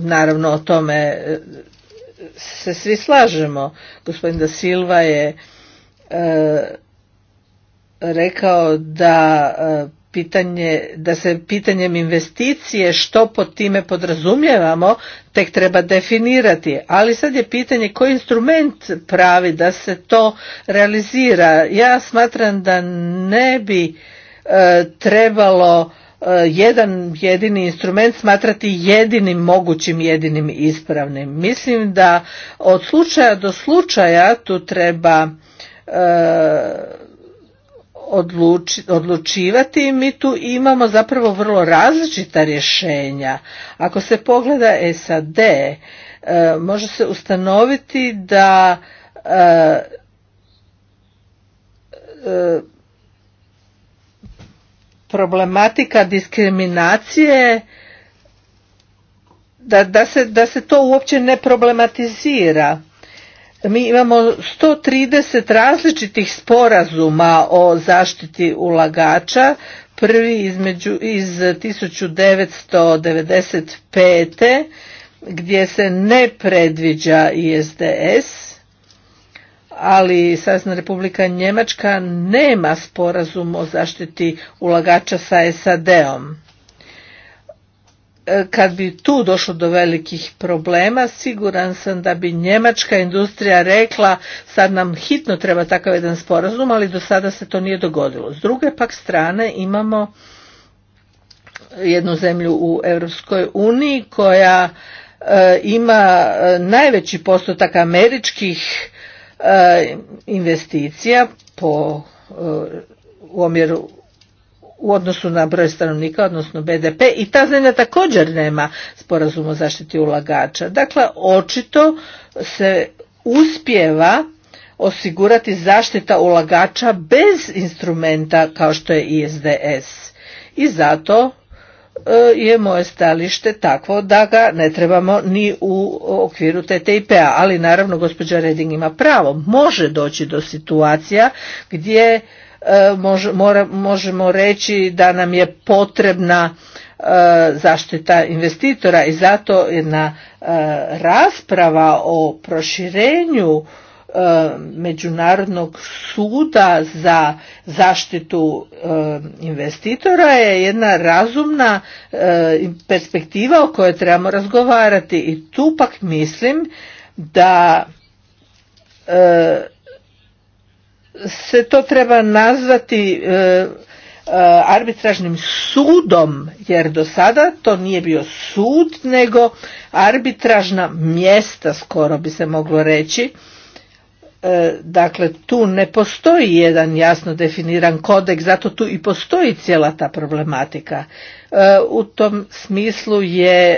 naravno o tome se svi slažemo. Gospodin Da Silva je rekao da pitanje, da se pitanjem investicije što pod time podrazumijevamo tek treba definirati. Ali sad je pitanje koji instrument pravi da se to realizira. Ja smatram da ne bi e, trebalo e, jedan jedini instrument smatrati jedinim mogućim, jedinim ispravnim. Mislim da od slučaja do slučaja tu treba e, odluči, odlučivati mi tu imamo zapravo vrlo različita rješenja ako se pogleda SAD e, može se ustanoviti da e, e, problematika diskriminacije da, se, da se to uopće ne problematizira mi imamo 130 različitih sporazuma o zaštiti ulagača, prvi između, iz 1995. gdje se ne predviđa ISDS, ali Savezna Republika Njemačka nema sporazum o zaštiti ulagača sa SAD-om kad bi tu došlo do velikih problema, siguran sam da bi njemačka industrija rekla sad nam hitno treba takav jedan sporazum, ali do sada se to nije dogodilo. S druge pak strane imamo jednu zemlju u Europskoj uniji koja e, ima e, najveći postotak američkih e, investicija po u omjeru u odnosu na broj stanovnika, odnosno BDP i ta zemlja također nema sporazum o zaštiti ulagača. Dakle, očito se uspjeva osigurati zaštita ulagača bez instrumenta kao što je ISDS. I zato e, je moje stalište takvo da ga ne trebamo ni u okviru TTIP-a, ali naravno gospođa Reding ima pravo, može doći do situacija gdje E, možemo reći da nam je potrebna e, zaštita investitora i zato jedna e, rasprava o proširenju međunarodnog suda za zaštitu investitora je jedna razumna perspektiva o kojoj trebamo razgovarati i tu pak mislim da se to treba nazvati e, e, arbitražnim sudom jer do sada to nije bio sud nego arbitražna mjesta skoro bi se moglo reći e, dakle tu ne postoji jedan jasno definiran kodeks zato tu i postoji cijela ta problematika u tom smislu je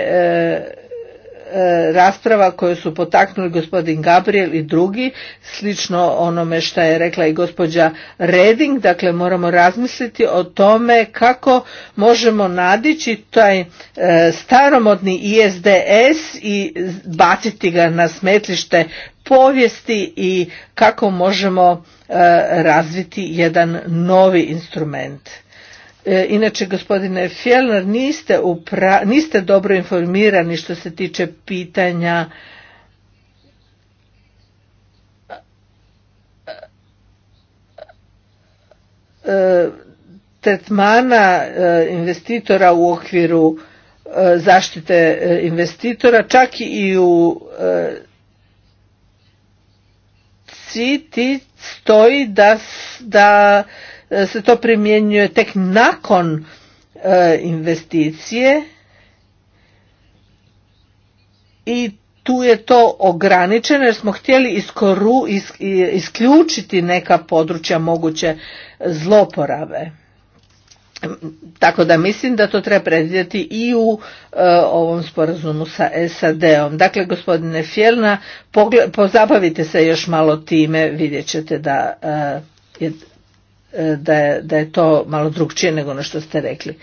E, rasprava koju su potaknuli gospodin Gabriel i drugi, slično onome što je rekla i gospođa Reding, dakle moramo razmisliti o tome kako možemo nadići taj e, staromodni ISDS i baciti ga na smetlište povijesti i kako možemo e, razviti jedan novi instrument. E, inače, gospodine Fjellner, niste, dobro informirani što se tiče pitanja e, tretmana e, investitora u okviru zaštite investitora, čak i u CITI stoji da, da E, se to primjenjuje tek nakon e, investicije i tu je to ograničeno jer smo htjeli iskoru, is, isključiti neka područja moguće zloporabe. Tako da mislim da to treba predvidjeti i u e, ovom sporazumu sa SAD-om. Dakle, gospodine Fjelna, pozabavite se još malo time, vidjet ćete da je E, da je, da je to malo drugčije nego ono što ste rekli.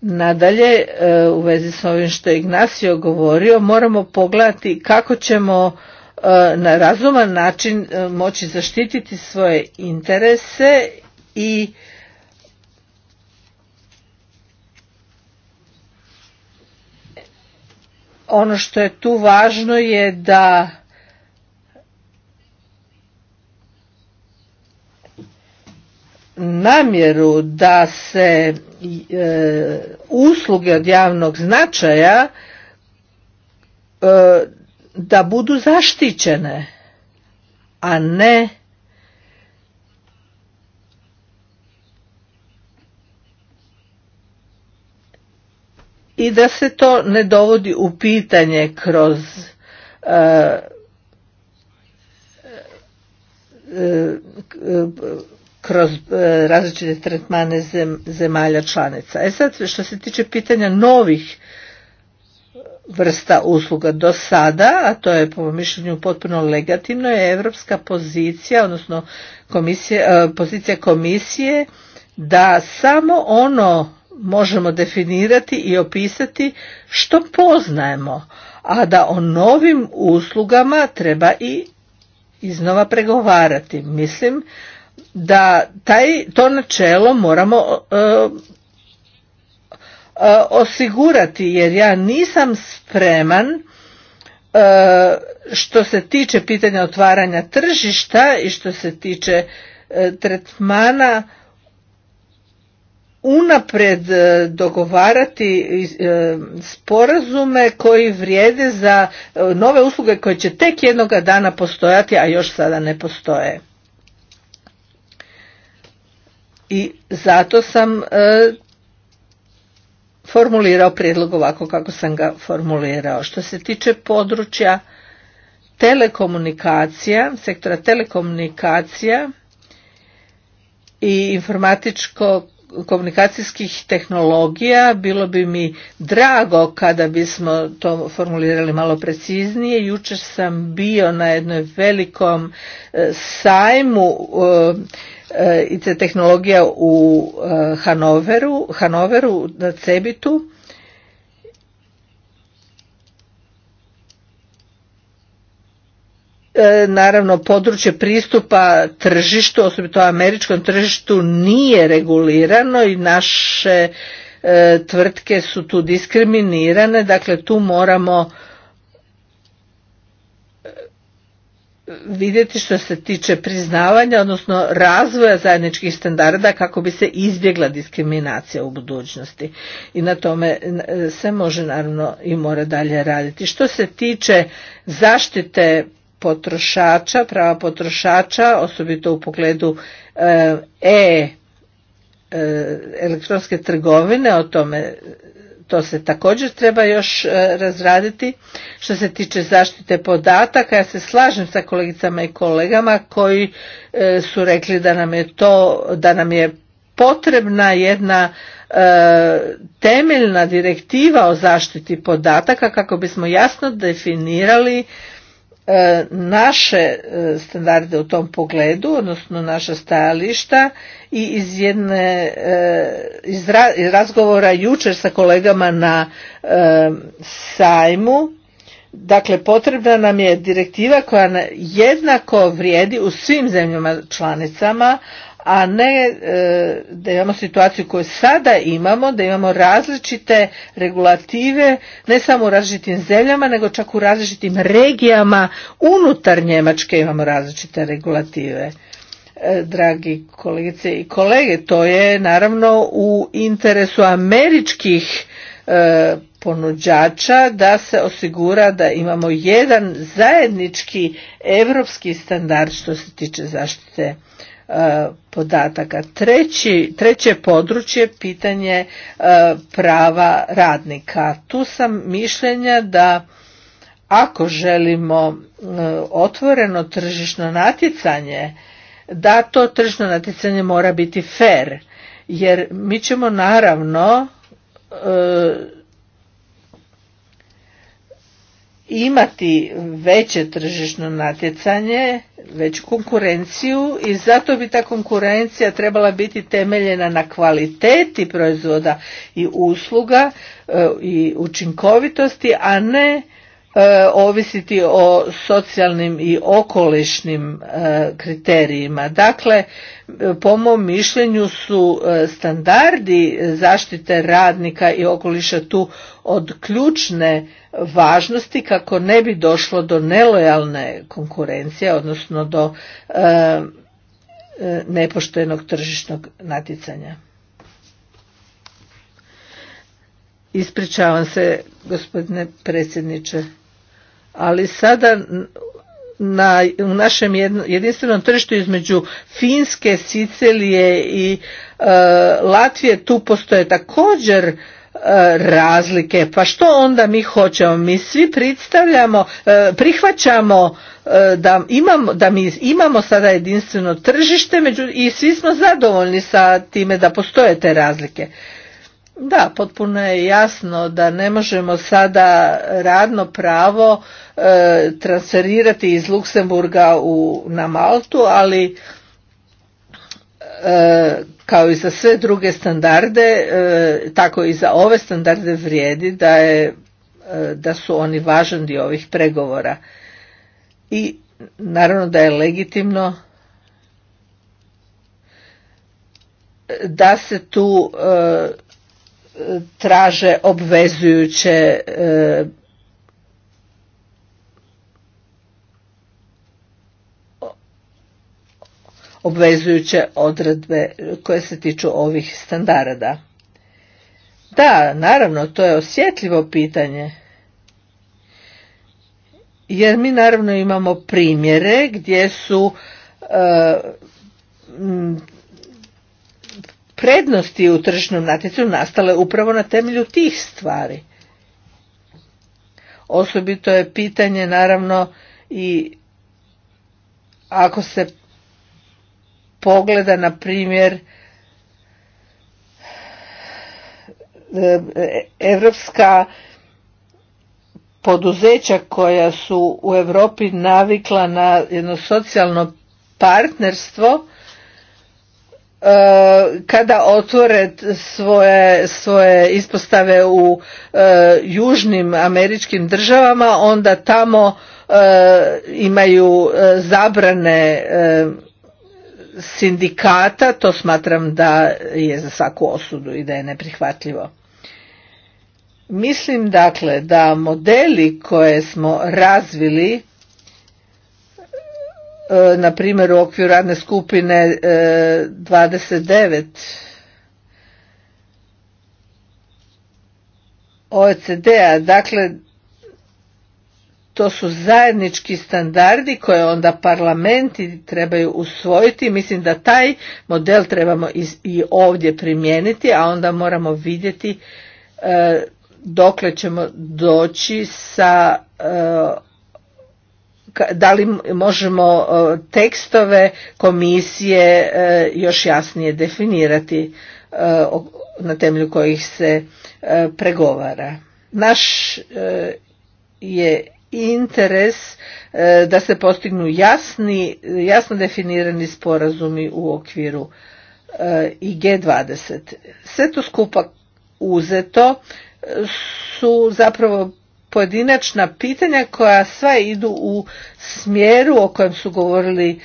Nadalje, e, u vezi s ovim što je Ignacio govorio, moramo pogledati kako ćemo e, na razuman način moći zaštititi svoje interese i ono što je tu važno je da namjeru da se e, usluge od javnog značaja e, da budu zaštićene a ne i da se to ne dovodi u pitanje kroz e, kroz e, različite tretmane zemalja članica. E sad, što se tiče pitanja novih e, vrsta usluga do sada, a to je po mišljenju potpuno negativno, je evropska pozicija, odnosno komisije, e, pozicija komisije da samo ono možemo definirati i opisati što poznajemo, a da o novim uslugama treba i iznova pregovarati. Mislim da taj, to načelo moramo e, e, osigurati jer ja nisam spreman e, što se tiče pitanja otvaranja tržišta i što se tiče tretmana unapred dogovarati sporazume koji vrijede za nove usluge koje će tek jednoga dana postojati, a još sada ne postoje i zato sam e, formulirao prijedlog ovako kako sam ga formulirao. Što se tiče područja telekomunikacija, sektora telekomunikacija i informatičko komunikacijskih tehnologija bilo bi mi drago kada bismo to formulirali malo preciznije jučer sam bio na jednoj velikom e, sajmu e, E, IC tehnologija u e, Hanoveru, Hanoveru na Cebitu. E, naravno, područje pristupa tržištu, osobito američkom tržištu, nije regulirano i naše tvrtke su tu diskriminirane, dakle tu moramo vidjeti što se tiče priznavanja, odnosno razvoja zajedničkih standarda kako bi se izbjegla diskriminacija u budućnosti. I na tome se može naravno i mora dalje raditi. Što se tiče zaštite potrošača, prava potrošača, osobito u pogledu e, e elektronske trgovine, o tome to se također treba još e, razraditi. Što se tiče zaštite podataka, ja se slažem sa kolegicama i kolegama koji e, su rekli da nam je to, da nam je potrebna jedna e, temeljna direktiva o zaštiti podataka kako bismo jasno definirali E, naše e, standarde u tom pogledu, odnosno naša stajališta i iz jedne e, iz razgovora jučer sa kolegama na sajmu Dakle, potrebna nam je direktiva koja jednako vrijedi u svim zemljama članicama, a ne e, da imamo situaciju koju sada imamo, da imamo različite regulative, ne samo u različitim zemljama, nego čak u različitim regijama, unutar Njemačke imamo različite regulative. E, dragi kolegice i kolege, to je naravno u interesu američkih e, ponuđača da se osigura da imamo jedan zajednički evropski standard što se tiče zaštite E, podataka. Treći, treće područje pitanje e, prava radnika. Tu sam mišljenja da ako želimo e, otvoreno tržišno natjecanje, da to tržišno natjecanje mora biti fair, jer mi ćemo naravno imati veće tržišno natjecanje već konkurenciju i zato bi ta konkurencija trebala biti temeljena na kvaliteti proizvoda i usluga e, i učinkovitosti, a ne e, ovisiti o socijalnim i okolišnim e, kriterijima. Dakle, po mom mišljenju su standardi zaštite radnika i okoliša tu od ključne važnosti kako ne bi došlo do nelojalne konkurencije, odnosno do e, e nepoštenog tržišnog natjecanja. Ispričavam se, gospodine predsjedniče, ali sada na, u našem jedinstvenom tržištu između Finske, Sicilije i e, Latvije tu postoje također razlike. Pa što onda mi hoćemo? Mi svi predstavljamo, e, prihvaćamo e, da, imamo, da mi imamo sada jedinstveno tržište među, i svi smo zadovoljni sa time da postoje te razlike. Da, potpuno je jasno da ne možemo sada radno pravo e, transferirati iz Luksemburga u, na Maltu, ali E, kao i za sve druge standarde, e, tako i za ove standarde vrijedi da, je, e, da su oni važan dio ovih pregovora. I naravno da je legitimno da se tu traže obvezujuće obvezujuće odredbe koje se tiču ovih standarda. Da, naravno, to je osjetljivo pitanje. Jer mi naravno imamo primjere gdje su e, prednosti u tržišnom natjecu nastale upravo na temelju tih stvari. Osobito je pitanje naravno i ako se pogleda na primjer evropska poduzeća koja su u Europi navikla na jedno socijalno partnerstvo e, kada otvore svoje, svoje ispostave u e, južnim američkim državama onda tamo e, imaju zabrane sindikata, to smatram da je za svaku osudu i da je neprihvatljivo. Mislim dakle da modeli koje smo razvili e, na primjer u okviru radne skupine 29 e, OECD-a, dakle to su zajednički standardi koje onda parlamenti trebaju usvojiti. Mislim da taj model trebamo i ovdje primijeniti, a onda moramo vidjeti e, dokle ćemo doći sa e, da li možemo e, tekstove komisije još jasnije definirati na temelju kojih se pregovara. Naš je interes e, da se postignu jasni, jasno definirani sporazumi u okviru e, i G20. Sve to skupa uzeto su zapravo pojedinačna pitanja koja sva idu u smjeru o kojem su govorili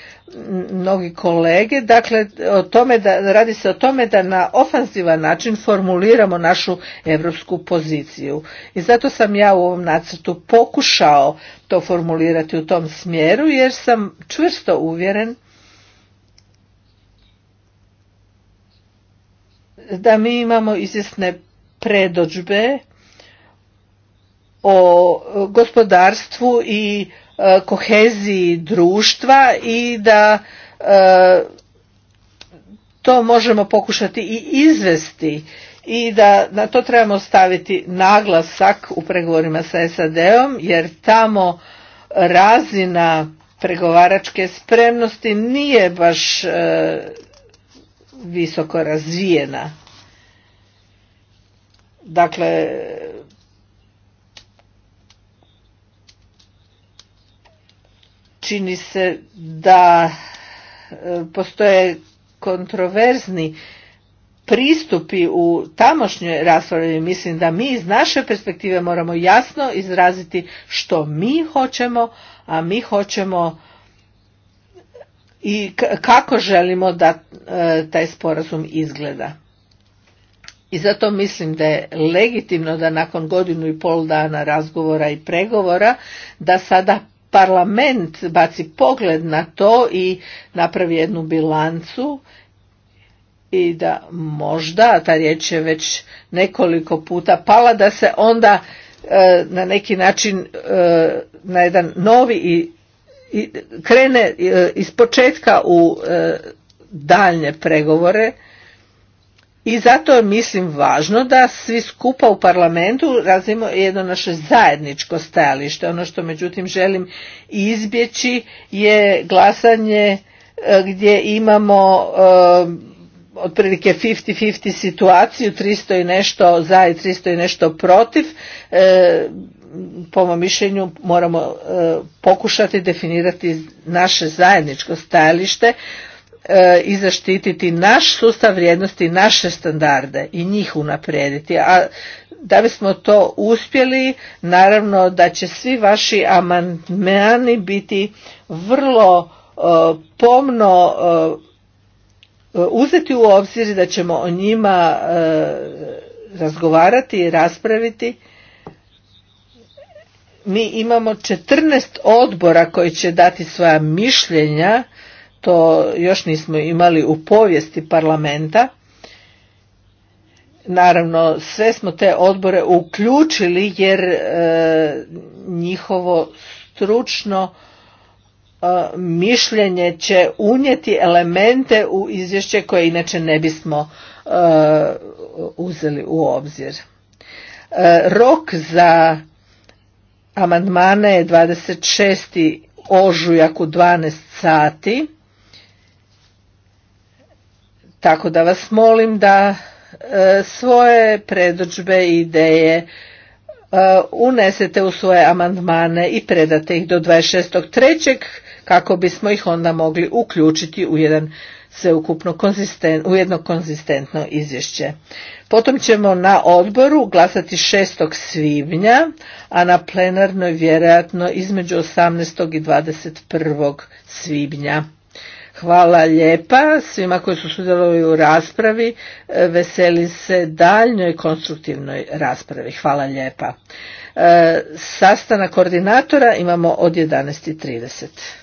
mnogi kolege, dakle o tome da, radi se o tome da na ofanzivan način formuliramo našu europsku poziciju. I zato sam ja u ovom nacrtu pokušao to formulirati u tom smjeru jer sam čvrsto uvjeren da mi imamo izvjesne predođbe o e, gospodarstvu i e, koheziji društva i da e, to možemo pokušati i izvesti i da na to trebamo staviti naglasak u pregovorima sa SAD-om jer tamo razina pregovaračke spremnosti nije baš visoko razvijena. Dakle, čini se da e, postoje kontroverzni pristupi u tamošnjoj raspravi mislim da mi iz naše perspektive moramo jasno izraziti što mi hoćemo a mi hoćemo i kako želimo da e, taj sporazum izgleda i zato mislim da je legitimno da nakon godinu i pol dana razgovora i pregovora da sada parlament baci pogled na to i napravi jednu bilancu i da možda, ta riječ je već nekoliko puta pala, da se onda e, na neki način e, na jedan novi i, krene e, iz početka u e, daljnje pregovore i zato je mislim važno da svi skupa u parlamentu razvijemo jedno naše zajedničko stajalište. Ono što međutim želim izbjeći je glasanje e, gdje imamo e, otprilike 50-50 situaciju, 300 i nešto za i 300 i nešto protiv, e, po mom mišljenju moramo pokušati definirati naše zajedničko stajalište E, i zaštititi naš sustav vrijednosti, naše standarde i njih unaprijediti. A da bismo to uspjeli, naravno da će svi vaši amandmani biti vrlo e, pomno e, uzeti u obzir da ćemo o njima razgovarati i raspraviti. Mi imamo 14 odbora koji će dati svoja mišljenja to još nismo imali u povijesti parlamenta. Naravno, sve smo te odbore uključili jer e, njihovo stručno e, mišljenje će unijeti elemente u izvješće koje inače ne bismo e, uzeli u obzir. Rok za amandmane je 26. ožujak u 12 sati. Tako da vas molim da e, svoje predođbe i ideje e, unesete u svoje amandmane i predate ih do 26.3. kako bismo ih onda mogli uključiti u jedan sveukupno konzisten, u jedno konzistentno izvješće. Potom ćemo na odboru glasati 6. svibnja, a na plenarnoj vjerojatno između 18. i 21. svibnja. Hvala lijepa svima koji su sudjelovali u raspravi. E, veseli se daljnjoj konstruktivnoj raspravi. Hvala lijepa. E, sastanak koordinatora imamo od 11.30.